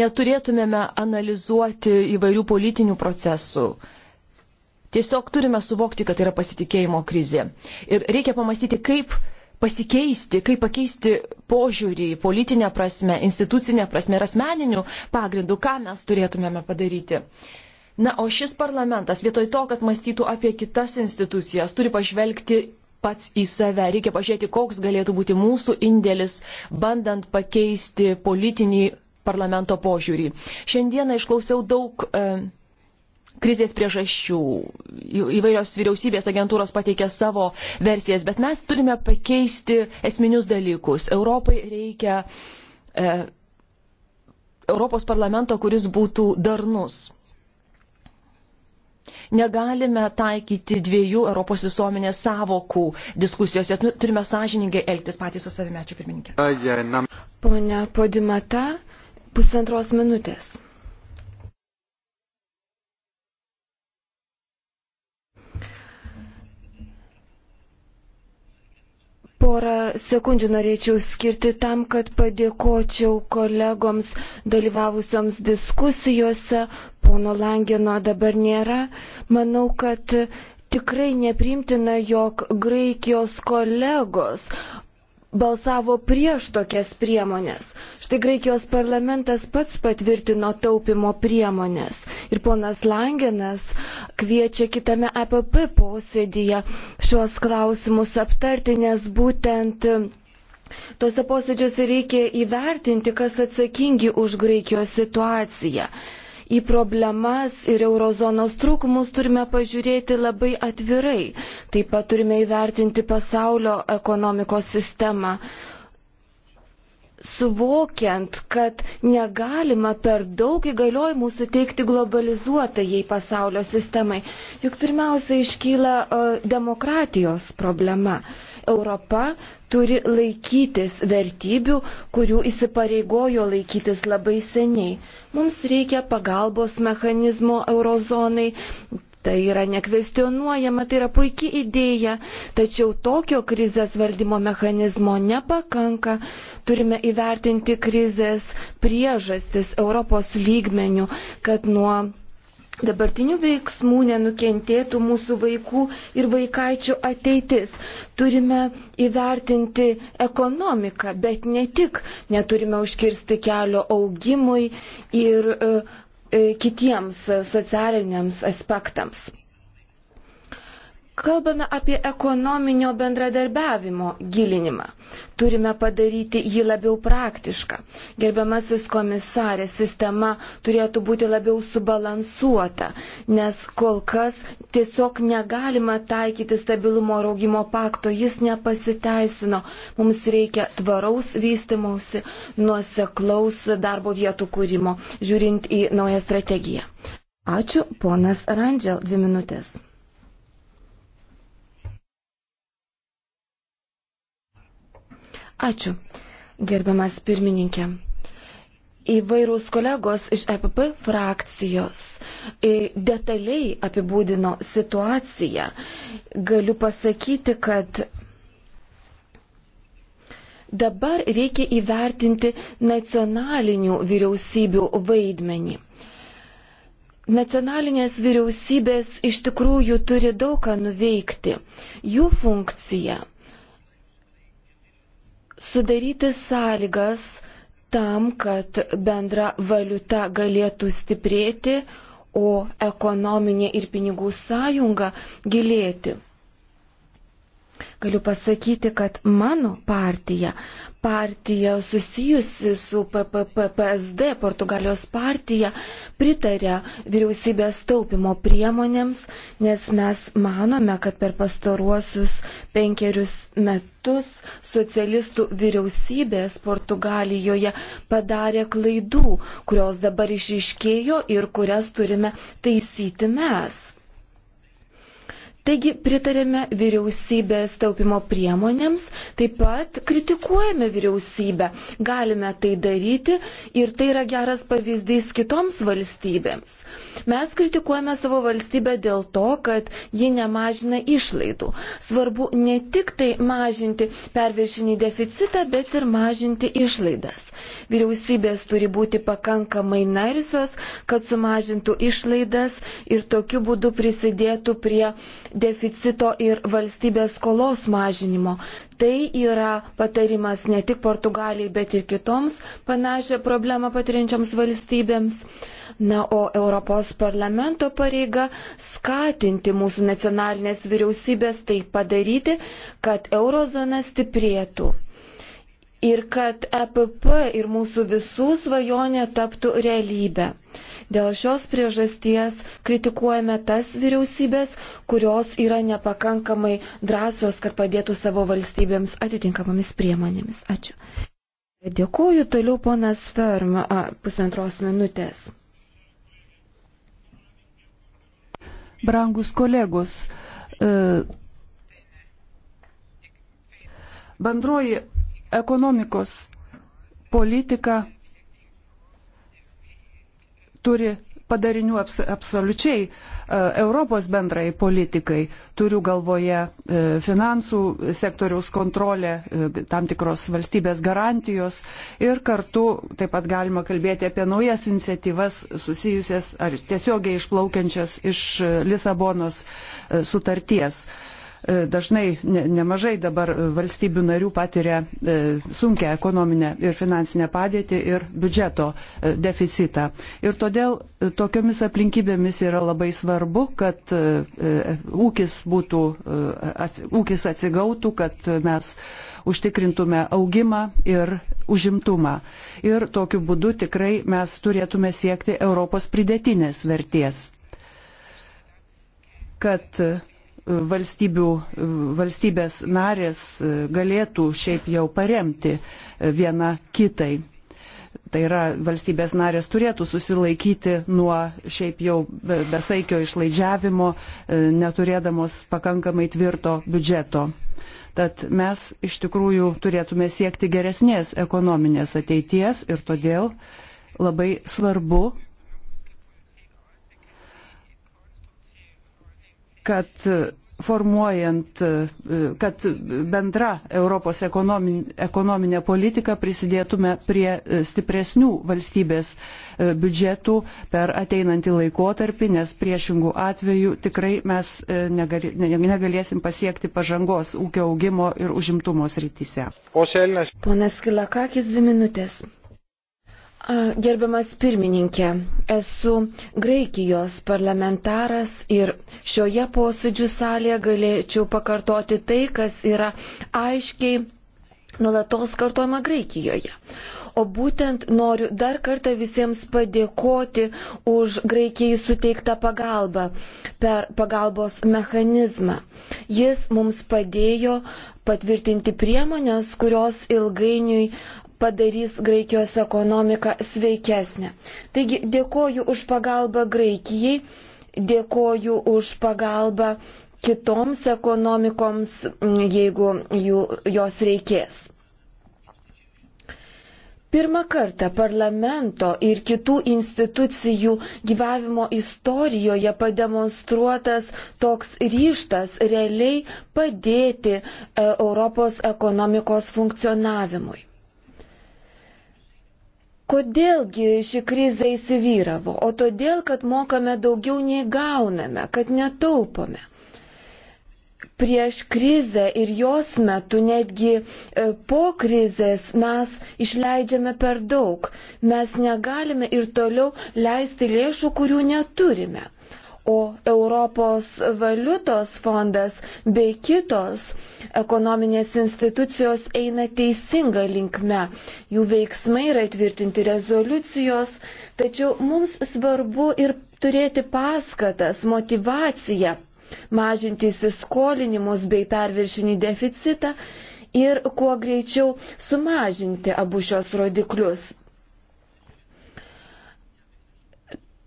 neturėtumėme analizuoti įvairių politinių procesų. Tiesiog turime suvokti, kad yra pasitikėjimo krizė. Ir reikia pamastyti, kaip pasikeisti, kaip pakeisti požiūrį politinę prasme, institucinę prasme ir asmeninių pagrindų, ką mes turėtumėme padaryti. Na, o šis parlamentas vietoj to, kad mąstytų apie kitas institucijas, turi pažvelgti pats į save. Reikia pažiūrėti, koks galėtų būti mūsų indėlis, bandant pakeisti politinį parlamento požiūrį. Šiandieną išklausiau daug e, krizės priežasčių. Įvairios vyriausybės agentūros pateikė savo versijas, bet mes turime pakeisti esminius dalykus. Europai reikia e, Europos parlamento, kuris būtų darnus. Negalime taikyti dviejų Europos visuomenės savokų diskusijose. Turime sąžiningai elgtis patys su savimi. Ačiū pirmininkė. Pone Podimata, pusantros minutės. porą sekundžių norėčiau skirti tam, kad padėkočiau kolegoms dalyvavusioms diskusijose. Pono Langino dabar nėra. Manau, kad tikrai neprimtina, jog Graikijos kolegos balsavo prieš tokias priemonės. Štai Graikijos parlamentas pats patvirtino taupimo priemonės. Ir ponas Langenas kviečia kitame APP posėdyje šios klausimus aptarti, nes būtent tose posėdžiuose reikia įvertinti, kas atsakingi už Graikijos situaciją į problemas ir eurozonos trūkumus turime pažiūrėti labai atvirai. Taip pat turime įvertinti pasaulio ekonomikos sistemą suvokiant, kad negalima per daug įgaliojimų suteikti globalizuotajai pasaulio sistemai. Juk pirmiausia iškyla e, demokratijos problema. Europa turi laikytis vertybių, kurių įsipareigojo laikytis labai seniai. Mums reikia pagalbos mechanizmo eurozonai. Tai yra nekvestionuojama, tai yra puikia idėja, tačiau tokio krizės valdymo mechanizmo nepakanka. Turime įvertinti krizės priežastis Europos lygmenių, kad nuo dabartinių veiksmų nenukentėtų mūsų vaikų ir vaikaičių ateitis. Turime įvertinti ekonomiką, bet ne tik, neturime užkirsti kelio augimui ir e, e kitiems e, socialiniams aspektams. Kalbame apie ekonominio bendradarbiavimo gilinimą. Turime padaryti jį labiau praktišką. Gerbiamasis komisarė, sistema turėtų būti labiau subalansuota, nes kol kas tiesiog negalima taikyti stabilumo ir augimo pakto, jis nepasiteisino. Mums reikia tvaraus vystimausi, nuoseklaus darbo vietų kūrimo, žiūrint į naują strategiją. Ačiū, ponas Randžel, dvi minutės. Ačiū, gerbiamas pirmininkė. Įvairūs kolegos iš EPP frakcijos e, detaliai apibūdino situaciją. Galiu pasakyti, kad dabar reikia įvertinti nacionalinių vyriausybių vaidmenį. Nacionalinės vyriausybės iš tikrųjų turi daug ką nuveikti. Jų funkcija sudaryti sąlygas tam, kad bendra valiuta galėtų stiprėti, o ekonominė ir pinigų sąjunga gilėti. Galiu pasakyti, kad mano partija, partija susijusi su PPPSD, Portugalijos partija, pritarė vyriausybės taupimo priemonėms, nes mes manome, kad per pastaruosius penkerius metus socialistų vyriausybės Portugalijoje padarė klaidų, kurios dabar išiškėjo ir kurias turime taisyti mes. Taigi pritarėme vyriausybės taupimo priemonėms, taip pat kritikuojame vyriausybę. Galime tai daryti ir tai yra geras pavyzdys kitoms valstybėms. Mes kritikuojame savo valstybę dėl to, kad ji nemažina išlaidų. Svarbu ne tik tai mažinti perviršinį deficitą, bet ir mažinti išlaidas. Vyriausybės turi būti pakankamai narsios, kad sumažintų išlaidas ir tokiu būdu prisidėtų prie deficito ir valstybės skolos mažinimo. Tai yra patarimas ne tik Portugalijai, bet ir kitoms panašią problemą patiriančioms valstybėms. Na, o Europos parlamento pareiga skatinti mūsų nacionalinės vyriausybės tai padaryti, kad eurozona stiprėtų. Ir kad EPP ir mūsų visų svajonė taptų realybę. Dėl šios priežasties kritikuojame tas vyriausybės, kurios yra nepakankamai drąsios, kad padėtų savo valstybėms atitinkamomis priemonėmis. Ačiū. Dėkuoju toliau ponas Ferm, pusantros minutės. brangus kolegos. E, bendroji ekonomikos politika turi padarinių abs absoliučiai E, Europos bendrai politikai. Turiu galvoje e, finansų sektoriaus kontrolė, e, tam tikros valstybės garantijos ir kartu taip pat galima kalbėti apie naujas iniciatyvas susijusias ar tiesiogiai išplaukiančias iš Lisabonos sutarties. E, dažnai ne, nemažai dabar valstybių narių patiria e, sunkę ekonominę ir finansinę padėtį ir biudžeto e, deficitą. Ir todėl tokiomis aplinkybėmis yra labai svarbu, kad ūkis, būtų, ūkis atsigautų, kad mes užtikrintume augimą ir užimtumą. Ir tokiu būdu tikrai mes turėtume siekti Europos pridėtinės vertės kad valstybių, valstybės narės galėtų šiaip jau paremti viena kitai. Tai yra valstybės narės turėtų susilaikyti nuo šiaip jau besaikio išlaidžiavimo, e, neturėdamos pakankamai tvirto biudžeto. Tad mes iš tikrųjų turėtume siekti geresnės ekonominės ateities ir todėl labai svarbu kad formuojant, kad bendra Europos ekonominė, ekonominė politika prisidėtume prie stipresnių valstybės biudžetų per ateinantį laikotarpį, nes priešingų atvejų tikrai mes negalėsim pasiekti pažangos ūkio augimo ir užimtumo srityse. Ponas Kilakakis, dvi minutės. Gerbiamas pirmininkė, esu Graikijos parlamentaras ir šioje posėdžių salėje galėčiau pakartoti tai, kas yra aiškiai nulatos kartojama Graikijoje. O būtent noriu dar kartą visiems padėkoti už Graikijai suteiktą pagalbą per pagalbos mechanizmą. Jis mums padėjo patvirtinti priemonės, kurios ilgainiui padarys Graikijos ekonomiką sveikesnę. Taigi dėkoju už pagalbą Graikijai, dėkoju už pagalbą kitoms ekonomikoms, jeigu jų, jos reikės. Pirmą kartą parlamento ir kitų institucijų gyvavimo istorijoje pademonstruotas toks ryštas realiai padėti e, Europos ekonomikos funkcionavimui. Kodėlgi ši krizė įsivyravo? O todėl, kad mokame daugiau nei gauname, kad netaupome. Prieš krizę ir jos metu, netgi e, po krizės, mes išleidžiame per daug. Mes negalime ir toliau leisti lėšų, kurių neturime o Europos valiutos fondas bei kitos ekonominės institucijos eina teisinga linkme. Jų veiksmai yra įtvirtinti rezoliucijos, tačiau mums svarbu ir turėti paskatas, motivaciją, mažinti įsiskolinimus bei perviršinį deficitą ir kuo greičiau sumažinti abu šios rodiklius.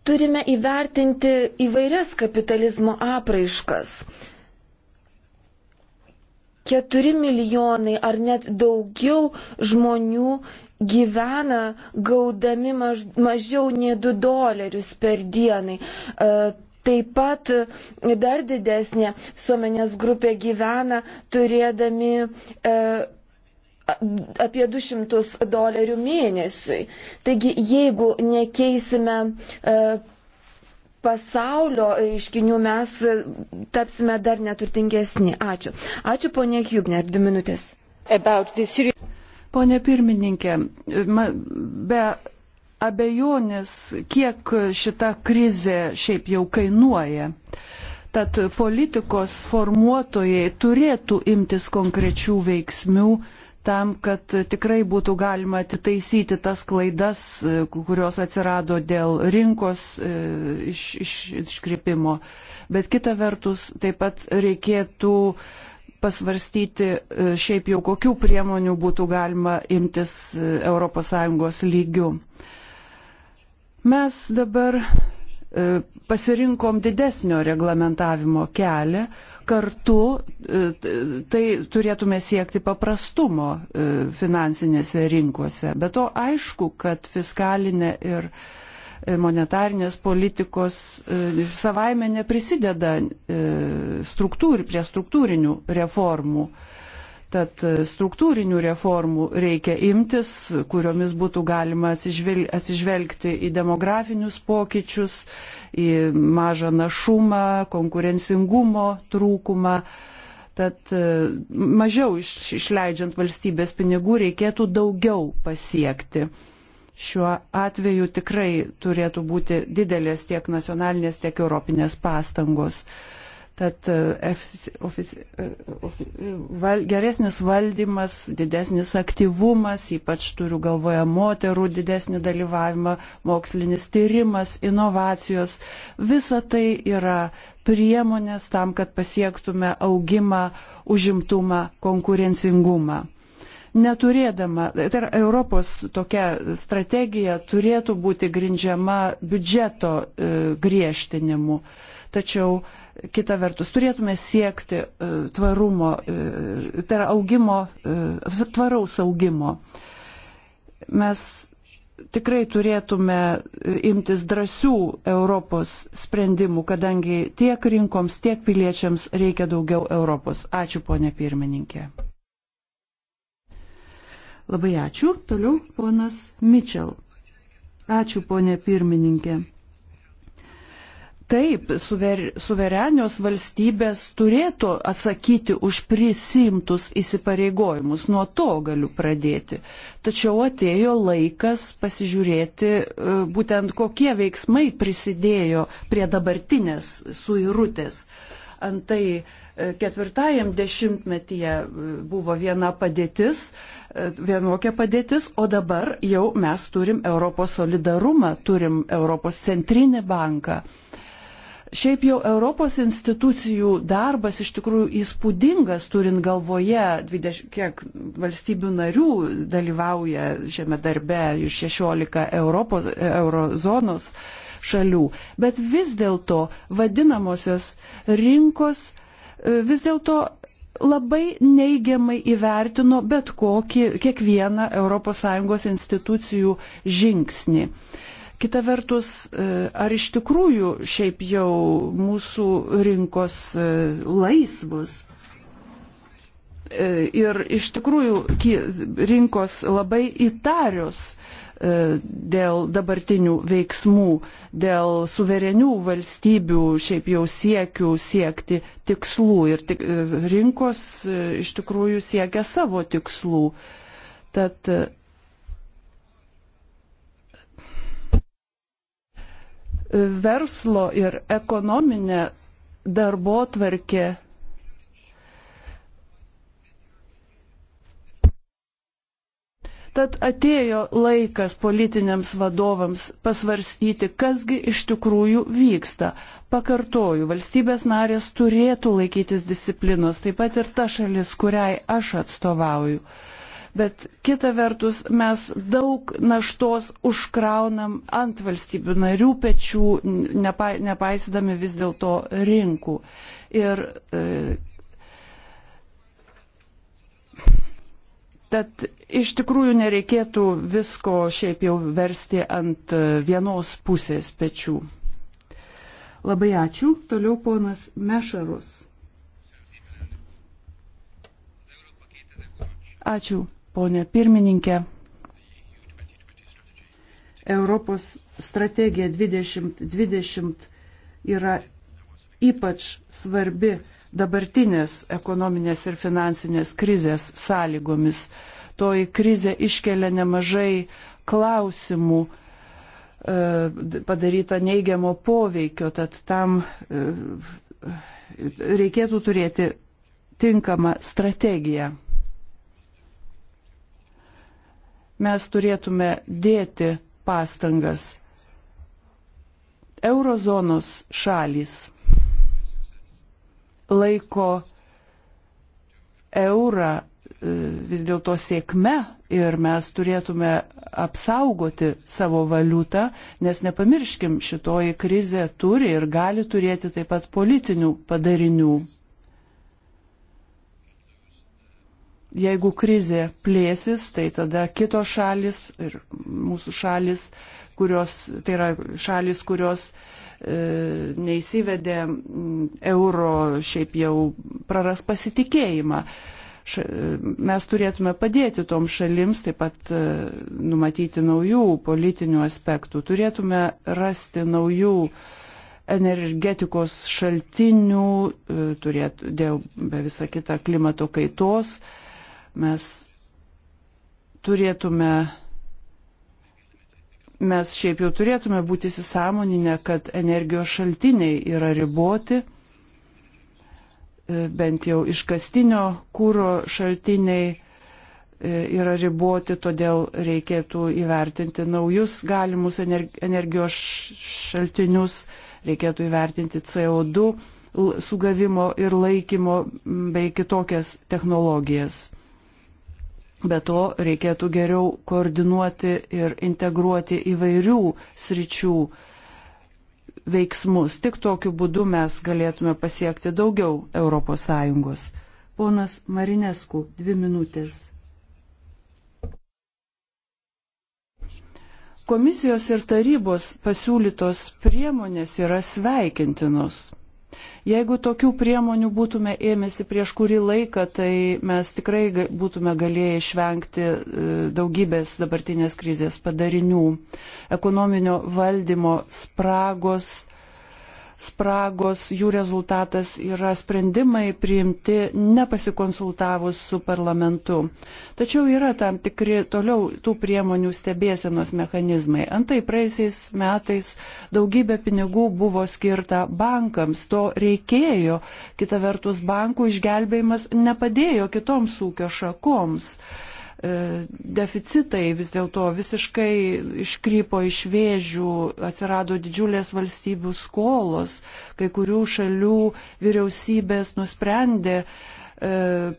Turime įvertinti įvairias kapitalizmo apraiškas. 4 milijonai ar net daugiau žmonių gyvena gaudami maž, mažiau nei 2 dolerius per dienai. E, Taip pat dar didesnė suomenės grupė gyvena turėdami e, apie 200 dolerių mėnesiui. Taigi, jeigu nekeisime e, pasaulio reiškinių, mes tapsime dar neturtingesni. Ačiū. Ačiū, ponė Hubner, dvi minutės. Pone pirmininkė, be abejonės, kiek šita krizė šiaip jau kainuoja. Tad politikos formuotojai turėtų imtis konkrečių veiksmų, tam, kad tikrai būtų galima atitaisyti tas klaidas, e, kurios atsirado dėl rinkos e, iš, iš, iškreipimo. Bet kita vertus, taip pat reikėtų pasvarstyti e, šiaip jau kokių priemonių būtų galima imtis ES lygių. Mes dabar pasirinkom didesnio reglamentavimo kelią, kartu e, tai turėtume siekti paprastumo e, finansinėse rinkose. Bet to aišku, kad fiskalinė ir e, monetarinės politikos savaime neprisideda struktūr, prie struktūrinių reformų. Tad struktūrinių reformų reikia imtis, kuriomis būtų galima atsižvelgti į demografinius pokyčius, į mažą našumą, konkurencingumo trūkumą. Tad e, mažiau išleidžiant valstybės pinigų reikėtų daugiau pasiekti. Šiuo atveju tikrai turėtų būti didelės tiek nacionalinės, tiek europinės pastangos. Uh, Tad e, FC, ofici, e, ofi, e, val, geresnis valdymas, didesnis aktyvumas, ypač turiu galvoje moterų didesnį dalyvavimą, mokslinis tyrimas, inovacijos, visa tai yra priemonės tam, kad pasiektume augimą, užimtumą, konkurencingumą neturėdama, tai yra Europos tokia strategija turėtų būti grindžiama biudžeto griežtinimu. Tačiau kita vertus turėtume siekti e, tvarumo, e, tai yra augimo, e, tvaraus augimo. Mes tikrai turėtume imtis drąsių Europos sprendimų, kadangi tiek rinkoms, tiek piliečiams reikia daugiau Europos. Ačiū, ponė pirmininkė. Labai ačiū. Toliau ponas Mitchell. Ačiū, ponė pirmininkė. Taip, suver, suverenios valstybės turėtų atsakyti už prisimtus įsipareigojimus, nuo to galiu pradėti. Tačiau atėjo laikas pasižiūrėti e, būtent kokie veiksmai prisidėjo prie dabartinės suirutės. Antai e, ketvirtajam dešimtmetyje e, buvo viena padėtis, vienokia padėtis, o dabar jau mes turim Europos solidarumą, turim Europos centrinį banką. Šiaip jau Europos institucijų darbas iš tikrųjų įspūdingas, turint galvoje, 20, kiek valstybių narių dalyvauja šiame darbe iš 16 Europos, e, eurozonos šalių. Bet vis dėlto vadinamosios rinkos e, vis dėlto labai neigiamai įvertino bet kokį, kiekvieną ES institucijų žingsnį. Uh, Kita vertus, e, ar iš tikrųjų šiaip jau mūsų rinkos e, laisvus? E, ir iš tikrųjų rinkos labai įtarios dėl dabartinių veiksmų, dėl suverenių valstybių šiaip jau siekių siekti tikslų ir tik, rinkos iš tikrųjų siekia savo tikslų. Tad verslo ir ekonominė darbo tvarkė. Tad atėjo laikas politiniams vadovams pasvarstyti, kasgi iš tikrųjų vyksta. Pakartoju, valstybės narės turėtų laikytis disciplinos, taip pat ir ta šalis, kuriai aš atstovauju bet kita vertus mes daug naštos užkraunam ant valstybių narių pečių, nepa, nepaisydami vis dėlto rinkų. Ir e, tad iš tikrųjų nereikėtų visko šiaip jau versti ant e, vienos pusės pečių. Labai ačiū. Toliau ponas Mešarus. Ačiū ponė pirmininkė. Europos strategija 2020 yra ypač svarbi dabartinės ekonominės ir finansinės krizės sąlygomis. Toji krizė iškelia nemažai klausimų, e, padaryta neigiamo poveikio, tad tam e, reikėtų turėti tinkamą strategiją. mes turėtume dėti pastangas. Eurozonos šalys laiko eurą e, vis dėlto sėkme ir mes turėtume apsaugoti savo valiutą, nes nepamirškim, šitoji krizė turi ir gali turėti taip pat politinių padarinių. jeigu krizė plėsis, tai tada kitos šalis ir mūsų šalis, kurios, tai yra šalis, kurios e, neįsivedė euro, šiaip jau praras pasitikėjimą. Ša, mes turėtume padėti tom šalims, taip pat e, numatyti naujų politinių aspektų, turėtume rasti naujų energetikos šaltinių, e, turėtų dėl be visą kitą klimato kaitos, e, Mes turėtume, mes šiaip jau turėtume būti įsisamoninę, kad energijos šaltiniai yra riboti, bent jau iškastinio kūro šaltiniai e, yra riboti, todėl reikėtų įvertinti naujus galimus energijos šaltinius, reikėtų įvertinti CO2 sugavimo ir laikymo bei kitokias technologijas. Be to reikėtų geriau koordinuoti ir integruoti įvairių sričių veiksmus. Tik tokiu būdu mes galėtume pasiekti daugiau ES. Ponas Marinesku, dvi minutės. Komisijos ir tarybos pasiūlytos priemonės yra sveikintinos. Jeigu tokių priemonių būtume ėmėsi prieš kurį laiką, tai mes tikrai būtume galėję išvengti e, daugybės dabartinės krizės padarinių, ekonominio valdymo spragos spragos, jų rezultatas yra sprendimai priimti nepasikonsultavus su parlamentu. Tačiau yra tam tikri toliau tų priemonių stebėsenos mechanizmai. Antai praeisiais metais daugybė pinigų buvo skirta bankams, to reikėjo. Kita vertus, bankų išgelbėjimas nepadėjo kitoms ūkio šakoms. Uh, E, deficitai vis dėlto visiškai iškrypo iš vėžių, atsirado didžiulės valstybių skolos, kai kurių šalių vyriausybės nusprendė e,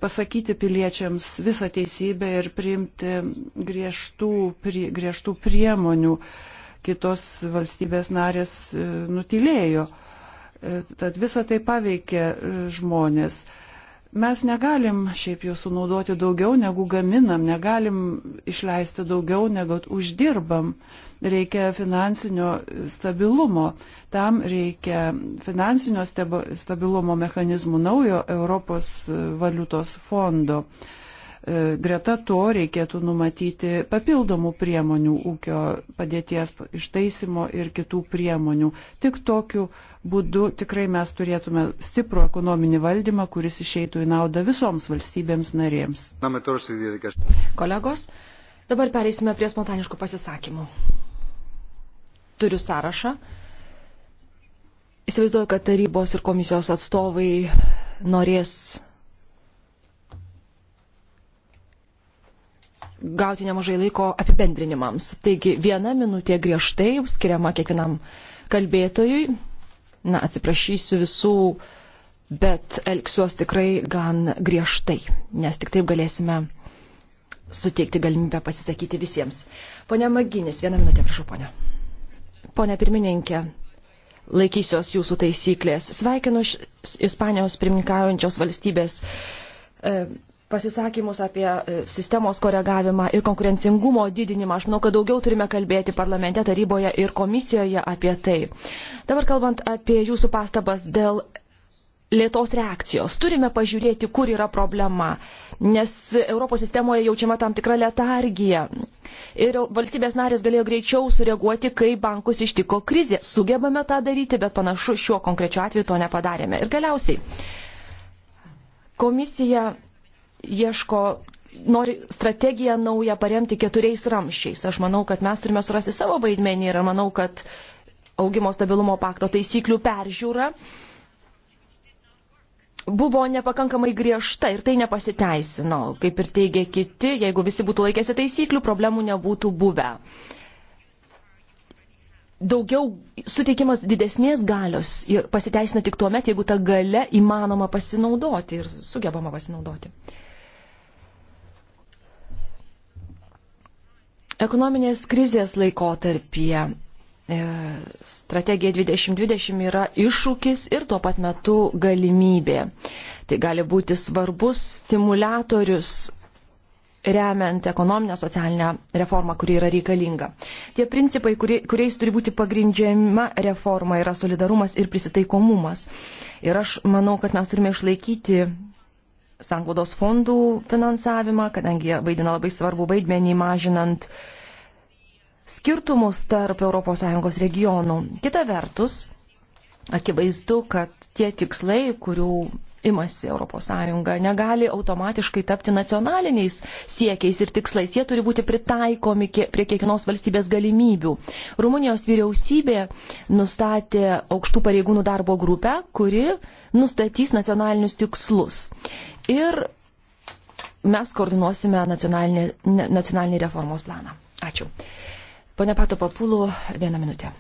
pasakyti piliečiams visą teisybę ir priimti griežtų, prie, griežtų priemonių. Kitos valstybės narės e, nutilėjo. Tad visą tai paveikė žmonės. Mes negalim šiaip jų sunaudoti daugiau negu gaminam, negalim išleisti daugiau negu uždirbam. Reikia finansinio stabilumo. Tam reikia finansinio stabilumo mechanizmų naujo Europos e, valiutos fondo. E, greta to reikėtų numatyti papildomų priemonių ūkio padėties ištaisimo ir kitų priemonių. Tik tokiu būdu tikrai mes turėtume stiprų ekonominį valdymą, kuris išeitų į naudą visoms valstybėms narėms. Kolegos, dabar pereisime prie spontaniškų pasisakymų. Turiu sąrašą. Įsivaizduoju, kad tarybos ir komisijos atstovai norės gauti nemažai laiko apibendrinimams. Taigi viena minutė griežtai skiriama kiekvienam kalbėtojui na, atsiprašysiu visų, bet elgsiuos tikrai gan griežtai, nes tik taip galėsime suteikti galimybę pasisakyti visiems. Pone Maginis, vieną minutę, prašau, ponė. Pone pirmininkė, laikysiuos jūsų taisyklės. Sveikinu Ispanijos pirmininkaujančios valstybės. E, pasisakymus apie e, sistemos koregavimą ir konkurencingumo didinimą. Aš manau, kad daugiau turime kalbėti parlamente, taryboje ir komisijoje apie tai. Dabar kalbant apie jūsų pastabas dėl lėtos reakcijos. Turime pažiūrėti, kur yra problema, nes Europos sistemoje jaučiama tam tikra letargija. Ir valstybės narės galėjo greičiau sureaguoti, kai bankus ištiko krizė. Sugebame tą daryti, bet panašu šiuo konkrečiu atveju to nepadarėme. Ir galiausiai komisija ieško, nori strategiją naują paremti keturiais ramščiais. Aš manau, kad mes turime surasti savo vaidmenį ir manau, kad augimo stabilumo pakto taisyklių peržiūra buvo nepakankamai griežta ir tai nepasiteisino. Kaip ir teigia kiti, jeigu visi būtų laikėsi taisyklių, problemų nebūtų buvę. Daugiau suteikimas didesnės galios ir pasiteisina tik tuo met, jeigu ta gale įmanoma pasinaudoti ir sugebama pasinaudoti. Ekonominės krizės laikotarpyje e, strategija 2020 yra iššūkis ir tuo pat metu galimybė. Tai gali būti svarbus stimulatorius remiant ekonominę socialinę reformą, kuri yra reikalinga. Tie principai, kurie, kuriais turi būti pagrindžiama reforma, yra solidarumas ir prisitaikomumas. Ir aš manau, kad mes turime išlaikyti sanglaudos fondų finansavimą, kadangi jie vaidina labai svarbu vaidmenį mažinant skirtumus tarp ES regionų. Kita vertus, akivaizdu, kad tie tikslai, kurių imasi ES, negali automatiškai tapti nacionaliniais siekiais ir tikslais. Jie turi būti pritaikomi prie kiekvienos valstybės galimybių. Rumunijos vyriausybė nustatė aukštų pareigūnų darbo grupę, kuri nustatys nacionalinius tikslus ir mes koordinuosime nacionalinį, nacionalinį reformos planą. Ačiū. Pone Pato Papulų, vieną minutę.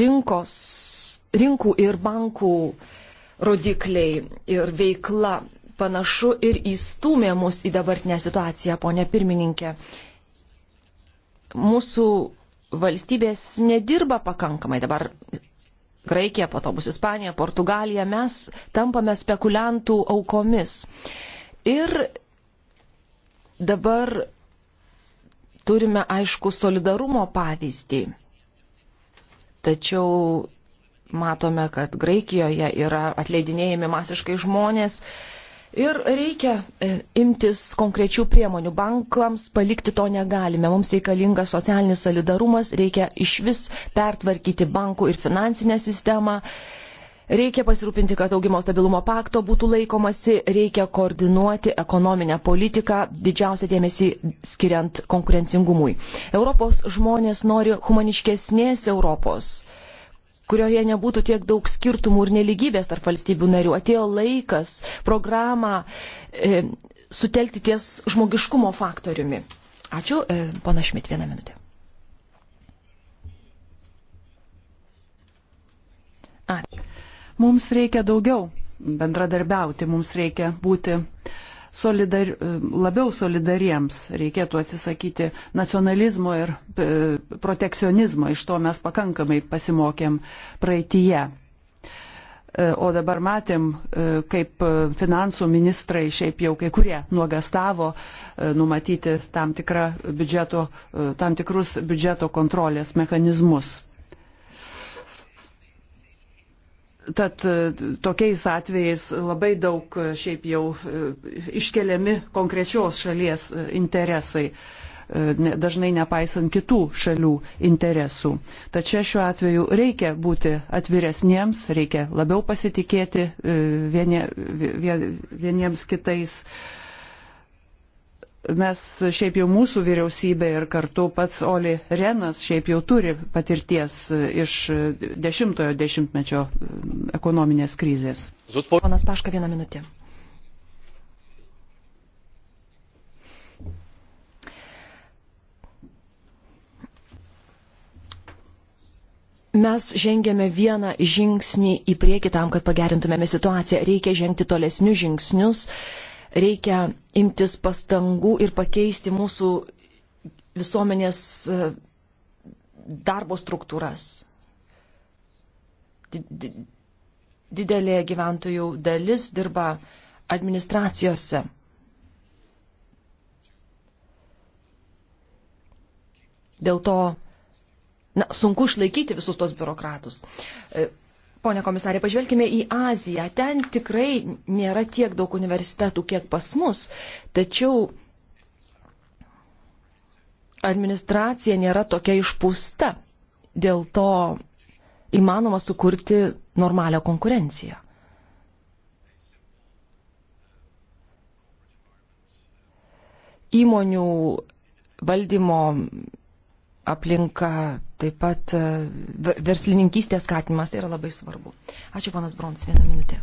Rinkos, rinkų ir bankų rodikliai ir veikla panašu ir įstumė mus į dabartinę situaciją, ponė pirmininkė. Mūsų valstybės nedirba pakankamai. Dabar Graikija, po to bus Ispanija, Portugalija, mes tampame spekuliantų aukomis. Ir dabar turime aišku solidarumo pavyzdį. Tačiau matome, kad Graikijoje yra atleidinėjami masiškai žmonės, Ir reikia e, imtis konkrečių priemonių. Bankams palikti to negalime. Mums reikalingas socialinis solidarumas, reikia iš vis pertvarkyti bankų ir finansinę sistemą. Reikia pasirūpinti, kad augimo stabilumo pakto būtų laikomasi, reikia koordinuoti ekonominę politiką, didžiausią dėmesį skiriant konkurencingumui. Europos žmonės nori humaniškesnės Europos. Europos kurioje nebūtų tiek daug skirtumų ir neligybės tarp valstybių narių. Atėjo laikas programą e, sutelkti ties žmogiškumo faktoriumi. Ačiū, e, pana Šmit, vieną minutę. Ačiū. Mums reikia daugiau bendradarbiauti, mums reikia būti uh, solidar, e, labiau solidariems, reikėtų atsisakyti nacionalizmo ir e, protekcionizmo, iš to mes pakankamai pasimokėm praeitįje. E, o dabar matėm, kaip finansų ministrai šiaip jau kai kurie nuogastavo numatyti tam, biudžeto, tam tikrus biudžeto kontrolės mechanizmus. Tad e, tokiais atvejais labai daug e, šiaip jau e, iškeliami konkrečios šalies interesai, dažnai nepaisant kitų šalių interesų. Tačiau šiuo atveju reikia būti atviresniems, reikia labiau pasitikėti vienie, vieniems kitais mes šiaip jau mūsų vyriausybė ir kartu pats Oli Renas šiaip jau turi patirties iš dešimtojo dešimtmečio ekonominės krizės. Ponas Paška, vieną minutę. Mes žengėme vieną žingsnį į priekį tam, kad pagerintumėme situaciją. Reikia žengti tolesnius žingsnius. žingsnius reikia imtis pastangų ir pakeisti mūsų visuomenės e, darbo struktūras. Didelė gyventojų dalis dirba administracijose. Dėl to na, sunku išlaikyti visus tos biurokratus. E, Pone komisarė, pažvelkime į Aziją. Ten tikrai nėra tiek daug universitetų, kiek pas mus, tačiau administracija nėra tokia išpūsta. Dėl to įmanoma sukurti normalią konkurenciją. Įmonių valdymo aplinka, taip pat e, verslininkystės skatimas, tai yra labai svarbu. Ačiū, ponas Brons, vieną minutę.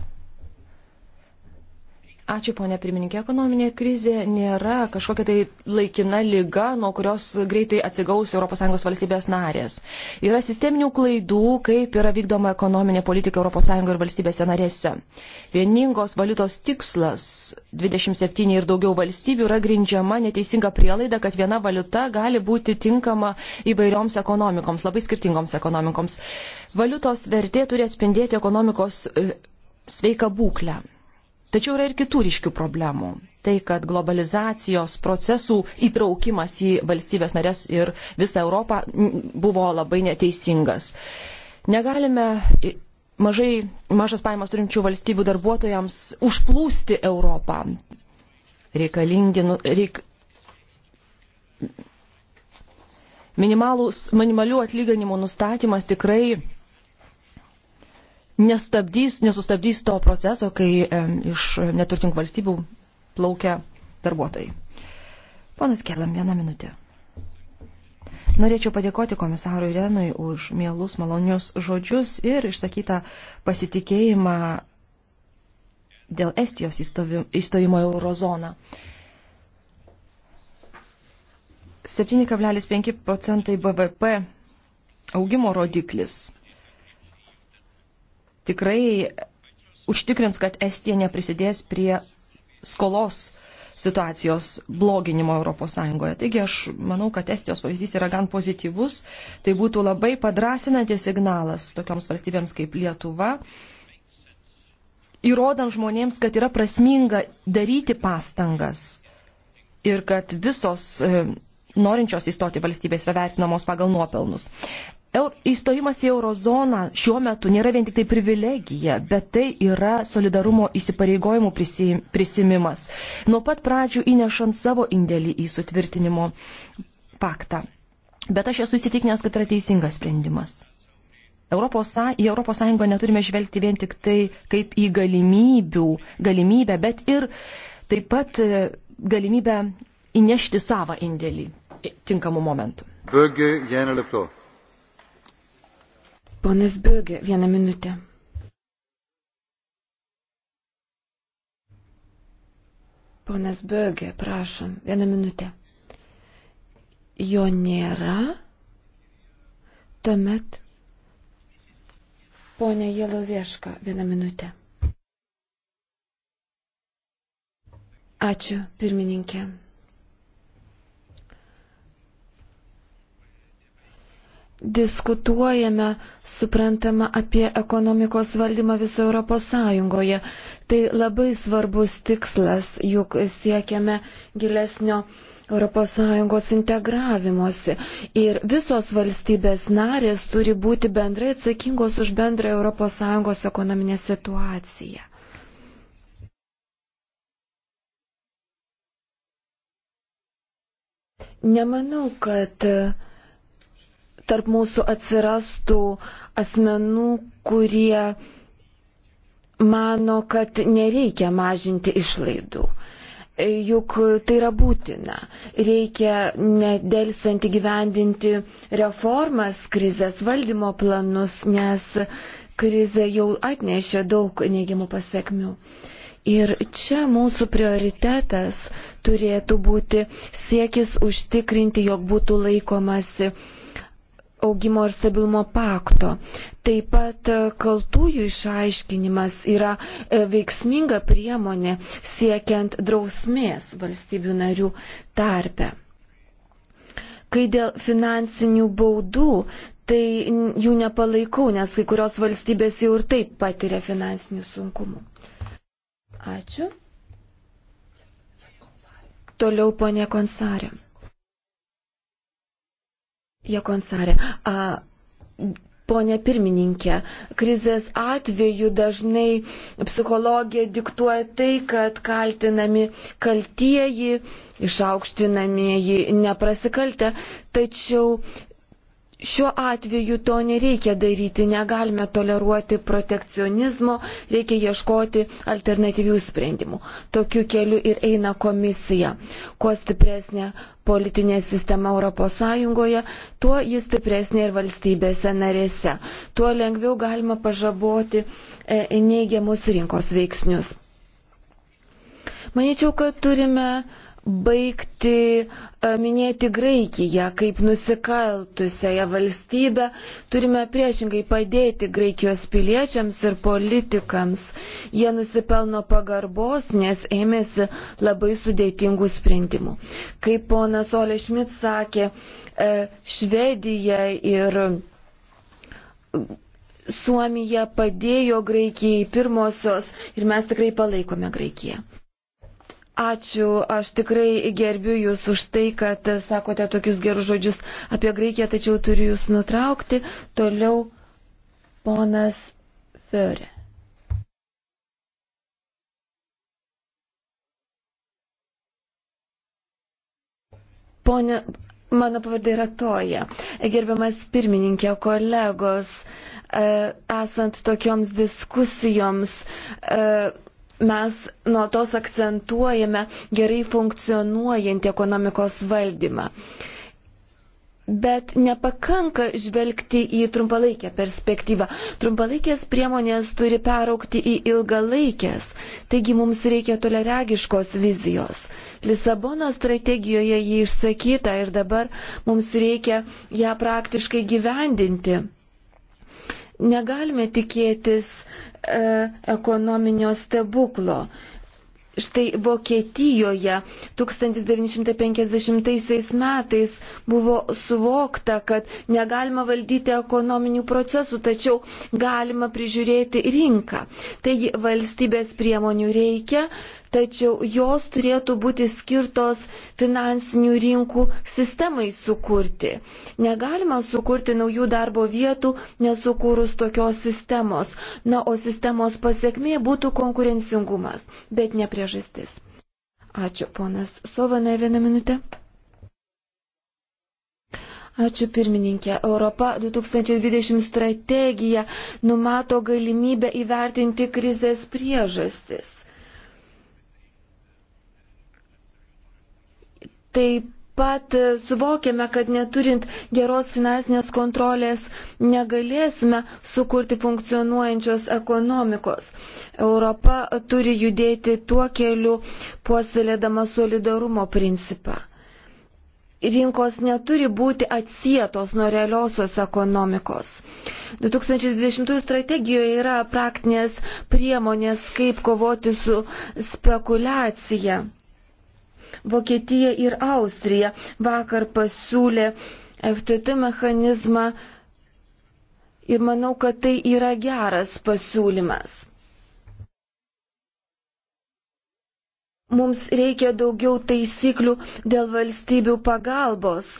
Ačiū, ponė pirmininkė. Ekonominė krizė nėra kažkokia tai laikina lyga, nuo kurios greitai atsigaus ES valstybės narės. Yra sisteminių klaidų, kaip yra vykdoma ekonominė politika ES ir valstybėse narėse. Vieningos valiutos tikslas 27 ir daugiau valstybių yra grindžiama neteisinga prielaida, kad viena valiuta gali būti tinkama įvairioms ekonomikoms, labai skirtingoms ekonomikoms. Valiutos vertė turi atspindėti ekonomikos e, sveiką būklę. Tačiau yra ir kitų ryškių problemų. Tai, kad globalizacijos procesų įtraukimas į valstybės narės ir visą Europą buvo labai neteisingas. Negalime mažai, mažas pajamas turinčių valstybių darbuotojams užplūsti Europą. Reikalingi, nu, reik, minimalus, minimalių atlyginimų nustatymas tikrai nestabdys, nesustabdys to proceso, kai iš neturtingų valstybių plaukia darbuotojai. Ponas Kelam, vieną minutę. Norėčiau padėkoti komisarui Renui už mielus, malonius žodžius ir išsakytą pasitikėjimą dėl Estijos įstojimo eurozoną. 7,5 procentai BVP augimo rodiklis tikrai užtikrins, kad Estija neprisidės prie skolos situacijos bloginimo ES. Taigi aš manau, kad Estijos pavyzdys yra gan pozityvus. Tai būtų labai padrasinantis signalas tokioms valstybėms kaip Lietuva, įrodant žmonėms, kad yra prasminga daryti pastangas ir kad visos e, norinčios įstoti valstybės yra vertinamos pagal nuopelnus. Eur, įstojimas į eurozoną šiuo metu nėra vien tik tai privilegija, bet tai yra solidarumo įsipareigojimų prisimimas. Nuo pat pradžių įnešant savo indėlį į sutvirtinimo paktą. Bet aš esu įsitikinęs, kad tai yra teisingas sprendimas. Europos, į ES neturime žvelgti vien tik tai kaip į galimybių, galimybę, bet ir taip pat e, galimybę įnešti savo indėlį e, tinkamų momentų. Bögė, Ponas Bögė, vieną minutę. Ponas Bögė, prašom, vieną minutę. Jo nėra, tuomet ponia Jelovieška, vieną minutę. Ačiū, pirmininkė. diskutuojame, suprantama, apie ekonomikos valdymą viso Europos Sąjungoje. Tai labai svarbus tikslas, juk siekiame gilesnio Europos Sąjungos integravimuose. Ir visos valstybės narės turi būti bendrai atsakingos už bendrą Europos Sąjungos ekonominę situaciją. Nemanau, kad uh, tarp mūsų atsirastų asmenų, kurie mano, kad nereikia mažinti išlaidų. Juk tai yra būtina. Reikia nedelsiant įgyvendinti reformas, krizės valdymo planus, nes krizė jau atnešė daug neigiamų pasiekmių. Ir čia mūsų prioritetas turėtų būti siekis užtikrinti, jog būtų laikomasi augimo ir stabilumo pakto. Taip pat e, kaltųjų išaiškinimas yra e, veiksminga priemonė siekiant drausmės valstybių narių tarpe. Kai dėl finansinių baudų, tai jų nepalaikau, nes kai kurios valstybės jau ir taip patiria finansinių sunkumų. Ačiū. Toliau ponė Konsarė. Jekonsarė. Pone pirmininkė, krizės atveju dažnai psichologija diktuoja tai, kad kaltinami kaltieji, išaukštinamieji neprasikaltę, tačiau Šiuo atveju to nereikia daryti, negalime toleruoti protekcionizmo, reikia ieškoti alternatyvių sprendimų. Tokiu keliu ir eina komisija. Kuo stipresnė politinė sistema ES, tuo jis stipresnė ir valstybėse narėse. Tuo lengviau galima pažaboti e, neigiamus rinkos veiksnius. Maničiau, kad turime baigti e, minėti Graikiją kaip nusikaltusiąją valstybę, turime priešingai padėti Graikijos piliečiams ir politikams. Jie nusipelno pagarbos, nes ėmėsi labai sudėtingų sprendimų. Kaip ponas Ole Šmit sakė, e, Švedija ir Suomija padėjo Graikijai pirmosios ir mes tikrai palaikome Graikiją. Ačiū, aš tikrai gerbiu Jūs už tai, kad sakote tokius gerus žodžius apie Graikiją, tačiau turiu Jūs nutraukti. Toliau ponas Fiore. Pone, mano pavardė yra Toja. Gerbiamas pirmininkė, kolegos, e, esant tokioms diskusijoms. E, mes nuolatos akcentuojame gerai funkcionuojantį ekonomikos valdymą. Bet nepakanka žvelgti į trumpalaikę perspektyvą. Trumpalaikės priemonės turi peraukti į ilgalaikės. Taigi mums reikia toleregiškos vizijos. Lisabono strategijoje jį išsakyta ir dabar mums reikia ją praktiškai gyvendinti. Negalime tikėtis e, ekonominio stebuklo. Štai Vokietijoje 1950 metais buvo suvokta, kad negalima valdyti ekonominių procesų, tačiau galima prižiūrėti rinką. Taigi valstybės priemonių reikia, tačiau jos turėtų būti skirtos finansinių rinkų sistemai sukurti. Negalima sukurti naujų darbo vietų, nesukūrus tokios sistemos. Na, o sistemos pasiekmė būtų konkurencingumas, bet ne priežastis. Ačiū, ponas Sovana, vieną minutę. Ačiū pirmininkė. Europa 2020 strategija numato galimybę įvertinti krizės priežastis. Taip pat e, suvokiame, kad neturint geros finansinės kontrolės negalėsime sukurti funkcionuojančios ekonomikos. Europa turi judėti tuo keliu, puoselėdama solidarumo principą. Rinkos neturi būti atsietos nuo realiosios ekonomikos. 2020 strategijoje yra praktinės priemonės, kaip kovoti su spekulacija Vokietija ir Austrija vakar pasiūlė FTT mechanizmą ir manau, kad tai yra geras pasiūlymas. Mums reikia daugiau taisyklių dėl valstybių pagalbos.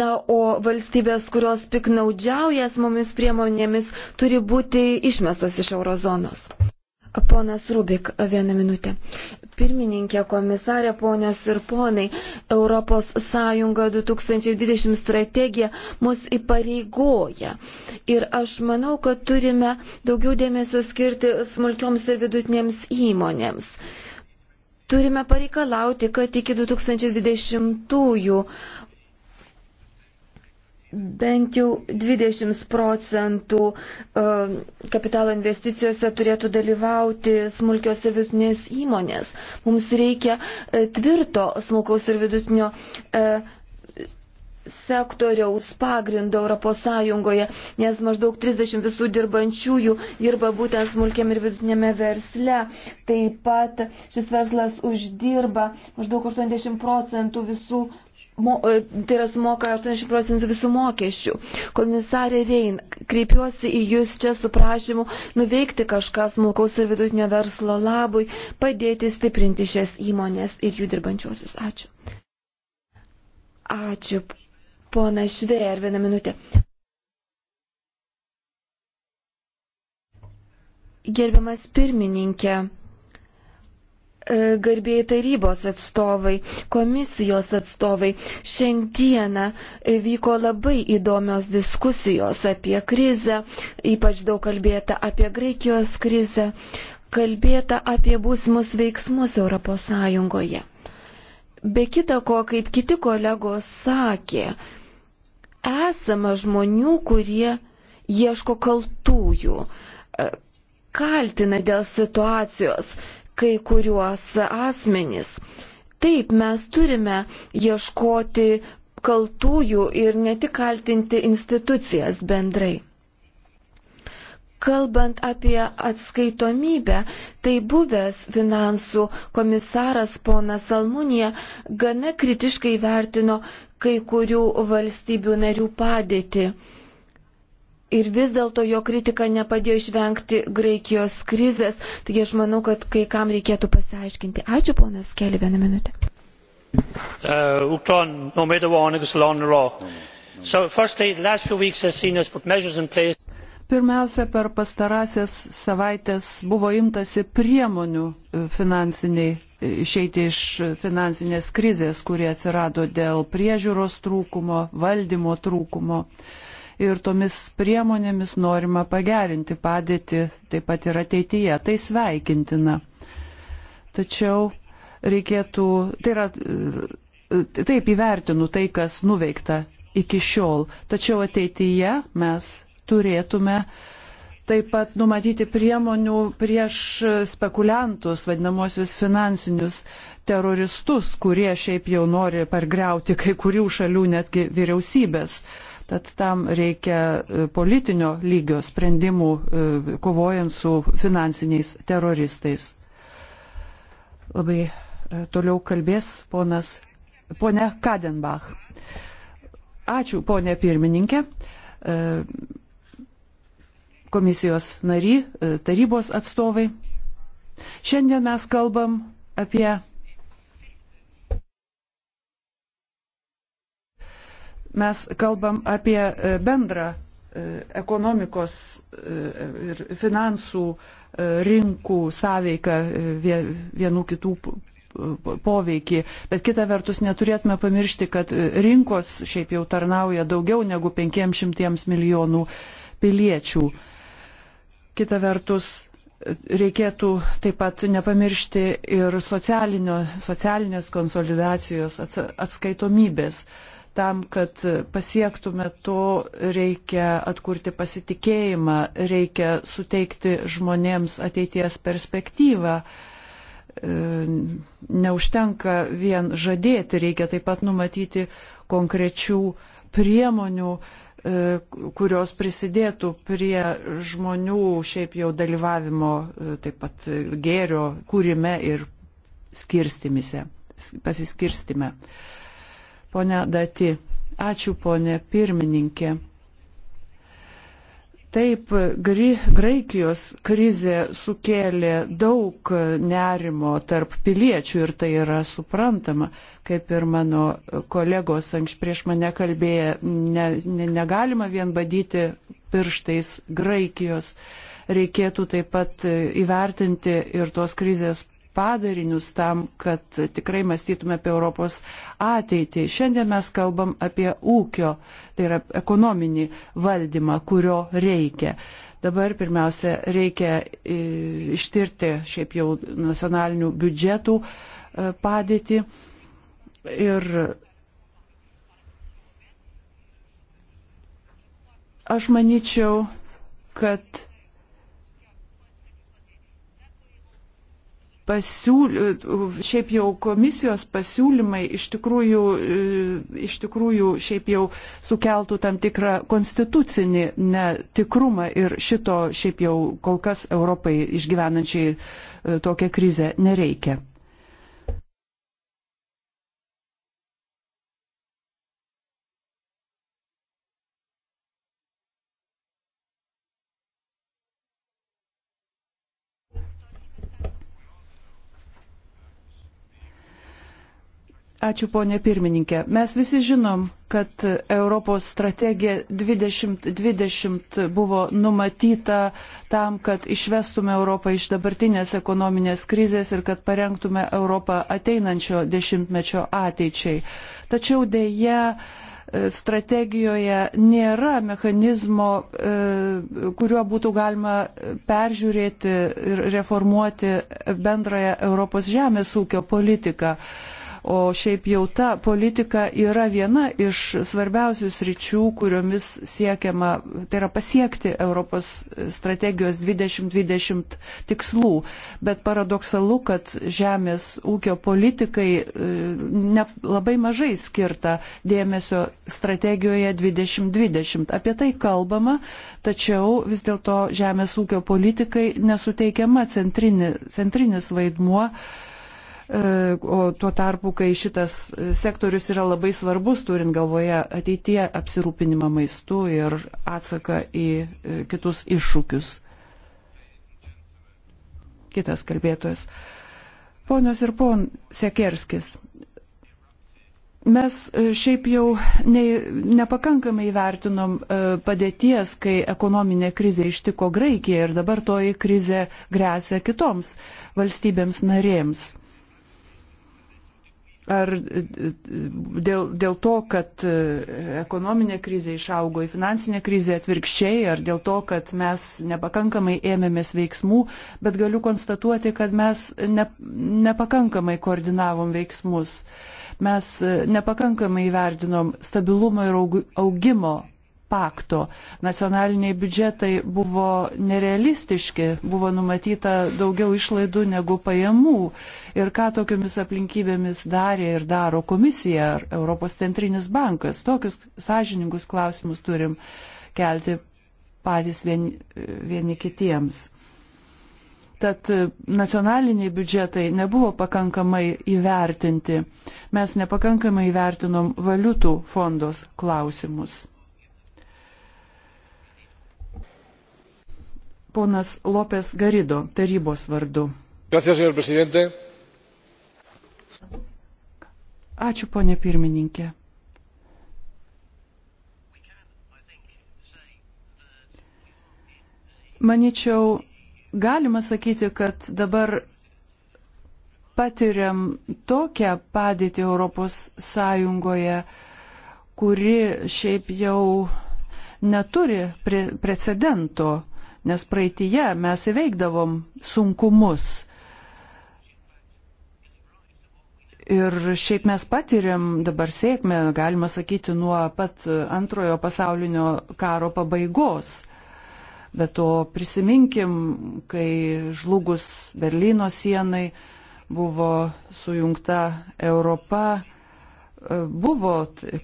Na, o valstybės, kurios piknaudžiauja mumis priemonėmis, turi būti išmestos iš eurozonos. Ponas Rubik, vieną minutę. Pirmininkė, komisarė, ponios ir ponai, ES 2020 strategija mus įpareigoja. Ir aš manau, kad turime daugiau dėmesio skirti smulkioms ir vidutinėms įmonėms. Turime pareikalauti, kad iki 2020 bent jau 20 procentų e, kapitalo investicijose turėtų dalyvauti smulkios ir vidutinės įmonės. Mums reikia e, tvirto smulkaus ir vidutinio e, sektoriaus pagrindo ES, nes maždaug 30 visų dirbančiųjų dirba būtent smulkiam ir vidutinėme versle. Taip pat šis verslas uždirba maždaug 80 procentų visų Mo, e, tai yra sumoka 80 procentų visų mokesčių. Komisarė Rein, kreipiuosi į Jūs čia su prašymu nuveikti kažką smulkaus ir vidutinio verslo labui, padėti stiprinti šias įmonės ir jų dirbančiuosius. Ačiū. Ačiū. Pona Šver, vieną minutę. Gerbiamas pirmininkė E, garbėjai tarybos atstovai, komisijos atstovai. Šiandieną vyko labai įdomios diskusijos apie krizę, ypač daug kalbėta apie Graikijos krizę, kalbėta apie būsimus veiksmus ES. Be kita ko, kaip kiti kolegos sakė, esama žmonių, kurie ieško kaltųjų, e, kaltina dėl situacijos kai kuriuos asmenys. Taip, mes turime ieškoti kaltųjų ir ne tik kaltinti institucijas bendrai. Kalbant apie atskaitomybę, tai buvęs finansų komisaras ponas Almunija gana kritiškai vertino kai kurių valstybių narių padėtį. Ir vis dėlto jo kritika nepadėjo išvengti Graikijos krizės. Taigi aš manau, kad kai kam reikėtų pasiaiškinti. Ačiū, ponas Keli, vieną minutę. Uh, Pirmiausia, per pastarąsias savaitės buvo imtasi priemonių uh, finansiniai uh, išeiti iš finansinės krizės, kurie atsirado dėl priežiūros trūkumo, valdymo trūkumo. Uh, ir tomis priemonėmis norima pagerinti padėtį taip pat ir ateityje. Tai sveikintina. Tačiau reikėtų, tai yra, taip įvertinu tai, kas nuveikta iki šiol. Tačiau ateityje mes turėtume taip pat numatyti priemonių prieš spekuliantus, vadinamosius finansinius teroristus, kurie šiaip jau nori pargriauti kai kurių šalių netgi vyriausybės. Uh, Tad tam reikia e, politinio lygio sprendimų e, kovojant su finansiniais teroristais. Labai e, toliau kalbės ponas, ponia Kadenbach. Ačiū, ponė pirmininkė komisijos nary, tarybos atstovai. Šiandien mes kalbam apie mes kalbam apie e, bendrą e, ekonomikos e, ir finansų rinkų sąveiką vienų kitų poveikį. Bet kita vertus neturėtume pamiršti, kad rinkos šiaip jau tarnauja daugiau negu 500 milijonų piliečių. Kita vertus reikėtų taip pat nepamiršti ir socialinės konsolidacijos atskaitomybės tam, kad pasiektume to, reikia atkurti pasitikėjimą, reikia suteikti žmonėms ateities perspektyvą. E, neužtenka vien žadėti, reikia taip pat numatyti konkrečių priemonių, e, kurios prisidėtų prie žmonių šiaip jau dalyvavimo, e, taip pat gėrio kūrime ir skirstimise, pasiskirstime. Uh, Pone Dati, ačiū ponė pirmininkė. Taip, gri, Graikijos krizė sukėlė daug nerimo tarp piliečių ir tai yra suprantama, kaip ir mano kolegos anks prieš mane kalbėję, ne, ne, negalima vien badyti pirštais Graikijos. Reikėtų taip pat įvertinti ir tos krizės padarinius tam, kad tikrai mąstytume apie Europos ateitį. Šiandien mes kalbam apie ūkio, tai yra ekonominį valdymą, kurio reikia. Dabar pirmiausia, reikia e, ištirti šiaip jau nacionalinių biudžetų e, padėtį ir aš manyčiau, kad pasiūly, šiaip jau komisijos pasiūlymai iš tikrųjų, e, iš tikrųjų šiaip jau sukeltų tam tikrą konstitucinį netikrumą ir šito šiaip jau kol kas Europai išgyvenančiai e, tokią krizę nereikia. Ačiū, ponė pirmininkė. Mes visi žinom, kad Europos strategija 2020 buvo numatyta tam, kad išvestume Europą iš dabartinės ekonominės krizės ir kad parengtume Europą ateinančio dešimtmečio ateičiai. Tačiau dėja e, strategijoje nėra mechanizmo, e, kuriuo būtų galima peržiūrėti ir reformuoti bendrąją Europos žemės ūkio politiką. O šiaip jau ta politika yra viena iš svarbiausių sričių, kuriomis siekiama, tai yra pasiekti Europos strategijos 2020 tikslų. Bet paradoksalu, kad žemės ūkio politikai e, ne, labai mažai skirta dėmesio strategijoje 2020. Apie tai kalbama, tačiau vis dėlto žemės ūkio politikai nesuteikiama centrinis, centrinis vaidmuo E, o tuo tarpu, kai šitas sektorius yra labai svarbus, turint galvoje ateitie apsirūpinimą maistu ir atsaką į e, kitus iššūkius. Kitas kalbėtojas. Ponios ir pon Sekerskis, mes e, šiaip jau ne, nepakankamai įvertinom padėties, kai ekonominė krizė ištiko Graikiją ir dabar toji krizė grėsia kitoms valstybėms narėms ar e, e, dėl, dėl to, kad e, ekonominė krizė išaugo į finansinę krizę atvirkščiai, ar dėl to, kad mes nepakankamai ėmėmės veiksmų, bet galiu konstatuoti, kad mes ne, nepakankamai koordinavom veiksmus. Mes nepakankamai įverdinom stabilumo ir augimo pakto. Nacionaliniai biudžetai buvo nerealistiški, buvo numatyta daugiau išlaidų negu pajamų. Ir ką tokiomis aplinkybėmis darė ir daro komisija ar Europos centrinis bankas. Tokius sąžiningus klausimus turim kelti patys vieni, vieni kitiems. Tad nacionaliniai biudžetai nebuvo pakankamai įvertinti. Mes nepakankamai įvertinom valiutų fondos klausimus. ponas Lopes Garido tarybos vardu. Gracias, Ačiū, ponė pirmininkė. Maničiau, galima sakyti, kad dabar patiriam tokią padėtį Europos Sąjungoje, kuri šiaip jau neturi pre precedento nes praeitie mes įveikdavom sunkumus. Ir šiaip mes patiriam dabar sėkmę, galima sakyti, nuo pat antrojo pasaulinio karo pabaigos. Bet to prisiminkim, kai žlugus Berlyno sienai buvo sujungta Europa, buvo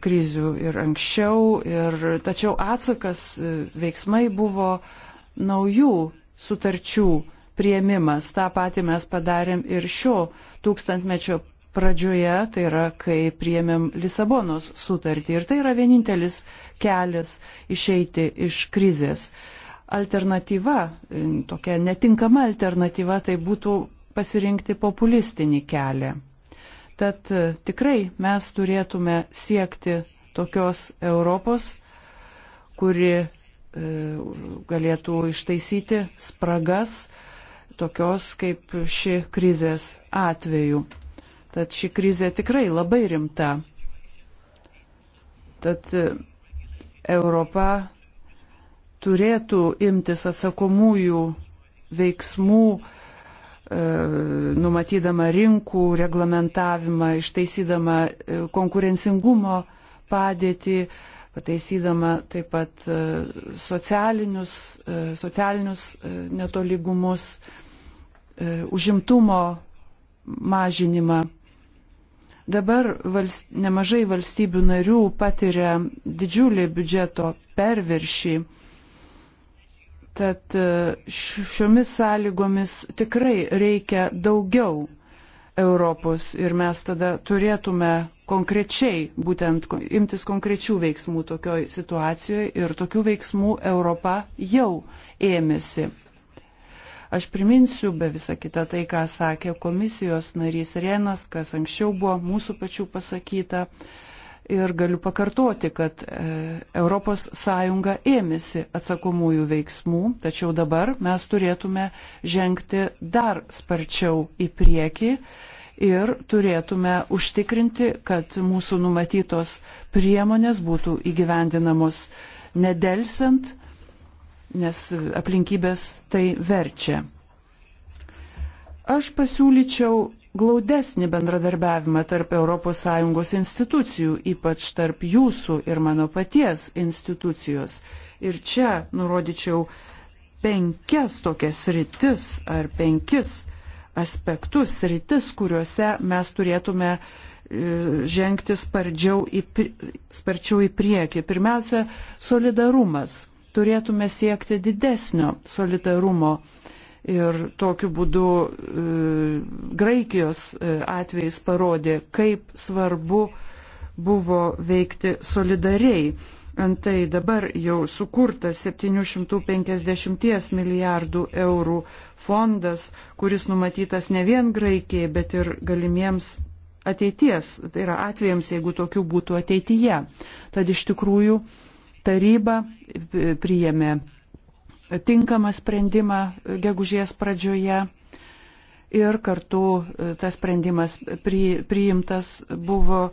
krizių ir anksčiau, ir, tačiau atsakas, veiksmai buvo naujų sutarčių prieimimas. Ta pati mes padarėm ir šio tūkstantmečio pradžioje, tai yra, kai priemėm Lisabonos sutartį. Ir tai yra vienintelis kelias išeiti iš krizės. Alternatyva, tokia netinkama alternatyva, tai būtų pasirinkti populistinį kelią. Tad e, tikrai mes turėtume siekti tokios Europos, kuri E, galėtų ištaisyti spragas tokios kaip ši krizės atveju. Tad ši krizė tikrai labai rimta. Tad e, Europa turėtų imtis atsakomųjų veiksmų, e, numatydama rinkų reglamentavimą, ištaisydama konkurencingumo padėtį, pataisydama taip pat e, socialinius, e, socialinius e, netolygumus, užimtumo mažinimą. Dabar valst, nemažai valstybių narių patiria didžiulį biudžeto perviršį. Tad šiomis sąlygomis tikrai reikia daugiau Europos ir mes tada turėtume konkrečiai, būtent imtis konkrečių veiksmų tokioj situacijoje ir tokių veiksmų Europa jau ėmėsi. Aš priminsiu be visą kitą tai, ką sakė komisijos narys Renas, kas anksčiau buvo mūsų pačių pasakyta. Ir galiu pakartoti, kad ES ėmėsi atsakomųjų veiksmų, tačiau dabar mes turėtume žengti dar sparčiau į priekį ir turėtume užtikrinti, kad mūsų numatytos priemonės būtų įgyvendinamos nedelsiant, nes aplinkybės tai verčia. Aš pasiūlyčiau glaudesnį bendradarbiavimą tarp ES institucijų, ypač tarp jūsų ir mano paties institucijos. Ir čia nurodyčiau penkias tokias rytis ar penkis aspektus, rytis, kuriuose mes turėtume e, žengti sparčiau į, sparčiau į priekį. Pirmiausia, solidarumas. Turėtume siekti didesnio solidarumo. Ir tokiu būdu e, Graikijos e, atvejais parodė, kaip svarbu buvo veikti solidariai. Antai dabar jau sukurtas 750 milijardų eurų fondas, kuris numatytas ne vien Graikijai, bet ir galimiems ateities, tai yra atvejams, jeigu tokių būtų ateityje. Tad iš tikrųjų taryba priėmė tinkamą sprendimą gegužės pradžioje ir kartu tas sprendimas pri, priimtas buvo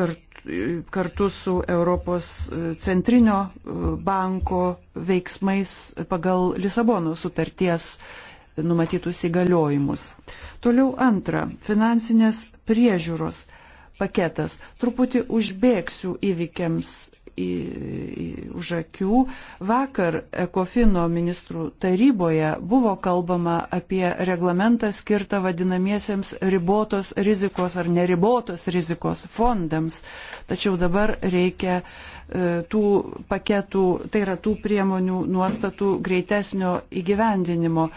kartu kartu su Europos e, centrinio e, banko veiksmais pagal Lisabono sutarties numatytus įgaliojimus. Toliau antra - finansinės priežiūros paketas. Truputį užbėgsiu įvykiams į, į, už akių. Vakar Ekofino ministrų taryboje buvo kalbama apie reglamentą skirtą vadinamiesiems ribotos rizikos ar neribotos rizikos fondams. Tačiau dabar reikia e, tų paketų, tai yra tų priemonių nuostatų greitesnio įgyvendinimo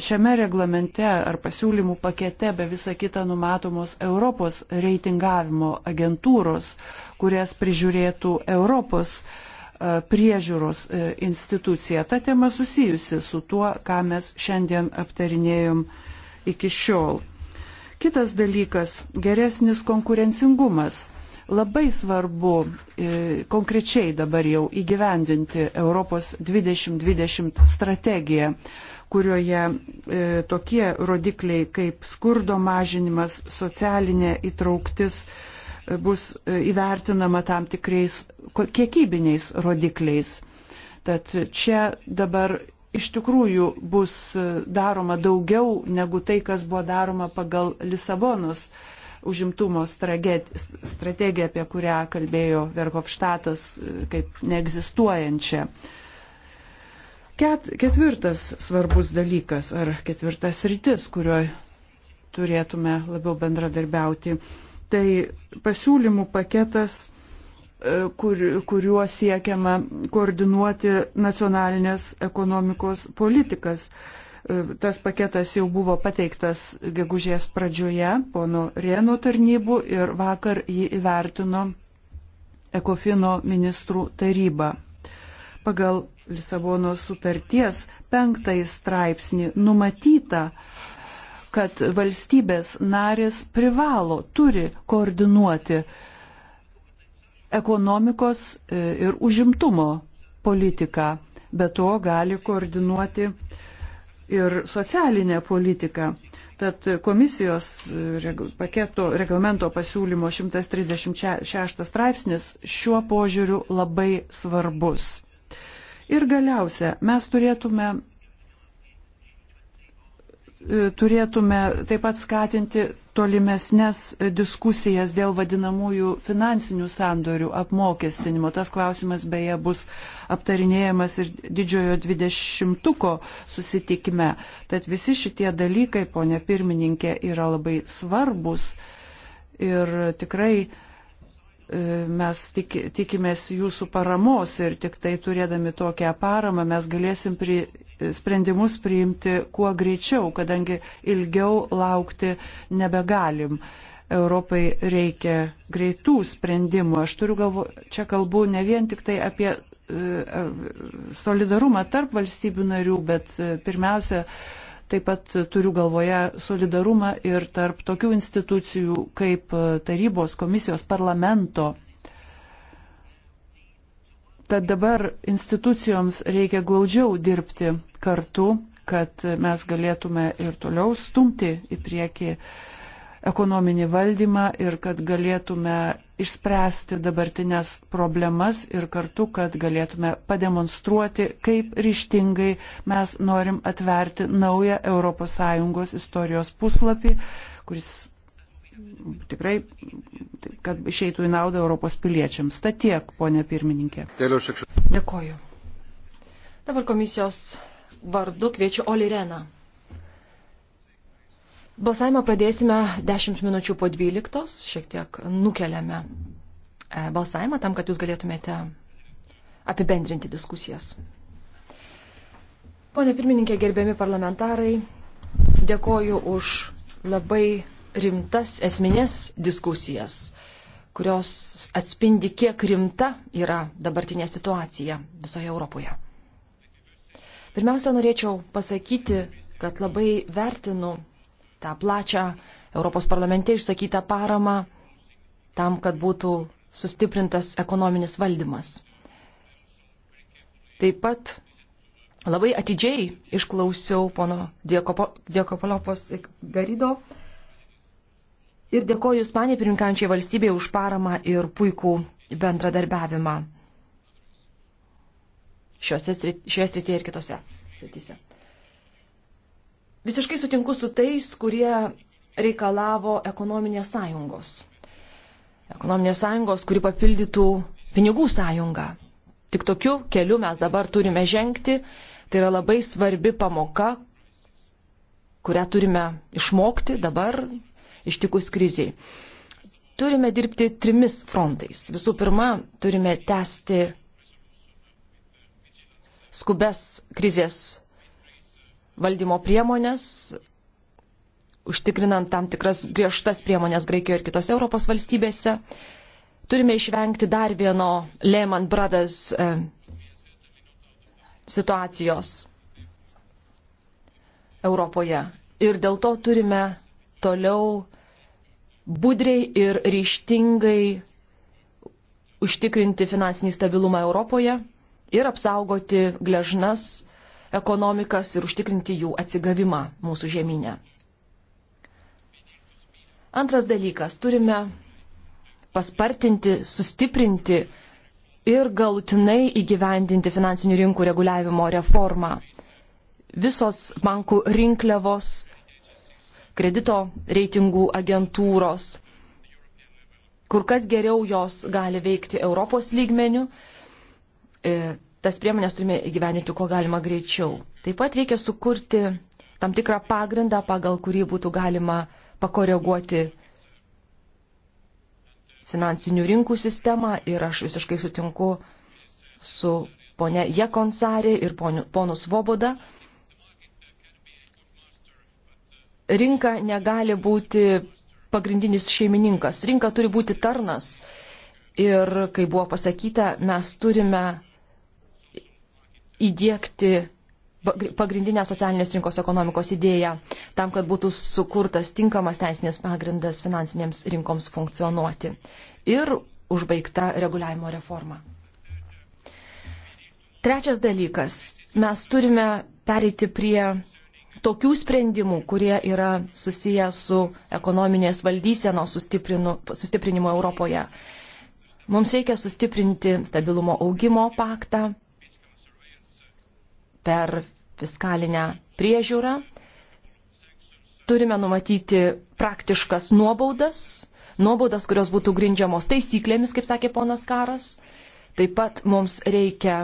šiame reglamente ar pasiūlymų pakete be visa kita numatomos Europos reitingavimo agentūros, kurias prižiūrėtų Europos e, priežiūros e, institucija. Ta tema susijusi su tuo, ką mes šiandien aptarinėjom iki šiol. Kitas dalykas - geresnis konkurencingumas. Labai svarbu e, konkrečiai dabar jau įgyvendinti Europos 2020 strategiją kurioje e, tokie rodikliai kaip skurdo mažinimas, socialinė įtrauktis e, bus e, įvertinama tam tikrais kiekybiniais rodikliais. Tad čia dabar iš tikrųjų bus e, daroma daugiau negu tai, kas buvo daroma pagal Lisabonos užimtumo strategiją, apie kurią kalbėjo Verhofštatas e, kaip neegzistuojančią. Ket, ketvirtas svarbus dalykas ar ketvirtas rytis, kurioje turėtume labiau bendradarbiauti, tai pasiūlymų paketas, e, kur, kuriuo siekiama koordinuoti nacionalinės ekonomikos politikas. E, tas paketas jau buvo pateiktas gegužės pradžioje pono Rėno tarnybų ir vakar jį įvertino Ekofino ministrų taryba pagal Lisabonos sutarties penktąjį straipsnį numatyta, kad valstybės narės privalo, turi koordinuoti ekonomikos e, ir užimtumo politiką, bet to gali koordinuoti ir socialinę politiką. Tad komisijos e, paketo reglamento pasiūlymo 136 straipsnis šiuo požiūriu labai svarbus. Ir galiausia, mes turėtume, e, turėtume taip pat skatinti tolimesnės diskusijas dėl vadinamųjų finansinių sandorių apmokestinimo. Tas klausimas beje bus aptarinėjamas ir didžiojo dvidešimtuko susitikime. Tad visi šitie dalykai, ponė pirmininkė, yra labai svarbus ir tikrai E, mes tik, tikimės jūsų paramos ir tik tai turėdami tokią paramą mes galėsim pri, sprendimus priimti kuo greičiau, kadangi ilgiau laukti nebegalim. Europai reikia greitų sprendimų. Aš turiu galvo, čia kalbu ne vien tik tai apie e, e solidarumą tarp valstybių narių, bet e, pirmiausia, e, Taip pat turiu galvoje solidarumą ir tarp tokių institucijų kaip tarybos, komisijos, parlamento. Tad dabar institucijoms reikia glaudžiau dirbti kartu, kad mes galėtume ir toliau stumti į priekį uh, ekonominį valdymą ir kad galėtume išspręsti dabartinės problemas ir kartu, kad galėtume pademonstruoti, kaip ryštingai mes norim atverti naują ES istorijos puslapį, kuris tikrai, kad išeitų į naudą Europos piliečiams. Ta tiek, ponė pirmininkė. Dėkoju. Dabar komisijos vardu kviečiu Oli Reną. Balsavimą pradėsime 10 minučių po 12, šiek tiek nukeliame e, balsavimą tam, kad jūs galėtumėte apibendrinti diskusijas. Pone pirmininkė, gerbiami parlamentarai, dėkoju už labai rimtas esminės diskusijas, kurios atspindi, kiek rimta yra dabartinė situacija visoje Europoje. Pirmiausia, norėčiau pasakyti, kad labai vertinu tą plačią Europos parlamente išsakytą paramą tam, kad būtų sustiprintas ekonominis valdymas. Taip pat labai atidžiai išklausiau pono Diekopolopos Garido ir dėkoju Ispanijai pirinkančiai valstybėje už paramą ir puikų bendradarbiavimą šioje srityje ir kitose srityse. Visiškai sutinku su tais, kurie reikalavo ekonominės sąjungos. Ekonominės sąjungos, kuri papildytų pinigų sąjungą. Tik tokiu keliu mes dabar turime žengti. Tai yra labai svarbi pamoka, kurią turime išmokti dabar ištikus kriziai. Turime dirbti trimis frontais. Visų pirma, turime tęsti skubes krizės valdymo priemonės, užtikrinant tam tikras griežtas priemonės Graikijoje ir kitose Europos valstybėse. Turime išvengti dar vieno Lehman Brothers e, situacijos Europoje. Ir dėl to turime toliau budriai ir ryštingai užtikrinti finansinį stabilumą Europoje ir apsaugoti gležnas ekonomikas ir užtikrinti jų atsigavimą mūsų žemynę. Antras dalykas, turime paspartinti, sustiprinti ir galutinai įgyvendinti finansinių rinkų reguliavimo reformą. Visos bankų rinkliavos, kredito reitingų agentūros, kur kas geriau jos gali veikti Europos lygmenių, e, tas priemonės turime įgyveninti kuo galima greičiau. Taip pat reikia sukurti tam tikrą pagrindą, pagal kurį būtų galima pakoreguoti finansinių rinkų sistemą ir aš visiškai sutinku su ponia Jekonsarė ir ponu Svoboda. Rinka negali būti pagrindinis šeimininkas. Rinka turi būti tarnas. Ir, kaip buvo pasakyta, mes turime įdėkti pagrindinę socialinės rinkos ekonomikos idėją, tam, kad būtų sukurtas tinkamas teisinės pagrindas finansinėms rinkoms funkcionuoti ir užbaigta reguliavimo reforma. Trečias dalykas. Mes turime pereiti prie tokių sprendimų, kurie yra susiję su ekonominės valdysenos sustiprinimu Europoje. Mums reikia sustiprinti stabilumo augimo paktą, per fiskalinę priežiūrą. Turime numatyti praktiškas nuobaudas, nuobaudas, kurios būtų grindžiamos taisyklėmis, kaip sakė ponas Karas. Taip pat mums reikia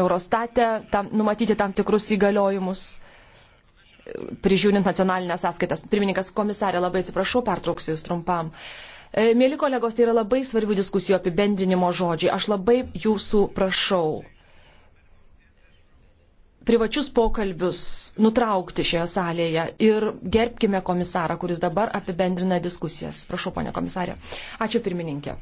Eurostate tam, numatyti tam tikrus įgaliojimus, prižiūrint nacionalinės sąskaitas. Pirmininkas komisarė, labai atsiprašau, pertrauksiu jūs trumpam. E, mėly kolegos, tai yra labai svarbių diskusijų apibendrinimo žodžiai. Aš labai jūsų prašau privačius pokalbius nutraukti šioje salėje ir gerbkime komisarą, kuris dabar apibendrina diskusijas. Prašau, ponė komisarė. Ačiū pirmininkė.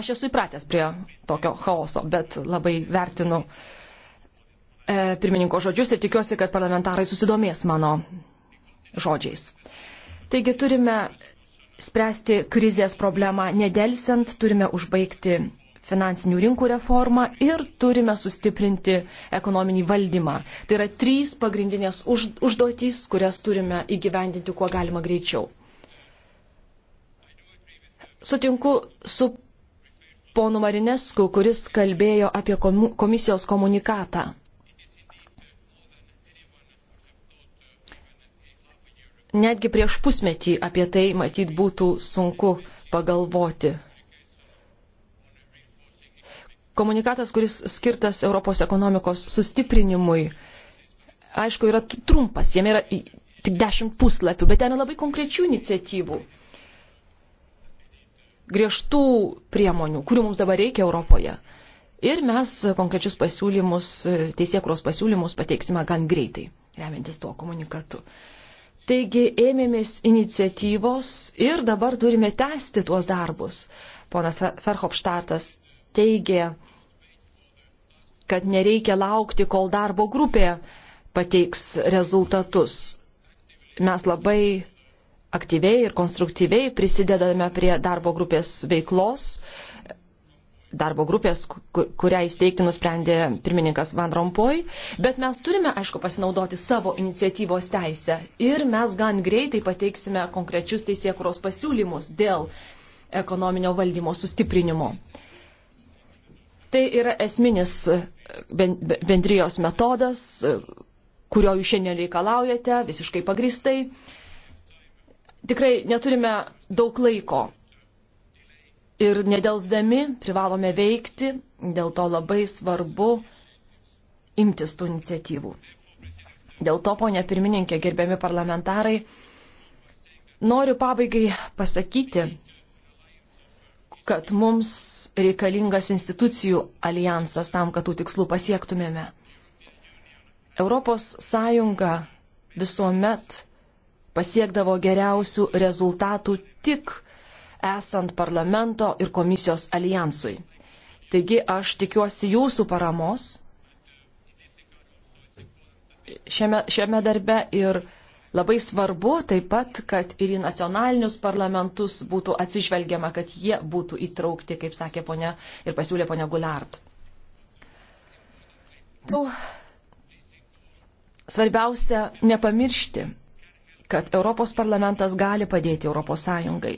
Aš esu įpratęs prie tokio chaoso, bet labai vertinu e, pirmininko žodžius ir tikiuosi, kad parlamentarai susidomės mano žodžiais. Taigi turime spręsti krizės problemą nedelsiant, turime užbaigti finansinių rinkų reformą ir turime sustiprinti ekonominį valdymą. Tai yra trys pagrindinės už, užduotys, kurias turime įgyvendinti kuo galima greičiau. Sutinku su ponu Marinesku, kuris kalbėjo apie komisijos komunikatą. Netgi prieš pusmetį apie tai matyt būtų sunku pagalvoti komunikatas, kuris skirtas Europos ekonomikos sustiprinimui, aišku, yra trumpas, jame yra tik dešimt puslapių, bet ten labai konkrečių iniciatyvų, griežtų priemonių, kurių mums dabar reikia Europoje. Ir mes konkrečius pasiūlymus, e, teisėkros pasiūlymus pateiksime gan greitai, remiantis tuo komunikatu. Taigi ėmėmės iniciatyvos ir dabar turime tęsti tuos darbus. Ponas Ferhopštatas teigė, kad nereikia laukti, kol darbo grupė pateiks rezultatus. Mes labai aktyviai ir konstruktyviai prisidedame prie darbo grupės veiklos. Darbo grupės, kurią įsteigti nusprendė pirmininkas Van Rompuy, bet mes turime, aišku, pasinaudoti savo iniciatyvos teisę ir mes gan greitai pateiksime konkrečius teisėkuros pasiūlymus dėl ekonominio valdymo sustiprinimo. Tai yra esminis e, bendrijos metodas, e, kurio jūs šiandien reikalaujate, visiškai pagristai. Tikrai neturime daug laiko ir nedelsdami privalome veikti, dėl to labai svarbu imtis tų iniciatyvų. Dėl to, ponė pirmininkė, gerbiami parlamentarai, noriu pabaigai pasakyti, kad mums reikalingas institucijų alijansas tam, kad tų tikslų pasiektumėme. Europos Sąjunga visuomet pasiekdavo geriausių rezultatų tik esant parlamento ir komisijos alijansui. Taigi aš tikiuosi jūsų paramos šiame, šiame darbe ir Labai svarbu taip pat, kad ir į nacionalinius parlamentus būtų atsižvelgiama, kad jie būtų įtraukti, kaip sakė ponia ir pasiūlė ponia Gulart. Svarbiausia nepamiršti, kad Europos parlamentas gali padėti Europos Sąjungai.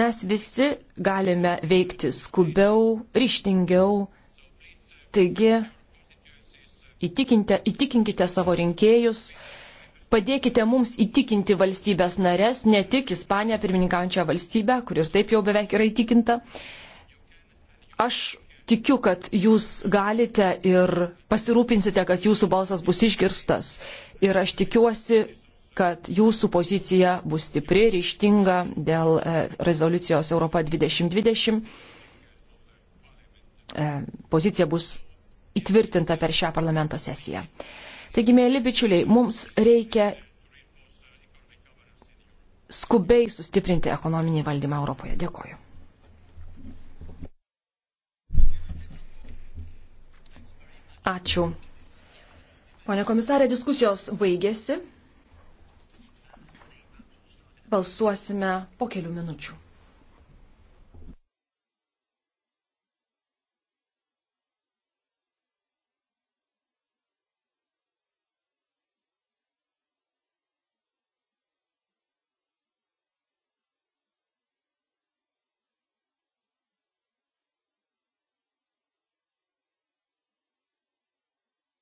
Mes visi galime veikti skubiau, ryštingiau. Taigi, įtikinkite savo rinkėjus, Padėkite mums įtikinti valstybės narės, ne tik Ispaniją pirmininkaujančią valstybę, kur ir taip jau beveik yra įtikinta. Aš tikiu, kad jūs galite ir pasirūpinsite, kad jūsų balsas bus išgirstas. Ir aš tikiuosi, kad jūsų pozicija bus stipri, ryštinga dėl e, rezoliucijos Europa 2020. E, pozicija bus įtvirtinta per šią parlamento sesiją. Taigi, mėly bičiuliai, mums reikia skubiai sustiprinti ekonominį valdymą Europoje. Dėkoju. Ačiū. Pone komisarė, diskusijos baigėsi. Balsuosime po kelių minučių.